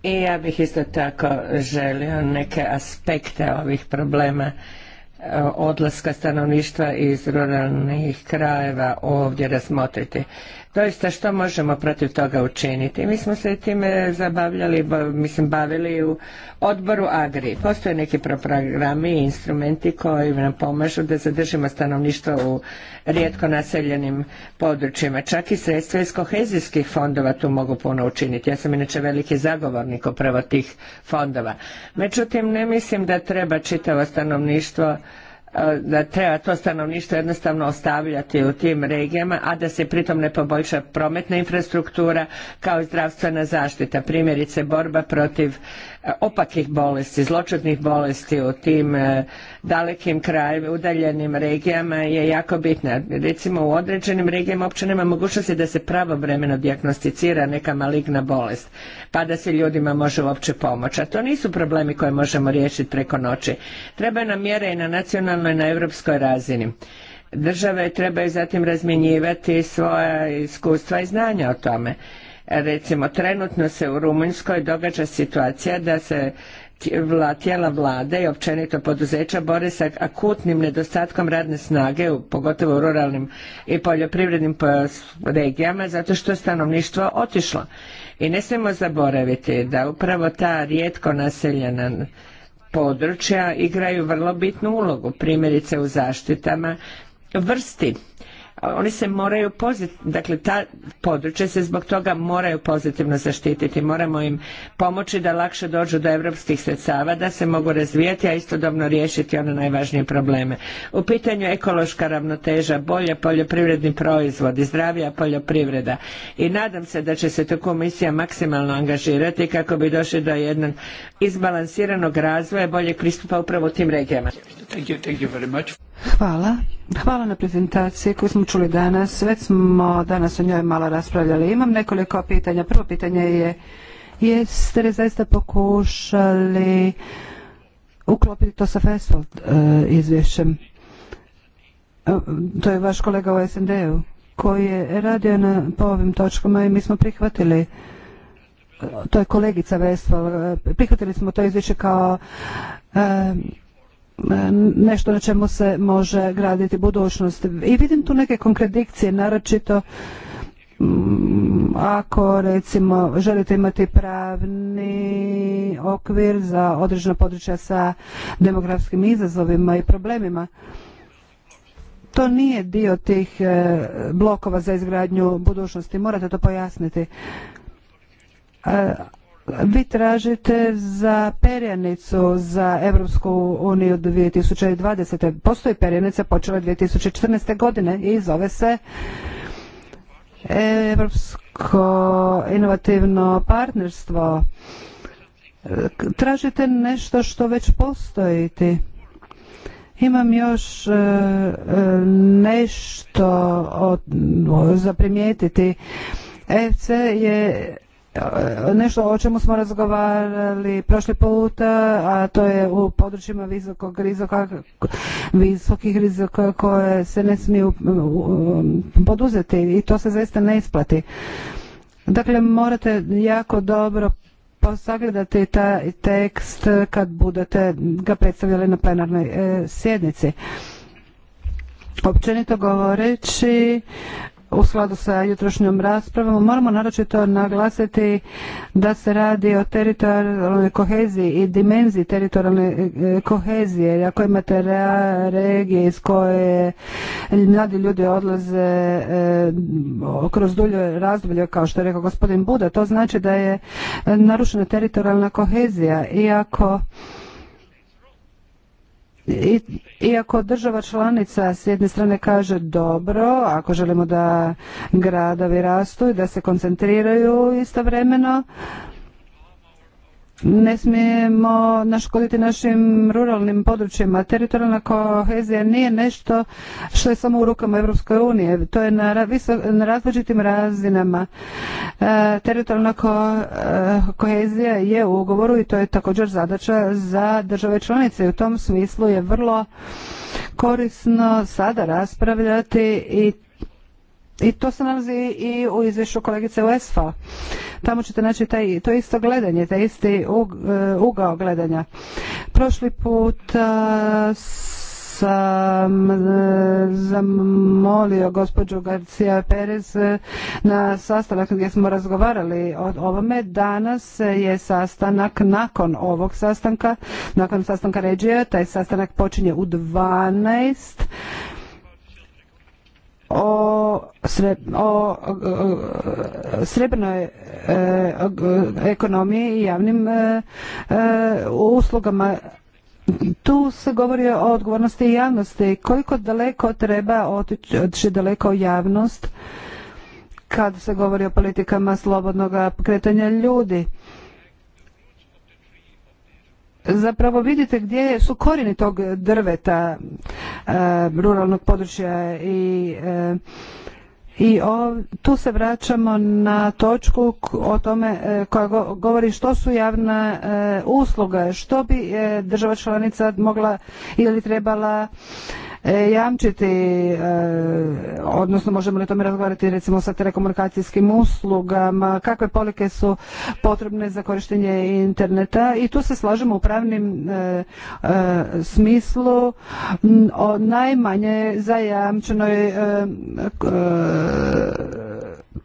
I ja bih isto tako želio neke aspekte ovih problema e, odlaska stanovništva iz ruralnih krajeva ovdje razmotriti doista što možemo protiv toga učiniti. Mi smo se time zabavljali, mislim bavili u odboru Agri. Postoje neki programi i instrumenti koji nam pomažu da zadržimo stanovništvo u rijetko naseljenim područjima. Čak i sredstva iz kohezijskih fondova tu mogu puno učiniti. Ja sam inače veliki zagovornik upravo tih fondova. Međutim, ne mislim da treba čitavo stanovništvo da treba to stanovništvo jednostavno ostavljati u tim regijama, a da se pritom ne poboljša prometna infrastruktura kao i zdravstvena zaštita, primjerice borba protiv opakih bolesti, zločudnih bolesti u tim e, dalekim krajevima, udaljenim regijama je jako bitna. Recimo u određenim regijama uopće nema mogućnosti da se pravovremeno dijagnosticira neka maligna bolest, pa da se ljudima može uopće pomoći. A to nisu problemi koje možemo riješiti preko noći. Treba nam mjere i na nacionalnoj i na europskoj razini. Države trebaju zatim razmjenjivati svoja iskustva i znanja o tome Recimo, trenutno se u Rumunjskoj događa situacija da se tijela vlade i općenito poduzeća bore sa akutnim nedostatkom radne snage, pogotovo u ruralnim i poljoprivrednim regijama, zato što je stanovništvo otišlo. I ne smijemo zaboraviti da upravo ta rijetko naseljena područja igraju vrlo bitnu ulogu, primjerice u zaštitama vrsti oni se moraju pozitivno, dakle ta područja se zbog toga moraju pozitivno zaštititi, moramo im pomoći da lakše dođu do europskih sredstava, da se mogu razvijati, a istodobno riješiti one najvažnije probleme. U pitanju ekološka ravnoteža, bolje poljoprivredni proizvodi, zdravija poljoprivreda i nadam se da će se tu komisija maksimalno angažirati kako bi došli do jednog izbalansiranog razvoja boljeg pristupa upravo u tim regijama. Hvala. Hvala na prezentaciji koju smo čuli danas. Već smo danas o njoj malo raspravljali. Imam nekoliko pitanja. Prvo pitanje je jeste li zaista pokušali uklopiti to sa Fesfeld izvješćem? E, to je vaš kolega u SND-u koji je radio po ovim točkama i mi smo prihvatili e, to je kolegica Vesval, e, prihvatili smo to izvješće kao nešto na čemu se može graditi budućnost. I vidim tu neke kontradikcije, naročito mm, ako recimo želite imati pravni okvir za određena područja sa demografskim izazovima i problemima to nije dio tih e, blokova za izgradnju budućnosti morate to pojasniti e, vi tražite za perjanicu za Evropsku uniju 2020. Postoji perjanica, počela 2014. godine i zove se Europsko inovativno partnerstvo. Tražite nešto što već postoji Imam još e, e, nešto za primijetiti. EFC je E, nešto o čemu smo razgovarali prošli puta, a to je u područjima visokog rizika, visokih rizika koje se ne smiju poduzeti i to se zaista ne isplati. Dakle, morate jako dobro sagledati taj tekst kad budete ga predstavljali na plenarnoj e, sjednici. Općenito govoreći, u skladu sa jutrošnjom raspravom. Moramo naročito naglasiti da se radi o teritorijalnoj koheziji i dimenziji teritorijalne e, kohezije. Ako imate regije iz koje mladi ljudi odlaze e, kroz dulje razdoblje, kao što je rekao gospodin Buda, to znači da je narušena teritorijalna kohezija. Iako iako država članica s jedne strane kaže dobro, ako želimo da gradovi rastu i da se koncentriraju istovremeno, ne smijemo naškoditi našim ruralnim područjima. Teritorijalna kohezija nije nešto što je samo u rukama Europskoj unije. To je na, različitim razinama. E, teritorijalna e, kohezija je u ugovoru i to je također zadaća za države članice. U tom smislu je vrlo korisno sada raspravljati i i to se nalazi i u izvješću kolegice Westfall. Tamo ćete naći taj, to isto gledanje, taj isti e, ugao gledanja. Prošli put e, sam e, zamolio gospođu Garcia Perez na sastanak gdje smo razgovarali o ovome. Danas je sastanak nakon ovog sastanka, nakon sastanka ređija, taj sastanak počinje u 12 o, sre, o srebrnoj e, ekonomiji i javnim e, e, uslugama. Tu se govori o odgovornosti i javnosti. Koliko daleko treba otići, otići daleko javnost kad se govori o politikama slobodnog kretanja ljudi zapravo vidite gdje su korini tog drveta e, ruralnog područja i e, i tu se vraćamo na točku o tome e, koja govori što su javna usluga, što bi država članica mogla ili trebala E, jamčiti, e, odnosno možemo li tome razgovarati recimo sa telekomunikacijskim uslugama, kakve polike su potrebne za korištenje interneta i tu se slažemo u pravnim e, smislu mm, o najmanje zajamčenoj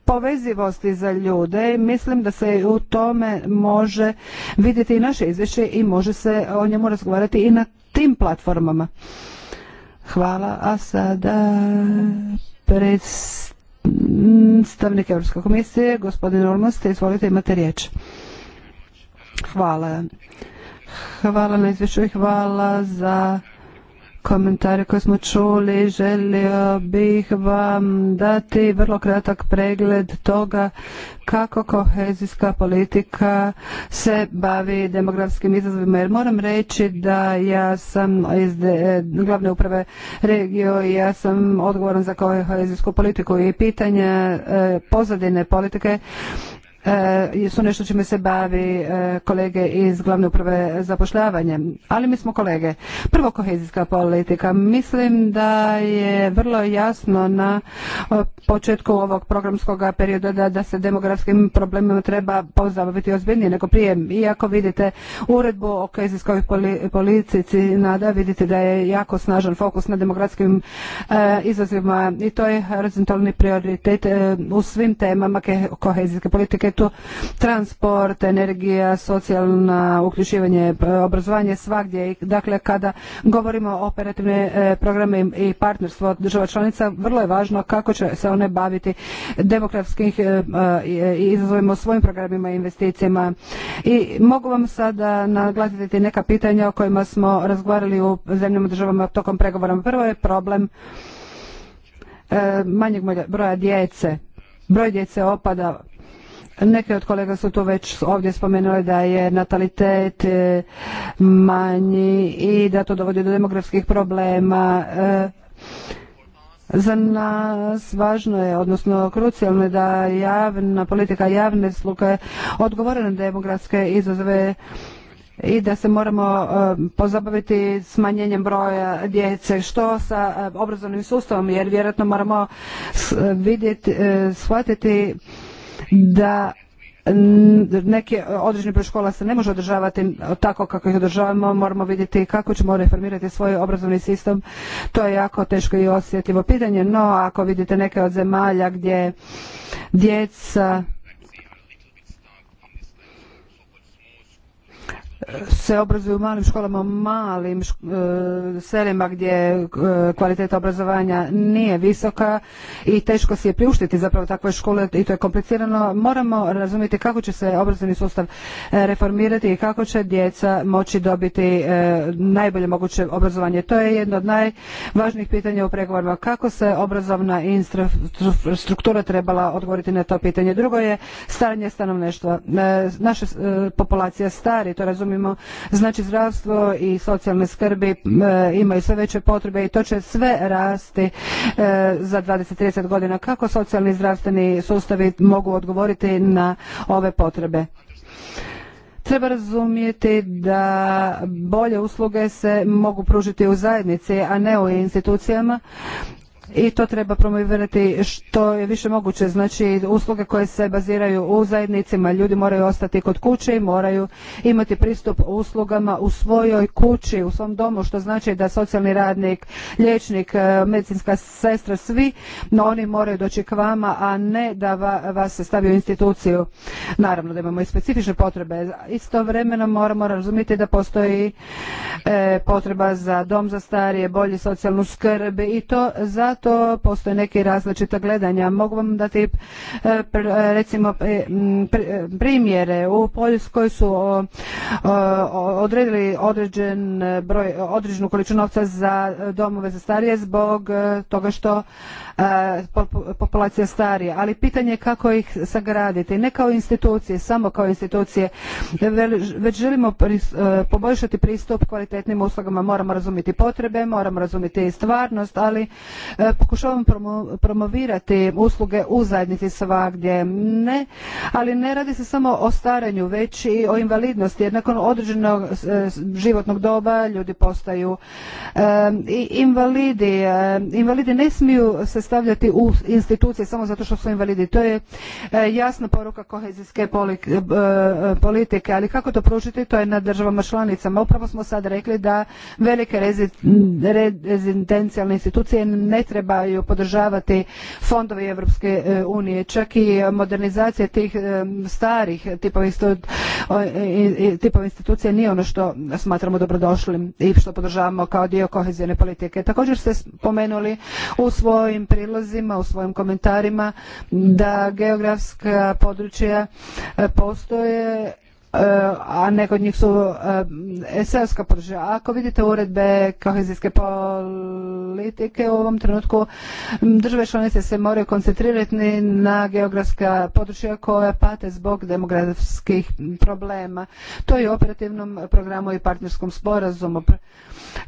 povezivosti za ljude. Mislim da se u tome može vidjeti i naše izvješće i može se o njemu razgovarati i na tim platformama. Hvala. A sada predstavnik Europske komisije, gospodin Olmos, izvolite, imate riječ. Hvala. Hvala na izvješću i hvala za komentare koje smo čuli. Želio bih vam dati vrlo kratak pregled toga kako kohezijska politika se bavi demografskim izazovima. Jer moram reći da ja sam iz glavne uprave regio i ja sam odgovoran za kohezijsku politiku i pitanja e, pozadine politike E, su nešto čime se bavi e, kolege iz glavne uprave zapošljavanje. Ali mi smo kolege. Prvo kohezijska politika. Mislim da je vrlo jasno na početku ovog programskog perioda da, da se demografskim problemima treba pozabaviti ozbiljnije nego prije. Iako vidite uredbu o kohezijskoj politici nada, vidite da je jako snažan fokus na demografskim e, izazovima i to je horizontalni prioritet e, u svim temama kohezijske politike tu transport, energija, socijalna uključivanje, e, obrazovanje svagdje. Dakle, kada govorimo o operativne e, programe i partnerstvo država članica, vrlo je važno kako će se one baviti e, i izazovima u svojim programima i investicijama. I mogu vam sada naglasiti neka pitanja o kojima smo razgovarali u zemljama državama tokom pregovora. Prvo je problem manjeg broja djece. Broj djece opada Neke od kolega su tu već ovdje spomenuli da je natalitet e, manji i da to dovodi do demografskih problema. E, za nas važno je, odnosno krucijalno je da javna politika javne sluke odgovore na demografske izazove i da se moramo e, pozabaviti smanjenjem broja djece što sa obrazovnim sustavom jer vjerojatno moramo vidjeti shvatiti da neke određene preškola se ne može održavati tako kako ih održavamo, moramo vidjeti kako ćemo reformirati svoj obrazovni sistem. To je jako teško i osjetljivo pitanje, no ako vidite neke od zemalja gdje djeca se obrazuju u malim školama, u malim e, selima gdje e, kvaliteta obrazovanja nije visoka i teško si je priuštiti zapravo takve škole i to je komplicirano. Moramo razumjeti kako će se obrazovni sustav e, reformirati i kako će djeca moći dobiti najbolje moguće obrazovanje. To je jedno od najvažnijih pitanja u pregovorima. Kako se obrazovna infrastruktura trebala odgovoriti na to pitanje? Drugo je staranje stanovništva. Naša populacija stari, to razumijem govorimo. Znači zdravstvo i socijalne skrbi e, imaju sve veće potrebe i to će sve rasti e, za 20-30 godina. Kako socijalni i zdravstveni sustavi mogu odgovoriti na ove potrebe? Treba razumjeti da bolje usluge se mogu pružiti u zajednici, a ne u institucijama i to treba promovirati što je više moguće. Znači usluge koje se baziraju u zajednicima, ljudi moraju ostati kod kuće i moraju imati pristup uslugama u svojoj kući, u svom domu, što znači da socijalni radnik, liječnik, e, medicinska sestra, svi, no oni moraju doći k vama, a ne da vas se stavi u instituciju. Naravno da imamo i specifične potrebe. Istovremeno moramo razumjeti da postoji e, potreba za dom za starije, bolje socijalnu skrb i to zato to postoje neke različita gledanja. Mogu vam dati e, recimo e, e, primjere. U Poljskoj su odredili određen broj, određenu količinu novca za domove za starije zbog toga što populacija starije. Ali pitanje je kako ih sagraditi. Ne kao institucije, samo kao institucije. Već želimo poboljšati pristup kvalitetnim uslugama. Moramo razumjeti potrebe, moramo razumjeti i stvarnost, ali pokušavam promovirati usluge u zajednici svagdje. Ne, ali ne radi se samo o staranju, već i o invalidnosti. Jer nakon određenog e, životnog doba ljudi postaju e, i invalidi. E, invalidi ne smiju se stavljati u institucije samo zato što su invalidi. To je jasna poruka kohezijske politike, ali kako to pružiti, to je na državama članicama. Upravo smo sad rekli da velike rezidencijalne institucije ne treba trebaju podržavati fondovi Europske e, unije. Čak i modernizacija tih e, starih e, tipova institucija nije ono što smatramo dobrodošlim i što podržavamo kao dio kohezijske politike. Također ste spomenuli u svojim prilozima, u svojim komentarima da geografska područja postoje Eh, a neko od njih su eh, seo Ako vidite uredbe kohezijske politike u ovom trenutku države članice se moraju koncentrirati na geografska područja koja pate zbog demografskih problema. To je u operativnom programu i partnerskom sporazumu.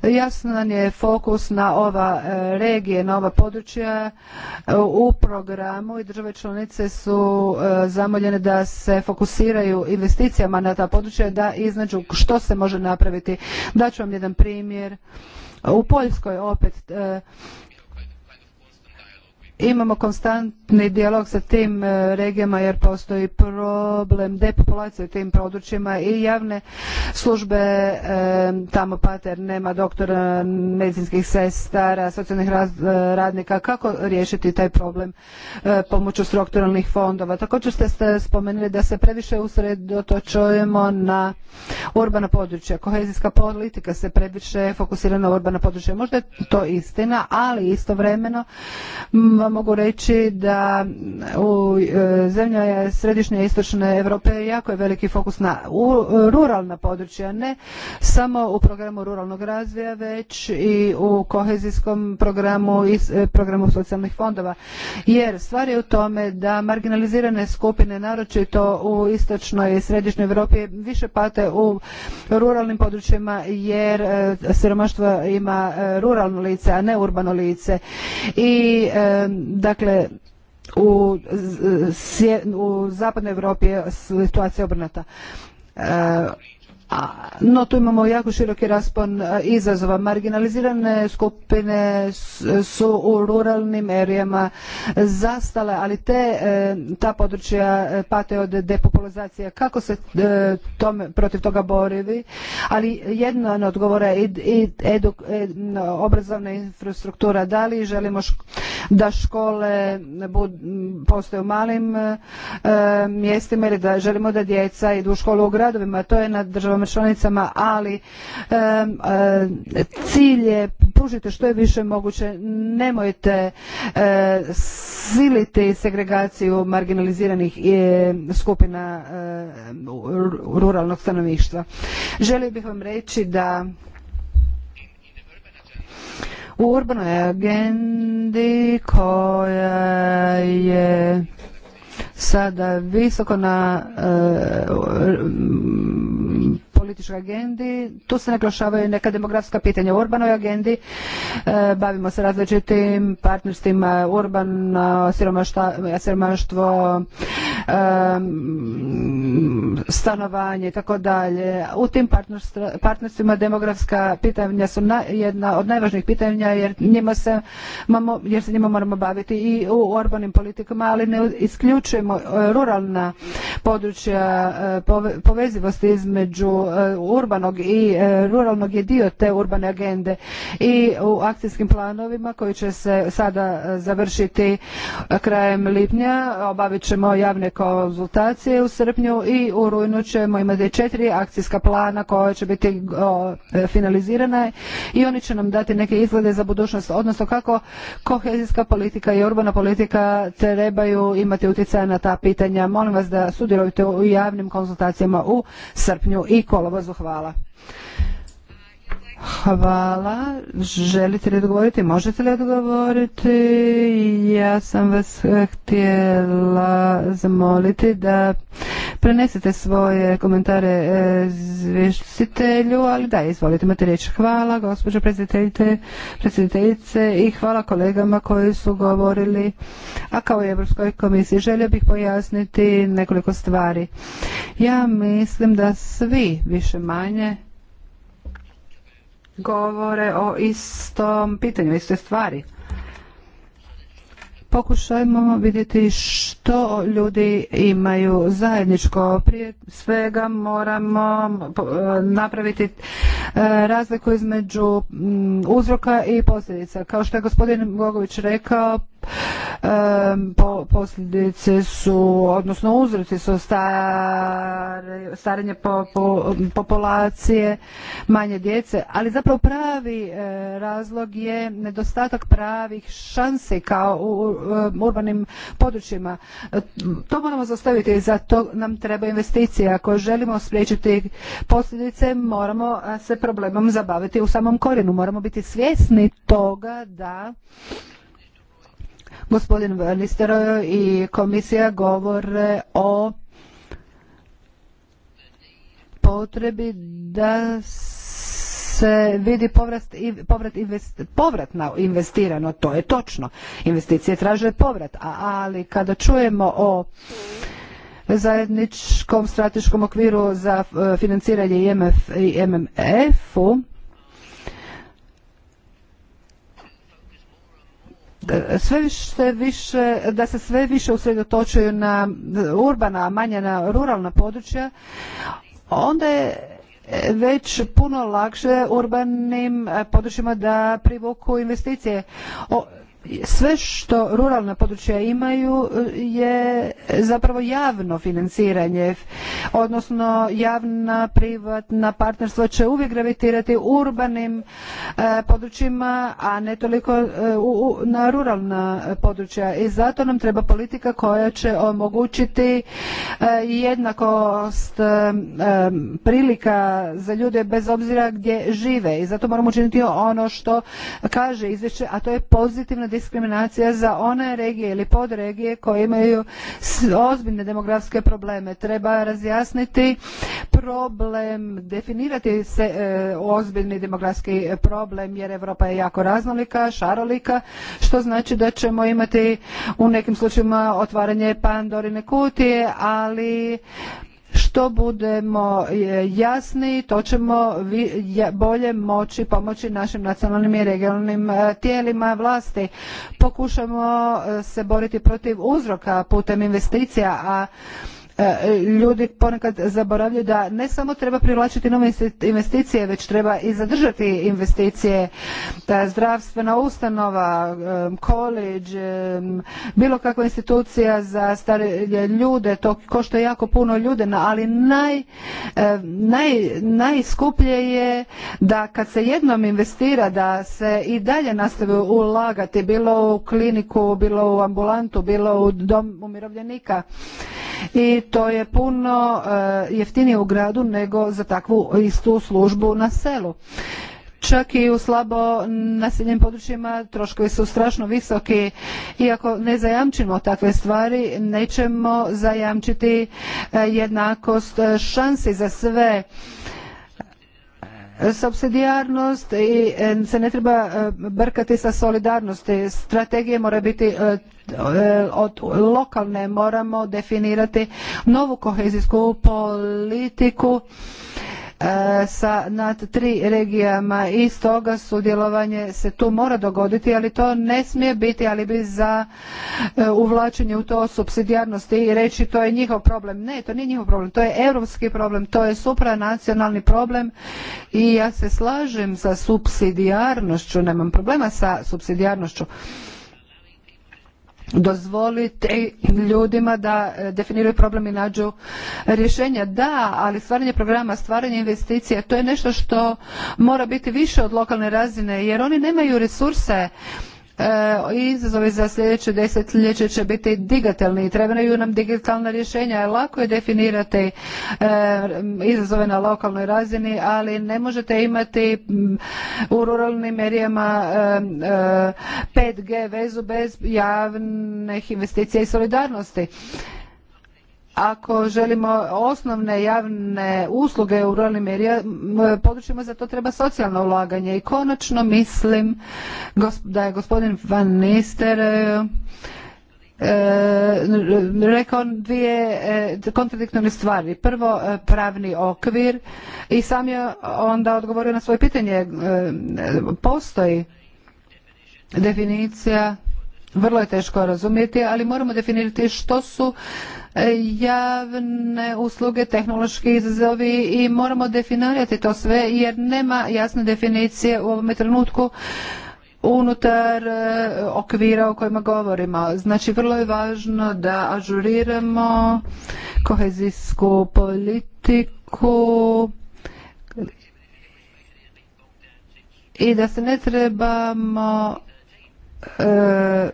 Jasan je fokus na ova eh, regije, na ova područja u programu i države članice su zamoljene da se fokusiraju investicijama na ta područja da iznađu što se može napraviti. Daću vam jedan primjer. U Poljskoj opet e, Imamo konstantni dijalog sa tim e, regijama jer postoji problem depopulacije u tim područjima i javne službe e, tamo pater nema doktora medicinskih sestara, socijalnih e, radnika. Kako riješiti taj problem pomoću strukturalnih fondova? Također ste spomenuli da se previše usredotočujemo na urbana područja. Kohezijska politika se previše fokusira na urbana područja. Možda je to istina, ali istovremeno vam mogu reći da u e, zemlja središnje i istočne Europe jako je veliki fokus na ruralna područja, ne samo u programu ruralnog razvoja, već i u kohezijskom programu i e, programu socijalnih fondova. Jer stvar je u tome da marginalizirane skupine, naročito u istočnoj i središnjoj Europi, više pate u ruralnim područjima jer e, siromaštvo ima ruralno lice, a ne urbano lice. I dakle u, u zapadnoj Europi je situacija obrnata. E, no tu imamo jako široki raspon e, izazova. Marginalizirane skupine su u ruralnim erijama zastale, ali te, e, ta područja e, pate od depopulizacije. Kako se protiv toga borivi? Ali jedna od odgovora je i obrazovna infrastruktura. Da li želimo da škole postoje u malim mjestima ili da želimo da djeca idu u školu u gradovima? To je na državu državama ali eh, cilj je pružite što je više moguće, nemojte eh, siliti segregaciju marginaliziranih skupina ruralnog stanovništva. Želio bih vam reći da u urbanoj agendi koja je sada visoko na eh, političkoj agendi. Tu se naglašavaju neka demografska pitanja u urbanoj agendi. E, bavimo se različitim partnerstvima, urbano siromaštvo, stanovanje i tako dalje. U tim partnerstvima demografska pitanja su jedna od najvažnijih pitanja jer jer se njima moramo baviti i u urbanim politikama, ali ne isključujemo ruralna područja e, povezivosti između E, urbanog i e, ruralnog je dio te urbane agende i u akcijskim planovima koji će se sada e, završiti krajem lipnja obavit ćemo javne konzultacije u srpnju i u rujnu ćemo imati četiri akcijska plana koja će biti finalizirana i oni će nam dati neke izglede za budućnost odnosno kako kohezijska politika i urbana politika trebaju imati utjecaja na ta pitanja molim vas da sudjelujete u javnim konzultacijama u srpnju i kolovozu. Hvala. Hvala. Želite li odgovoriti? Možete li odgovoriti? Ja sam vas htjela zamoliti da prenesete svoje komentare e, izvjestitelju, ali da, izvolite, imate riječ. Hvala gospođo predsjediteljice i hvala kolegama koji su govorili, a kao i Evropskoj komisiji. Želio bih pojasniti nekoliko stvari. Ja mislim da svi više manje govore o istom pitanju, istoj stvari. Pokušajmo vidjeti što ljudi imaju zajedničko. Prije svega moramo e, napraviti e, razliku između mm, uzroka i posljedica. Kao što je gospodin Bogović rekao, posljedice su, odnosno uzroci su staranje populacije, manje djece, ali zapravo pravi e, razlog je nedostatak pravih šansi kao u urbanim područjima. E, to moramo zastaviti za to nam treba investicija. Ako želimo spriječiti posljedice, moramo e, se problemom zabaviti u samom korijenu. Moramo biti svjesni toga da gospodin Vanistero i komisija govore o potrebi da se vidi povrat, povrat, invest, povrat na investirano, to je točno. Investicije traže povrat, ali kada čujemo o zajedničkom strateškom okviru za e, financiranje IMF i MMF-u, sve više, više, da se sve više usredotočuju na urbana, a manje na ruralna područja, onda je već puno lakše urbanim područjima da privuku investicije sve što ruralna područja imaju e, je zapravo javno financiranje, odnosno javna privatna partnerstva će uvijek gravitirati u urbanim e, područjima, a ne toliko e, na ruralna područja. I zato nam treba politika koja će omogućiti jednakost prilika za ljude bez obzira gdje žive. I zato moramo učiniti ono što kaže izvješće, a to je pozitivna diskriminacija za one regije ili podregije koje imaju ozbiljne demografske probleme. Treba razjasniti problem, definirati se e, ozbiljni demografski problem jer Europa je jako raznolika, šarolika, što znači da ćemo imati u nekim slučajima otvaranje Pandorine kutije, ali što budemo e, jasni, to ćemo bolje moći pomoći našim nacionalnim i regionalnim e, tijelima vlasti. Pokušamo e, se boriti protiv uzroka putem investicija, a E, ljudi ponekad zaboravljaju da ne samo treba privlačiti nove investicije, već treba i zadržati investicije, zdravstvena ustanova, koleđ, e, e, bilo kakva institucija za stare ljude, to košta jako puno ljude, ali naj, naj, najskuplje je da kad se jednom investira da se i dalje nastave ulagati bilo u kliniku, bilo u ambulantu, bilo u dom umirovljenika i to je puno eh, jeftinije u gradu nego za takvu istu službu na selu. Čak i u slabo naseljenim područjima troškovi su strašno visoki i ako ne zajamčimo takve stvari nećemo zajamčiti eh, jednakost eh, šansi za sve Subsidijarnost i se ne treba brkati sa solidarnosti. Strategije mora biti od lokalne moramo definirati novu kohezijsku politiku e, sa nad tri regijama i stoga sudjelovanje se tu mora dogoditi, ali to ne smije biti alibi za e, uvlačenje u to subsidijarnosti i reći to je njihov problem. Ne, to nije njihov problem, to je europski problem, to je supranacionalni problem i ja se slažem sa subsidijarnošću, nemam problema sa subsidijarnošću dozvoliti ljudima da e, definiraju problem i nađu rješenja. Da, ali stvaranje programa, stvaranje investicija, to je nešto što mora biti više od lokalne razine jer oni nemaju resurse i e, izazovi za sljedeće desetljeće će biti digitalni i trebaju nam digitalna rješenja. Lako je definirati e, izazove na lokalnoj razini, ali ne možete imati mm, u ruralnim merijama 5G e, vezu bez javnih investicija i solidarnosti ako želimo osnovne javne usluge u ruralnim područjima, za to treba socijalno ulaganje. I konačno mislim da je gospodin Van Nister e, e, rekao dvije e, kontradiktorne stvari. Prvo, pravni okvir i sam je onda odgovorio na svoje pitanje. Postoji definicija, vrlo je teško razumjeti, ali moramo definirati što su javne usluge, tehnološki izazovi i moramo definirati to sve jer nema jasne definicije u ovome trenutku unutar e, okvira o kojima govorimo. Znači vrlo je važno da ažuriramo kohezijsku politiku i da se ne trebamo e,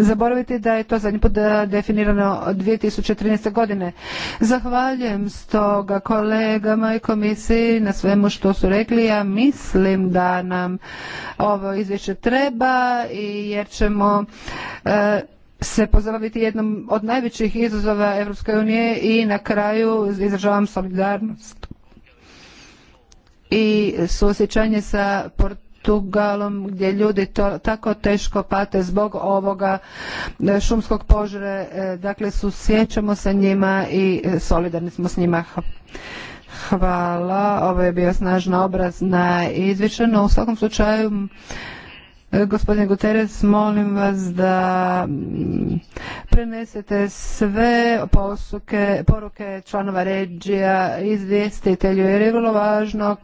zaboraviti da je to zadnji put definirano 2013. godine. Zahvaljujem stoga kolegama i komisiji na svemu što su rekli. Ja mislim da nam ovo izvješće treba i jer ćemo e, se pozabaviti jednom od najvećih izazova Europske unije i na kraju izražavam solidarnost i suosjećanje sa galom gdje ljudi to tako teško pate zbog ovoga e, šumskog požara. E, dakle, susjećamo se njima i e, solidarni smo s njima. Hvala, ovo je bio snažna na no U svakom slučaju Gospodine Guterres, molim vas da mm, prenesete sve posuke, poruke članova ređija, izvjestitelju, jer je vrlo važno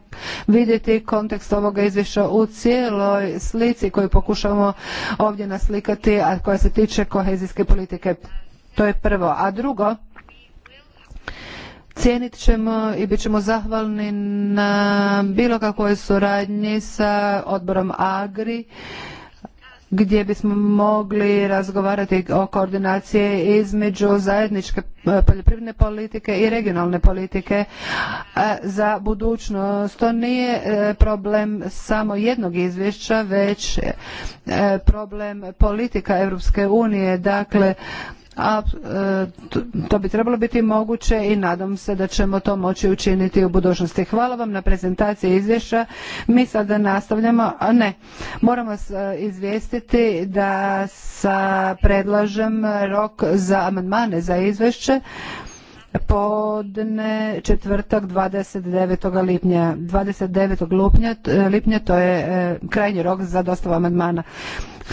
vidjeti kontekst ovoga izvješća u cijeloj slici koju pokušamo ovdje naslikati, a koja se tiče kohezijske politike. To je prvo. A drugo, Cijenit ćemo i bit ćemo zahvalni na bilo kakvoj suradnji sa odborom AGRI gdje bismo mogli razgovarati o koordinaciji između zajedničke e, poljoprivredne politike i regionalne politike e, za budućnost. To nije e, problem samo jednog izvješća, već problem politika Europske unije. Dakle, a e, to bi trebalo biti moguće i nadam se da ćemo to moći učiniti u budućnosti. Hvala vam na prezentaciji izvješća. Mi sada nastavljamo, a ne, moramo e, izvijestiti da sa predlažem rok za amandmane za izvješće podne četvrtak 29. lipnja. 29. lipnja, e, lipnja to je krajnji rok za dostavu amandmana.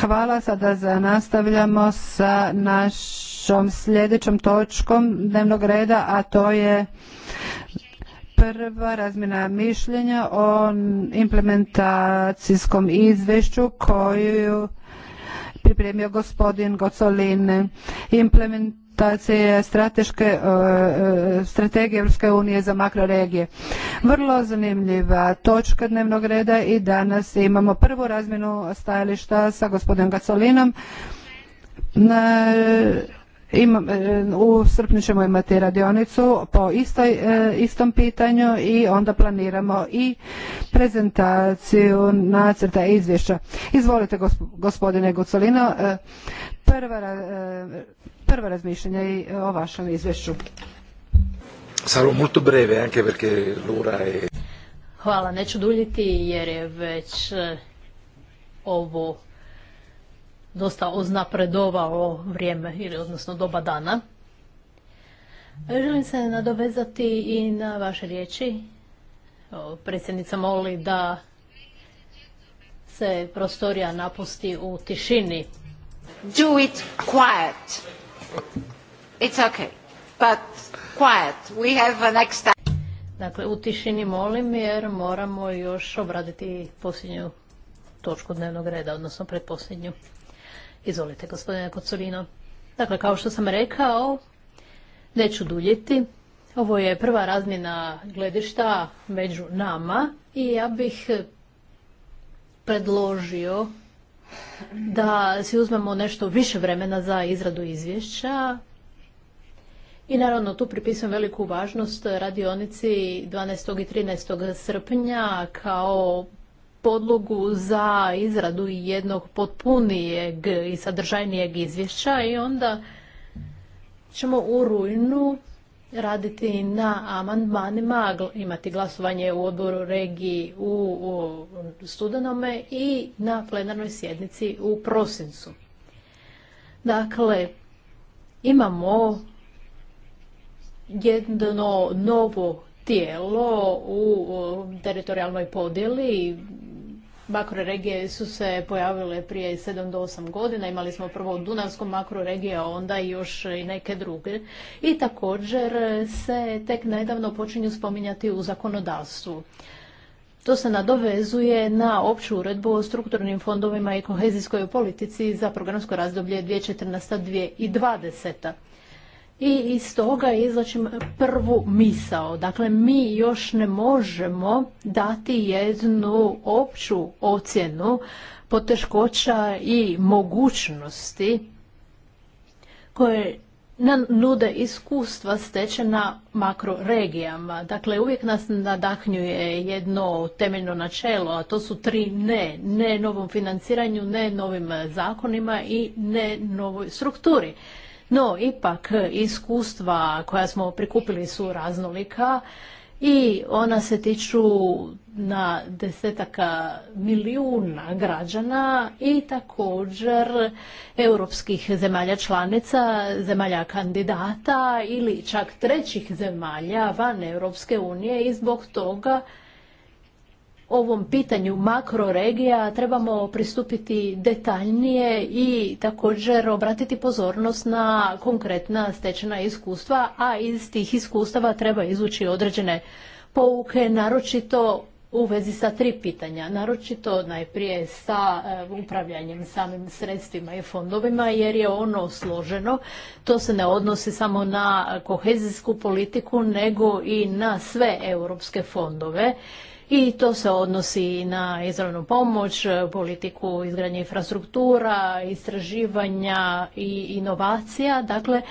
Hvala, sada za nastavljamo sa naš našom sljedećom točkom dnevnog reda, a to je prva razmjena mišljenja o implementacijskom izvješću koju pripremio gospodin Gocolin. Implementacija strateške e, e, strategije Europske unije za makroregije. Vrlo zanimljiva točka dnevnog reda i danas imamo prvu razmjenu stajališta sa gospodinom Gocolinom Na E, u srpnju ćemo imati radionicu po e, istom pitanju i onda planiramo i prezentaciju nacrta izvješća. Izvolite gospodine Gucolino, e, prva, prva razmišljenja i o vašem izvješću. molto breve anche perché l'ora è... Hvala, neću duljiti jer je već ovo dosta oznapredovalo vrijeme ili odnosno doba dana. Želim se nadovezati i na vaše riječi. Predsjednica moli da se prostorija napusti u tišini. Do it quiet. It's okay. But quiet. We have a next Dakle, u tišini molim jer moramo još obraditi posljednju točku dnevnog reda, odnosno predposljednju. Izvolite, gospodine Kocolino. Dakle, kao što sam rekao, neću duljiti. Ovo je prva razmjena gledišta među nama i ja bih predložio da si uzmemo nešto više vremena za izradu izvješća. I naravno tu pripisujem veliku važnost radionici 12. i 13. srpnja kao podlogu za izradu jednog potpunijeg i sadržajnijeg izvješća i onda ćemo u rujnu raditi na amandmanima, imati glasovanje u odboru regiji u, studenome i na plenarnoj sjednici u prosincu. Dakle, imamo jedno novo tijelo u teritorijalnoj podjeli makroregije su se pojavile prije 7 do 8 godina. Imali smo prvo Dunavsku makroregiju, a onda još i neke druge. I također se tek nedavno počinju spominjati u zakonodavstvu. To se nadovezuje na opću uredbu o strukturnim fondovima i kohezijskoj politici za programsko razdoblje 2014-2020. I iz toga izlačim prvu misao. Dakle, mi još ne možemo dati jednu opću ocjenu poteškoća i mogućnosti koje nam nude iskustva stečena makroregijama. Dakle, uvijek nas nadahnjuje jedno temeljno načelo, a to su tri ne. Ne novom financiranju, ne novim zakonima i ne novoj strukturi. No, ipak iskustva koja smo prikupili su raznolika i ona se tiču na desetaka milijuna građana i također europskih zemalja članica, zemalja kandidata ili čak trećih zemalja van Europske unije i zbog toga ovom pitanju makroregija trebamo pristupiti detaljnije i također obratiti pozornost na konkretna stečena iskustva, a iz tih iskustava treba izvući određene pouke, naročito u vezi sa tri pitanja, naročito najprije sa e, upravljanjem samim sredstvima i fondovima jer je ono složeno. To se ne odnosi samo na kohezijsku politiku nego i na sve europske fondove i to se odnosi na izravnu pomoć, e, politiku izgradnje infrastruktura, istraživanja i inovacija, dakle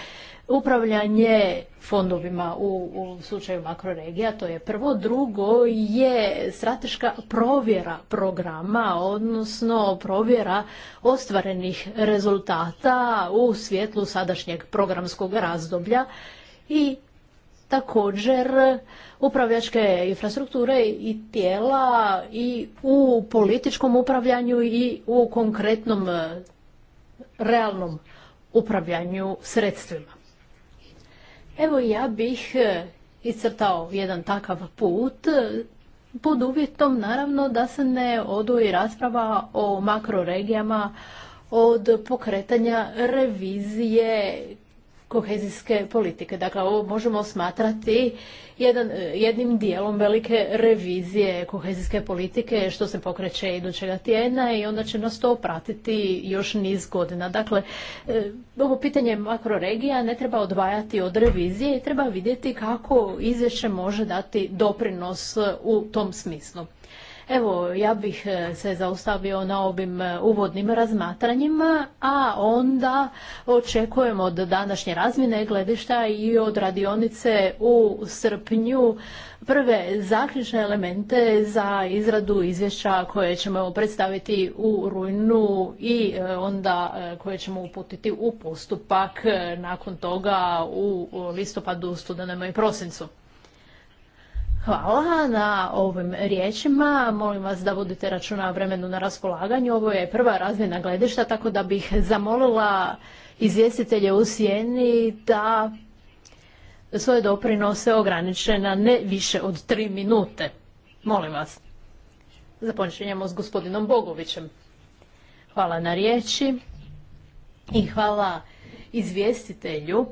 upravljanje fondovima u, u slučaju makroregija, to je prvo. Drugo je strateška provjera programa, odnosno provjera ostvarenih rezultata u svjetlu sadašnjeg programskog razdoblja i također upravljačke infrastrukture i tijela i u političkom upravljanju i u konkretnom e, realnom upravljanju sredstvima. Evo ja bih e, iscrtao jedan takav put e, pod uvjetom naravno da se ne oduji rasprava o makroregijama od pokretanja revizije kohezijske politike. Dakle, ovo možemo smatrati jedan, jednim dijelom velike revizije kohezijske politike što se pokreće idućega tjedna i onda će nas to pratiti još niz godina. Dakle, e, ovo pitanje makroregija ne treba odvajati od revizije i treba vidjeti kako izvješće može dati doprinos u tom smislu. Evo, ja bih e, se zaustavio na ovim e, uvodnim razmatranjima, a onda očekujem od današnje razmjene gledišta i od radionice u srpnju prve zaključne elemente za izradu izvješća koje ćemo predstaviti u rujnu i e, onda koje ćemo uputiti u postupak nakon toga u listopadu, studenama i prosincu. Hvala na ovim riječima. Molim vas da vodite računa vremenu na raspolaganju. Ovo je prva razmjena gledišta, tako da bih zamolila izvjestitelje u sjeni da svoje doprinose ograniče na ne više od tri minute. Molim vas. Započinjemo s gospodinom Bogovićem. Hvala na riječi i hvala izvjestitelju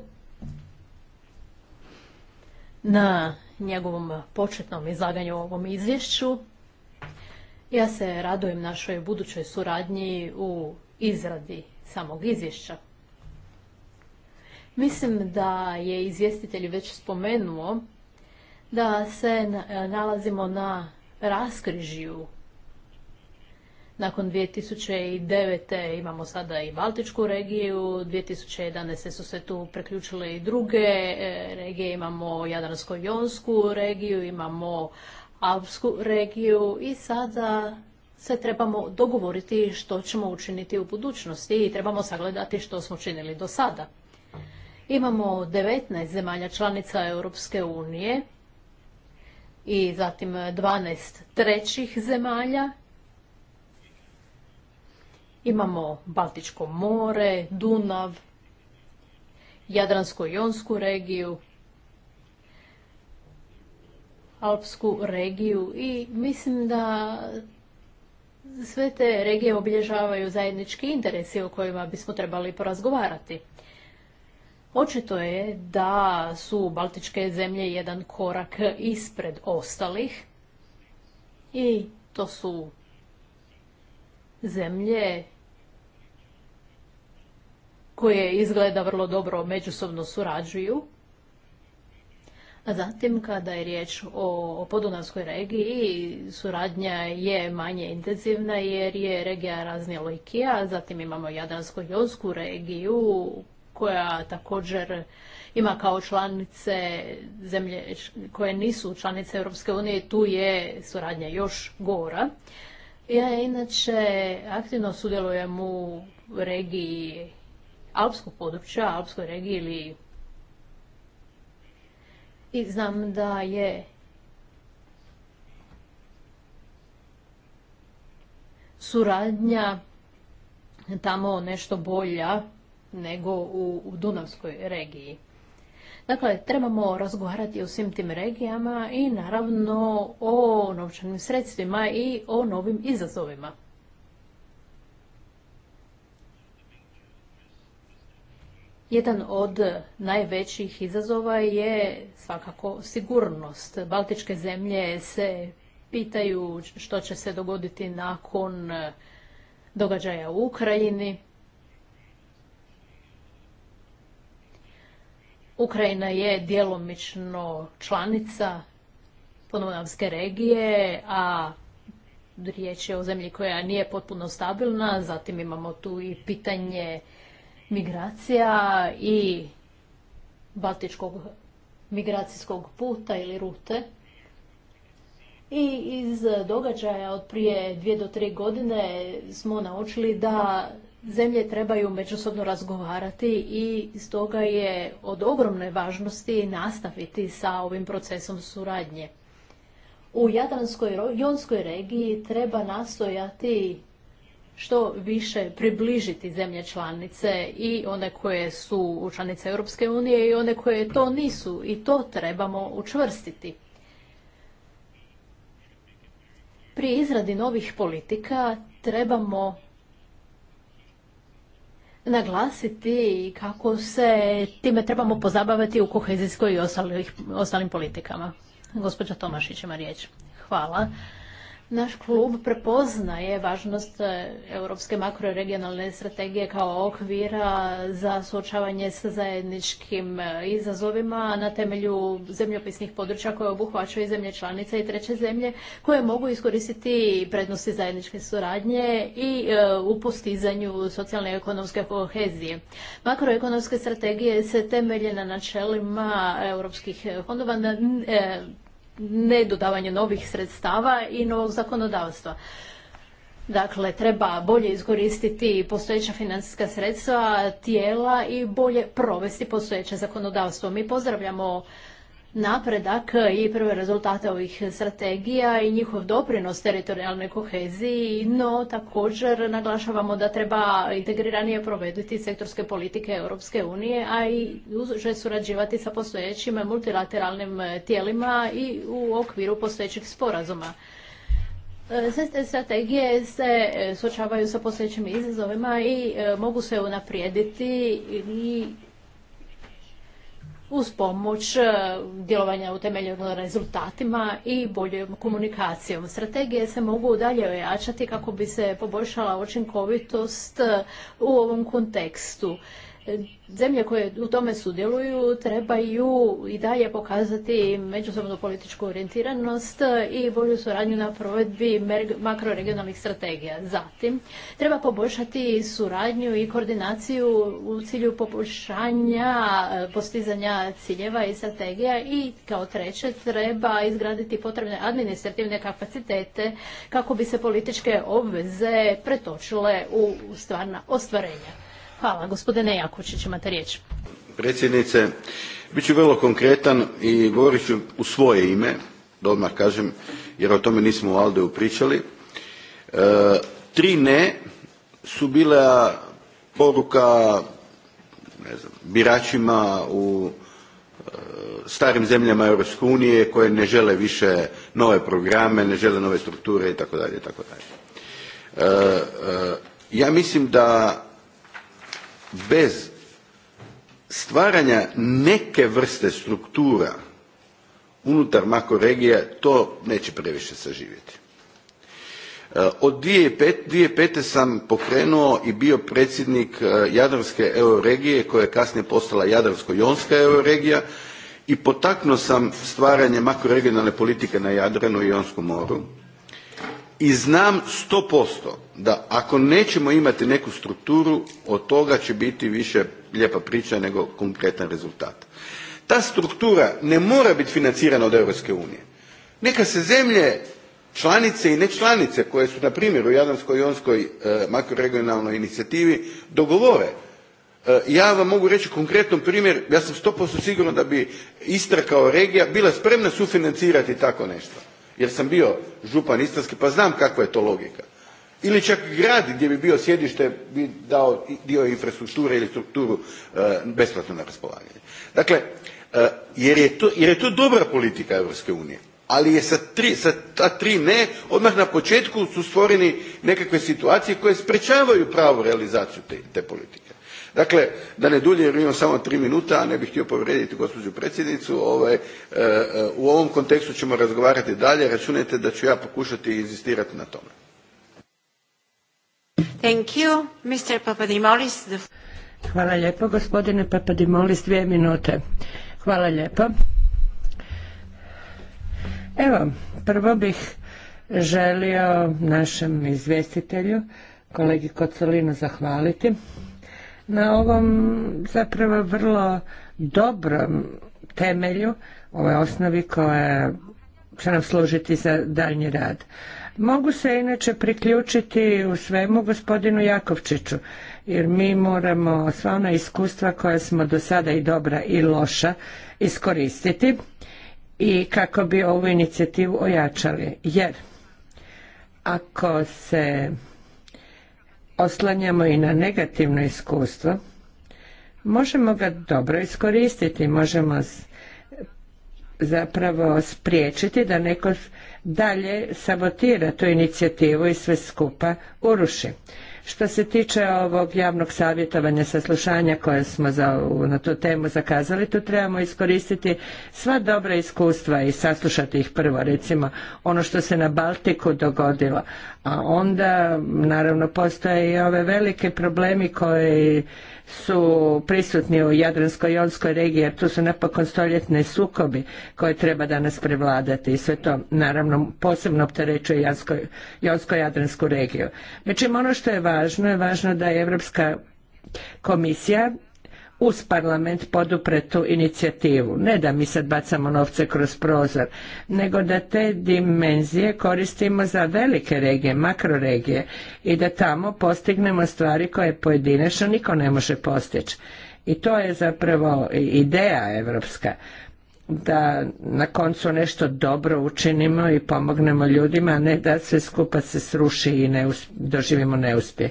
na njegovom početnom izlaganju u ovom izvješću. Ja se radujem našoj budućoj suradnji u izradi samog izvješća. Mislim da je izvjestitelj već spomenuo da se nalazimo na raskrižju nakon 2009. imamo sada i Baltičku regiju, 2011. su se tu preključile i druge e, regije, imamo Jadransko-Jonsku regiju, imamo Alpsku regiju i sada se trebamo dogovoriti što ćemo učiniti u budućnosti i trebamo sagledati što smo činili do sada. Imamo 19 zemalja članica Europske unije i zatim 12 trećih zemalja Imamo Baltičko more, Dunav, Jadransko-Jonsku regiju, Alpsku regiju i mislim da sve te regije obilježavaju zajednički interesi o kojima bismo trebali porazgovarati. Očito je da su Baltičke zemlje jedan korak ispred ostalih i to su zemlje koje izgleda vrlo dobro međusobno surađuju. A zatim, kada je riječ o podunavskoj regiji, suradnja je manje intenzivna jer je regija raznolika. Zatim imamo Jadransko-Jonsku regiju koja također ima kao članice zemlje koje nisu članice Europske unije, tu je suradnja još gora. Ja inače aktivno sudjelujem u regiji alpskog područja, alpskoj regiji ili i znam da je suradnja tamo nešto bolja nego u, u Dunavskoj regiji. Dakle, trebamo razgovarati o svim tim regijama i naravno o novčanim sredstvima i o novim izazovima. Jedan od najvećih izazova je svakako sigurnost. Baltičke zemlje se pitaju što će se dogoditi nakon događaja u Ukrajini. Ukrajina je djelomično članica podunavske regije, a riječ je o zemlji koja nije potpuno stabilna. Zatim imamo tu i pitanje migracija i baltičkog migracijskog puta ili rute. I iz događaja od prije dvije do tri godine smo naučili da zemlje trebaju međusobno razgovarati i stoga je od ogromne važnosti nastaviti sa ovim procesom suradnje. U Jadranskoj jonskoj regiji treba nastojati što više približiti zemlje članice i one koje su članice Europske unije i one koje to nisu i to trebamo učvrstiti. Pri izradi novih politika trebamo naglasiti kako se time trebamo pozabaviti u kohezijskoj i ostalim politikama. Gospođa Tomašić ima riječ. Hvala naš klub prepoznaje važnost e, Europske makroregionalne strategije kao okvira za suočavanje sa zajedničkim e, izazovima na temelju zemljopisnih područja koje obuhvaćaju zemlje članice i treće zemlje koje mogu iskoristiti prednosti zajedničke suradnje i e, u postizanju socijalne i ekonomske kohezije. Makroekonomske strategije se temelje na načelima europskih fondova, nedodavanje novih sredstava i novog zakonodavstva. Dakle, treba bolje iskoristiti postojeća financijska sredstva tijela i bolje provesti postojeće zakonodavstvo. Mi pozdravljamo napredak i prve rezultate ovih strategija i njihov doprinos teritorijalnoj koheziji, no također naglašavamo da treba integriranije provediti sektorske politike Europske unije, a i uže surađivati sa postojećim multilateralnim tijelima i u okviru postojećih sporazuma. E, sve te strategije se e, suočavaju sa postojećim izazovima i e, mogu se unaprijediti i uz pomoć e, djelovanja utemeljeno rezultatima i boljom komunikacijom. Strategije se mogu dalje ojačati kako bi se poboljšala učinkovitost e, u ovom kontekstu zemlje koje u tome sudjeluju trebaju i dalje pokazati međusobnu političku orijentiranost i bolju suradnju na provedbi makroregionalnih strategija. Zatim, treba poboljšati suradnju i koordinaciju u cilju poboljšanja e, postizanja ciljeva i strategija i kao treće treba izgraditi potrebne administrativne kapacitete kako bi se političke obveze pretočile u stvarna ostvarenja. Hvala. Gospodine Jakučić, imate riječ. Predsjednice, bit ću vrlo konkretan i govorit ću u svoje ime, da odmah kažem, jer o tome nismo u Aldeu pričali. E, tri ne su bila poruka ne znam, biračima u e, starim zemljama Europske unije koje ne žele više nove programe, ne žele nove strukture itd. tako e, e, ja mislim da bez stvaranja neke vrste struktura unutar makroregija to neće previše saživjeti. Eh, od 2005. 2005. sam pokrenuo i bio predsjednik eh, Jadranske euroregije koja je kasnije postala Jadransko-jonska euroregija i potaknuo sam stvaranje makroregionalne politike na Jadranu i Jonskom moru i znam sto posto da ako nećemo imati neku strukturu od toga će biti više lijepa priča nego konkretan rezultat. Ta struktura ne mora biti financirana od Europske unije. Neka se zemlje članice i nečlanice koje su na primjer u jadransko jonskoj e, makroregionalnoj inicijativi dogovore. E, ja vam mogu reći konkretan primjer, ja sam sto posto siguran da bi Istra kao regija bila spremna sufinancirati tako nešto jer sam bio župan istarski pa znam kakva je to logika ili čak grad gdje bi bio sjedište bi dao dio infrastrukture ili strukturu e, besplatno na raspolaganje dakle e, jer je to dobra politika europske unije ali je sa ta tri ne odmah na početku su stvoreni nekakve situacije koje sprečavaju pravu realizaciju te politike dakle da ne duljim jer imam samo tri minute a ne bih htio povrijediti gospođu predsjednicu ovaj, e, e, u ovom kontekstu ćemo razgovarati dalje računajte da ću ja pokušati inzistirati na tome Thank Hvala lijepo gospodine Papadimolis, dvije minute. Hvala lijepo. Evo, prvo bih želio našem izvjestitelju, kolegi Kocolinu, zahvaliti na ovom zapravo vrlo dobrom temelju, ovoj osnovi koja će nam služiti za daljnji rad. Mogu se inače priključiti u svemu gospodinu Jakovčiću, jer mi moramo sva ona iskustva koja smo do sada i dobra i loša iskoristiti i kako bi ovu inicijativu ojačali. Jer ako se oslanjamo i na negativno iskustvo, možemo ga dobro iskoristiti, možemo zapravo spriječiti da neko dalje sabotira tu inicijativu i sve skupa uruši. Što se tiče ovog javnog savjetovanja, saslušanja koje smo za, na tu temu zakazali, tu trebamo iskoristiti sva dobra iskustva i saslušati ih prvo, recimo ono što se na Baltiku dogodilo. A onda, naravno, postoje i ove velike problemi koji su prisutni u Jadransko-Jonskoj regiji, jer tu su napokon stoljetni sukobi koje treba danas prevladati i sve to naravno posebno opterećuje Jonsko-Jadransku regiju. Međutim, ono što je važno je važno da je Europska komisija uz parlament podupre tu inicijativu. Ne da mi sad bacamo novce kroz prozor, nego da te dimenzije koristimo za velike regije, makroregije i da tamo postignemo stvari koje pojedinačno niko ne može postići. I to je zapravo ideja evropska da na koncu nešto dobro učinimo i pomognemo ljudima, a ne da sve skupa se sruši i ne doživimo neuspjeh.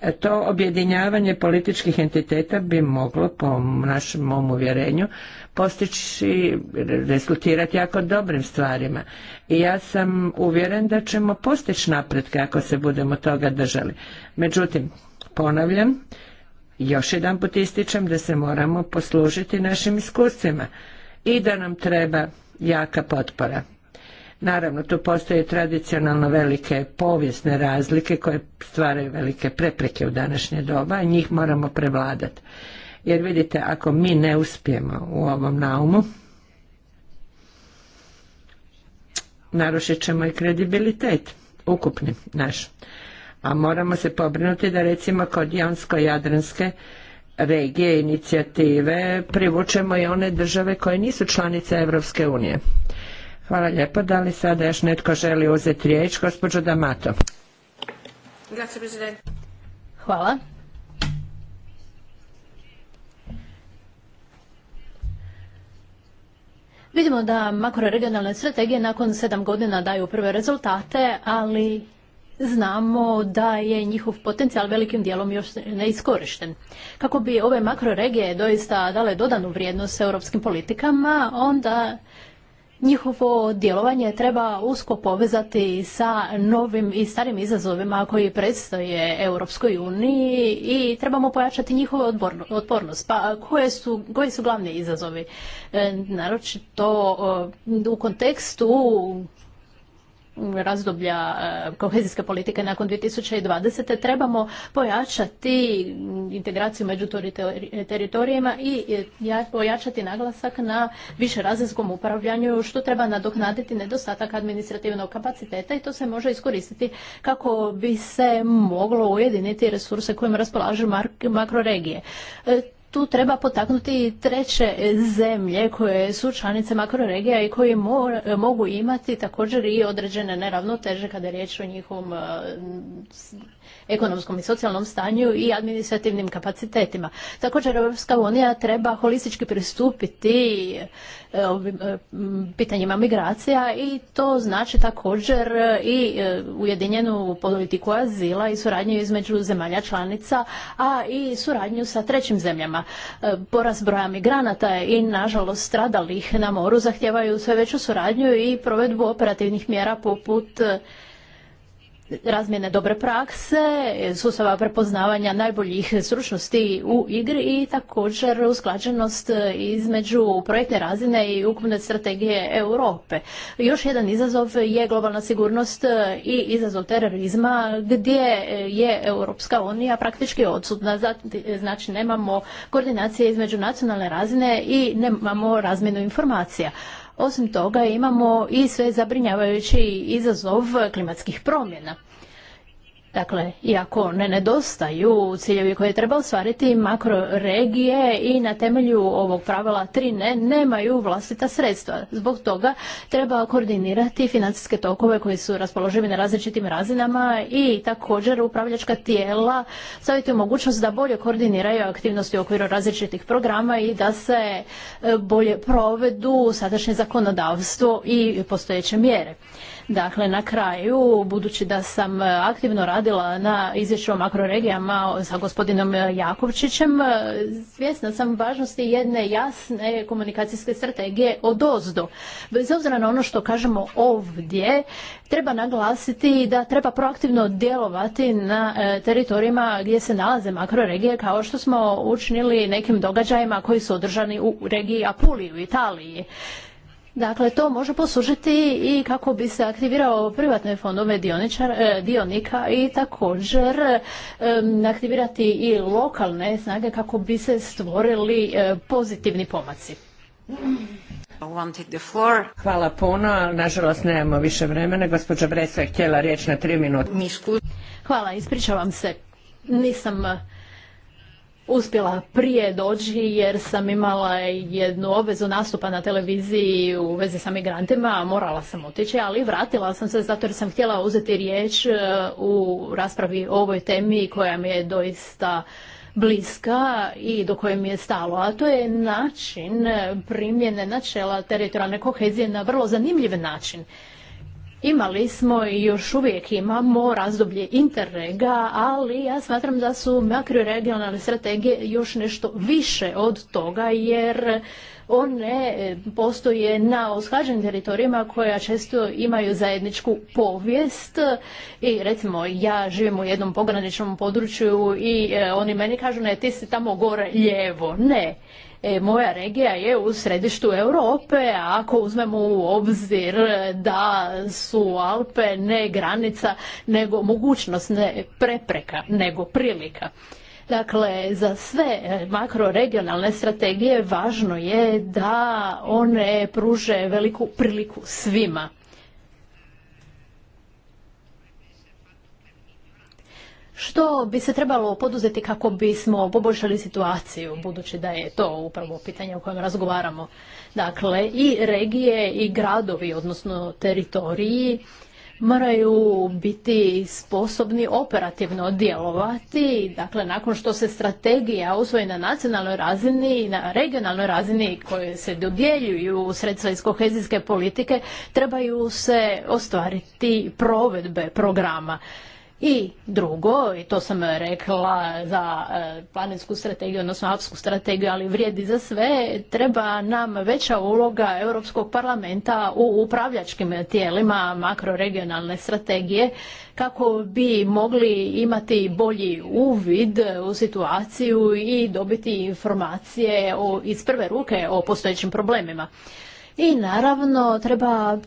E, to objedinjavanje političkih entiteta bi moglo, po našem mom uvjerenju, postići, rezultirati jako dobrim stvarima. I ja sam uvjeren da ćemo postići napretke ako se budemo toga držali. Međutim, ponavljam, još jedan put ističem da se moramo poslužiti našim iskustvima i da nam treba jaka potpora. Naravno, tu postoje tradicionalno velike povijesne razlike koje stvaraju velike prepreke u današnje doba i njih moramo prevladati. Jer vidite, ako mi ne uspijemo u ovom naumu, narušit ćemo i kredibilitet ukupni naš. A moramo se pobrinuti da recimo kod Jonsko-Jadranske regije, inicijative privučemo i one države koje nisu članice Europske unije. Hvala lijepo. Da li sada još netko želi uzeti riječ? Gospođo Damato. Hvala. Vidimo da makroregionalne strategije nakon sedam godina daju prve rezultate, ali znamo da je njihov potencijal velikim dijelom još neiskorišten. Kako bi ove makroregije doista dale dodanu vrijednost europskim politikama, onda njihovo djelovanje treba usko povezati sa novim i starim izazovima koji predstoje Europskoj uniji i trebamo pojačati njihovu otpornost. Pa koje su, koji su glavni izazovi? E, naročito u kontekstu razdoblja e, kohezijske politike nakon 2020. trebamo pojačati integraciju među teritorijima i e, pojačati naglasak na višerazinskom upravljanju što treba nadoknaditi nedostatak administrativnog kapaciteta i to se može iskoristiti kako bi se moglo ujediniti resurse kojima raspolažu makroregije. E, tu treba potaknuti treće zemlje koje su članice makroregija i koje mogu imati također i određene neravnoteže kada je riječ o njihovom e, ekonomskom i socijalnom stanju i administrativnim kapacitetima. Također Europska unija treba holistički pristupiti e, ovim e, pitanjima migracija i to znači također i e, ujedinjenu politiku azila i suradnju između zemalja članica, a i suradnju sa trećim zemljama. Poraz broja migranata i nažalost stradalih na moru zahtijevaju sve veću suradnju i provedbu operativnih mjera poput razmjene dobre prakse, sustava prepoznavanja najboljih stručnosti u igri i također usklađenost između projektne razine i ukupne strategije Europe. Još jedan izazov je globalna sigurnost i izazov terorizma gdje je Europska unija praktički odsudna, znači nemamo koordinacije između nacionalne razine i nemamo razmjenu informacija. Osim toga imamo i sve zabrinjavajući izazov klimatskih promjena. Dakle, iako ne nedostaju ciljevi koje treba ostvariti, makroregije i na temelju ovog pravila tri ne nemaju vlastita sredstva. Zbog toga treba koordinirati financijske tokove koji su raspoloživi na različitim razinama i također upravljačka tijela staviti u mogućnost da bolje koordiniraju aktivnosti u okviru različitih programa i da se e, bolje provedu sadašnje zakonodavstvo i postojeće mjere. Dakle, na kraju, budući da sam e, aktivno radila na izvješću o makroregijama sa gospodinom e, Jakovčićem, e, svjesna sam važnosti jedne jasne komunikacijske strategije od dozdu. Bez obzira na ono što kažemo ovdje, treba naglasiti da treba proaktivno djelovati na teritorijima gdje se nalaze makroregije, kao što smo učinili nekim događajima koji su održani u regiji Apulije u Italiji. Dakle, to može poslužiti i kako bi se aktivirao privatne fondove e, dionika i također e, aktivirati i lokalne snage kako bi se stvorili e, pozitivni pomaci. Hvala puno, nažalost nemamo više vremena. Gospođa Bresa je htjela riječ na tri minuta. Hvala, ispričavam se. Nisam uspjela prije doći jer sam imala jednu obvezu nastupa na televiziji u vezi sa migrantima, morala sam otići, ali vratila sam se zato jer sam htjela uzeti riječ e, u raspravi o ovoj temi koja mi je doista bliska i do koje mi je stalo, a to je način primjene načela teritorijalne kohezije na vrlo zanimljiv način. Imali smo i još uvijek imamo razdoblje interrega, ali ja smatram da su makroregionalne strategije još nešto više od toga, jer one e, postoje na usklađenim teritorijima koja često imaju zajedničku povijest i recimo ja živim u jednom pograničnom području i e, oni meni kažu ne ti si tamo gore lijevo, ne E, moja regija je u središtu Europe, a ako uzmemo u obzir da su Alpe ne granica, nego mogućnost, ne prepreka, nego prilika. Dakle, za sve makroregionalne strategije važno je da one pruže veliku priliku svima. Što bi se trebalo poduzeti kako bismo poboljšali situaciju, budući da je to upravo pitanje o kojem razgovaramo? Dakle, i regije i gradovi, odnosno teritoriji, moraju biti sposobni operativno djelovati, dakle nakon što se strategija usvoji na nacionalnoj razini i na regionalnoj razini koje se dodjeljuju sredstva iz kohezijske politike, trebaju se ostvariti provedbe programa. I drugo, i to sam rekla za e, planinsku strategiju, odnosno apsku strategiju, ali vrijedi za sve, treba nam veća uloga Europskog parlamenta u upravljačkim tijelima makroregionalne strategije kako bi mogli imati bolji uvid u situaciju i dobiti informacije iz prve ruke o postojećim problemima. I naravno treba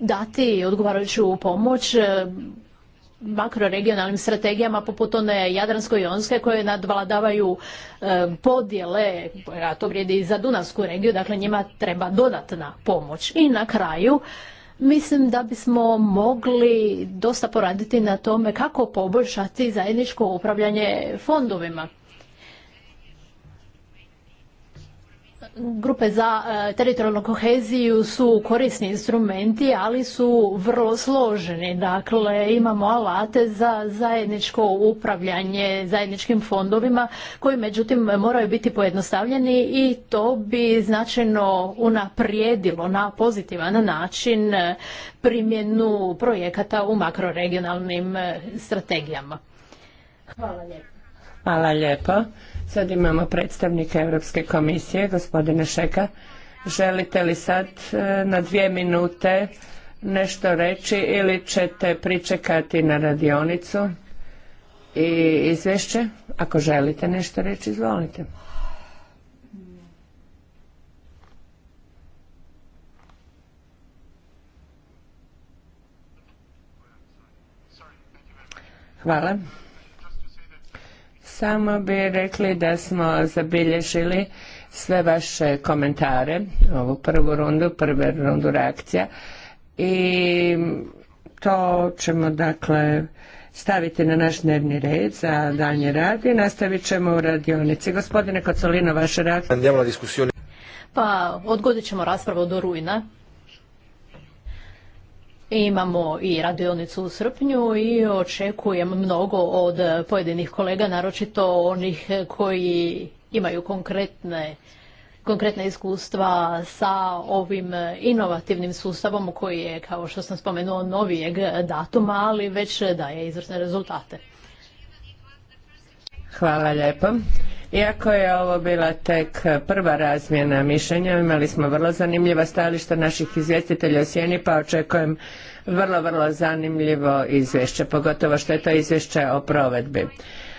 dati odgovarajuću pomoć makroregionalnim strategijama poput one Jadransko-Jonske koje nadvladavaju e, podjele, a to vrijedi i za Dunavsku regiju, dakle njima treba dodatna pomoć. I na kraju mislim da bismo mogli dosta poraditi na tome kako poboljšati zajedničko upravljanje fondovima. grupe za e, teritorijalnu koheziju su korisni instrumenti, ali su vrlo složeni. Dakle, imamo alate za zajedničko upravljanje zajedničkim fondovima, koji međutim moraju biti pojednostavljeni i to bi značajno unaprijedilo na pozitivan način e, primjenu projekata u makroregionalnim e, strategijama. Hvala lijepo. Sad imamo predstavnika Europske komisije, gospodine Šeka. Želite li sad e, na dvije minute nešto reći ili ćete pričekati na radionicu i izvješće? Ako želite nešto reći, izvolite. Hvala. Samo bi rekli da smo zabilježili sve vaše komentare, ovu prvu rundu, prvu rundu reakcija i to ćemo dakle staviti na naš dnevni red za dalje rad i nastavit ćemo u radionici. Gospodine Kocolino, vaše reakcije? Pa odgodit ćemo raspravu do rujna. Imamo i radionicu u srpnju i očekujem mnogo od pojedinih kolega, naročito onih koji imaju konkretne konkretna iskustva sa ovim inovativnim sustavom koji je, kao što sam spomenuo, novijeg datuma, ali već daje izvrsne rezultate. Hvala lijepo. Iako je ovo bila tek prva razmjena mišljenja, imali smo vrlo zanimljiva stajališta naših izvjestitelja o Sjeni, pa očekujem vrlo, vrlo zanimljivo izvješće, pogotovo što je to izvješće o provedbi.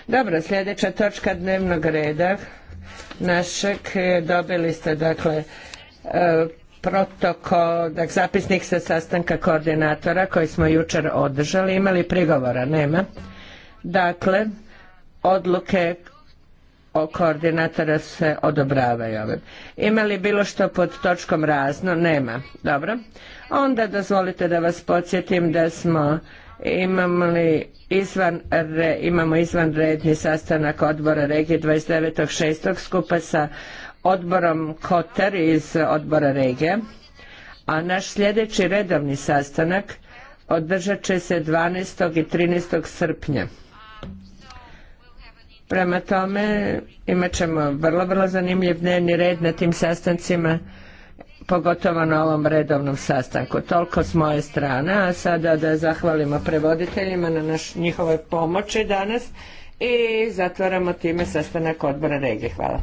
Dobro, sljedeća točka dnevnog reda našeg, dobili ste dakle e, protokol, dakle zapisnik sa sastanka koordinatora koji smo jučer održali, imali prigovora, nema. Dakle, odluke koordinatora se odobravaju Ima li bilo što pod točkom razno? Nema. Dobro. Onda dozvolite da vas podsjetim da smo imamo izvan, re, imamo izvanredni sastanak odbora regije 29.6. skupa sa odborom koter iz odbora regije. A naš sljedeći redovni sastanak održat će se 12. i 13. srpnja. Prema tome imat ćemo vrlo, vrlo zanimljiv dnevni red na tim sastancima, pogotovo na ovom redovnom sastanku. Toliko s moje strane, a sada da zahvalimo prevoditeljima na njihovoj pomoći danas i zatvaramo time sastanak odbora regije. Hvala.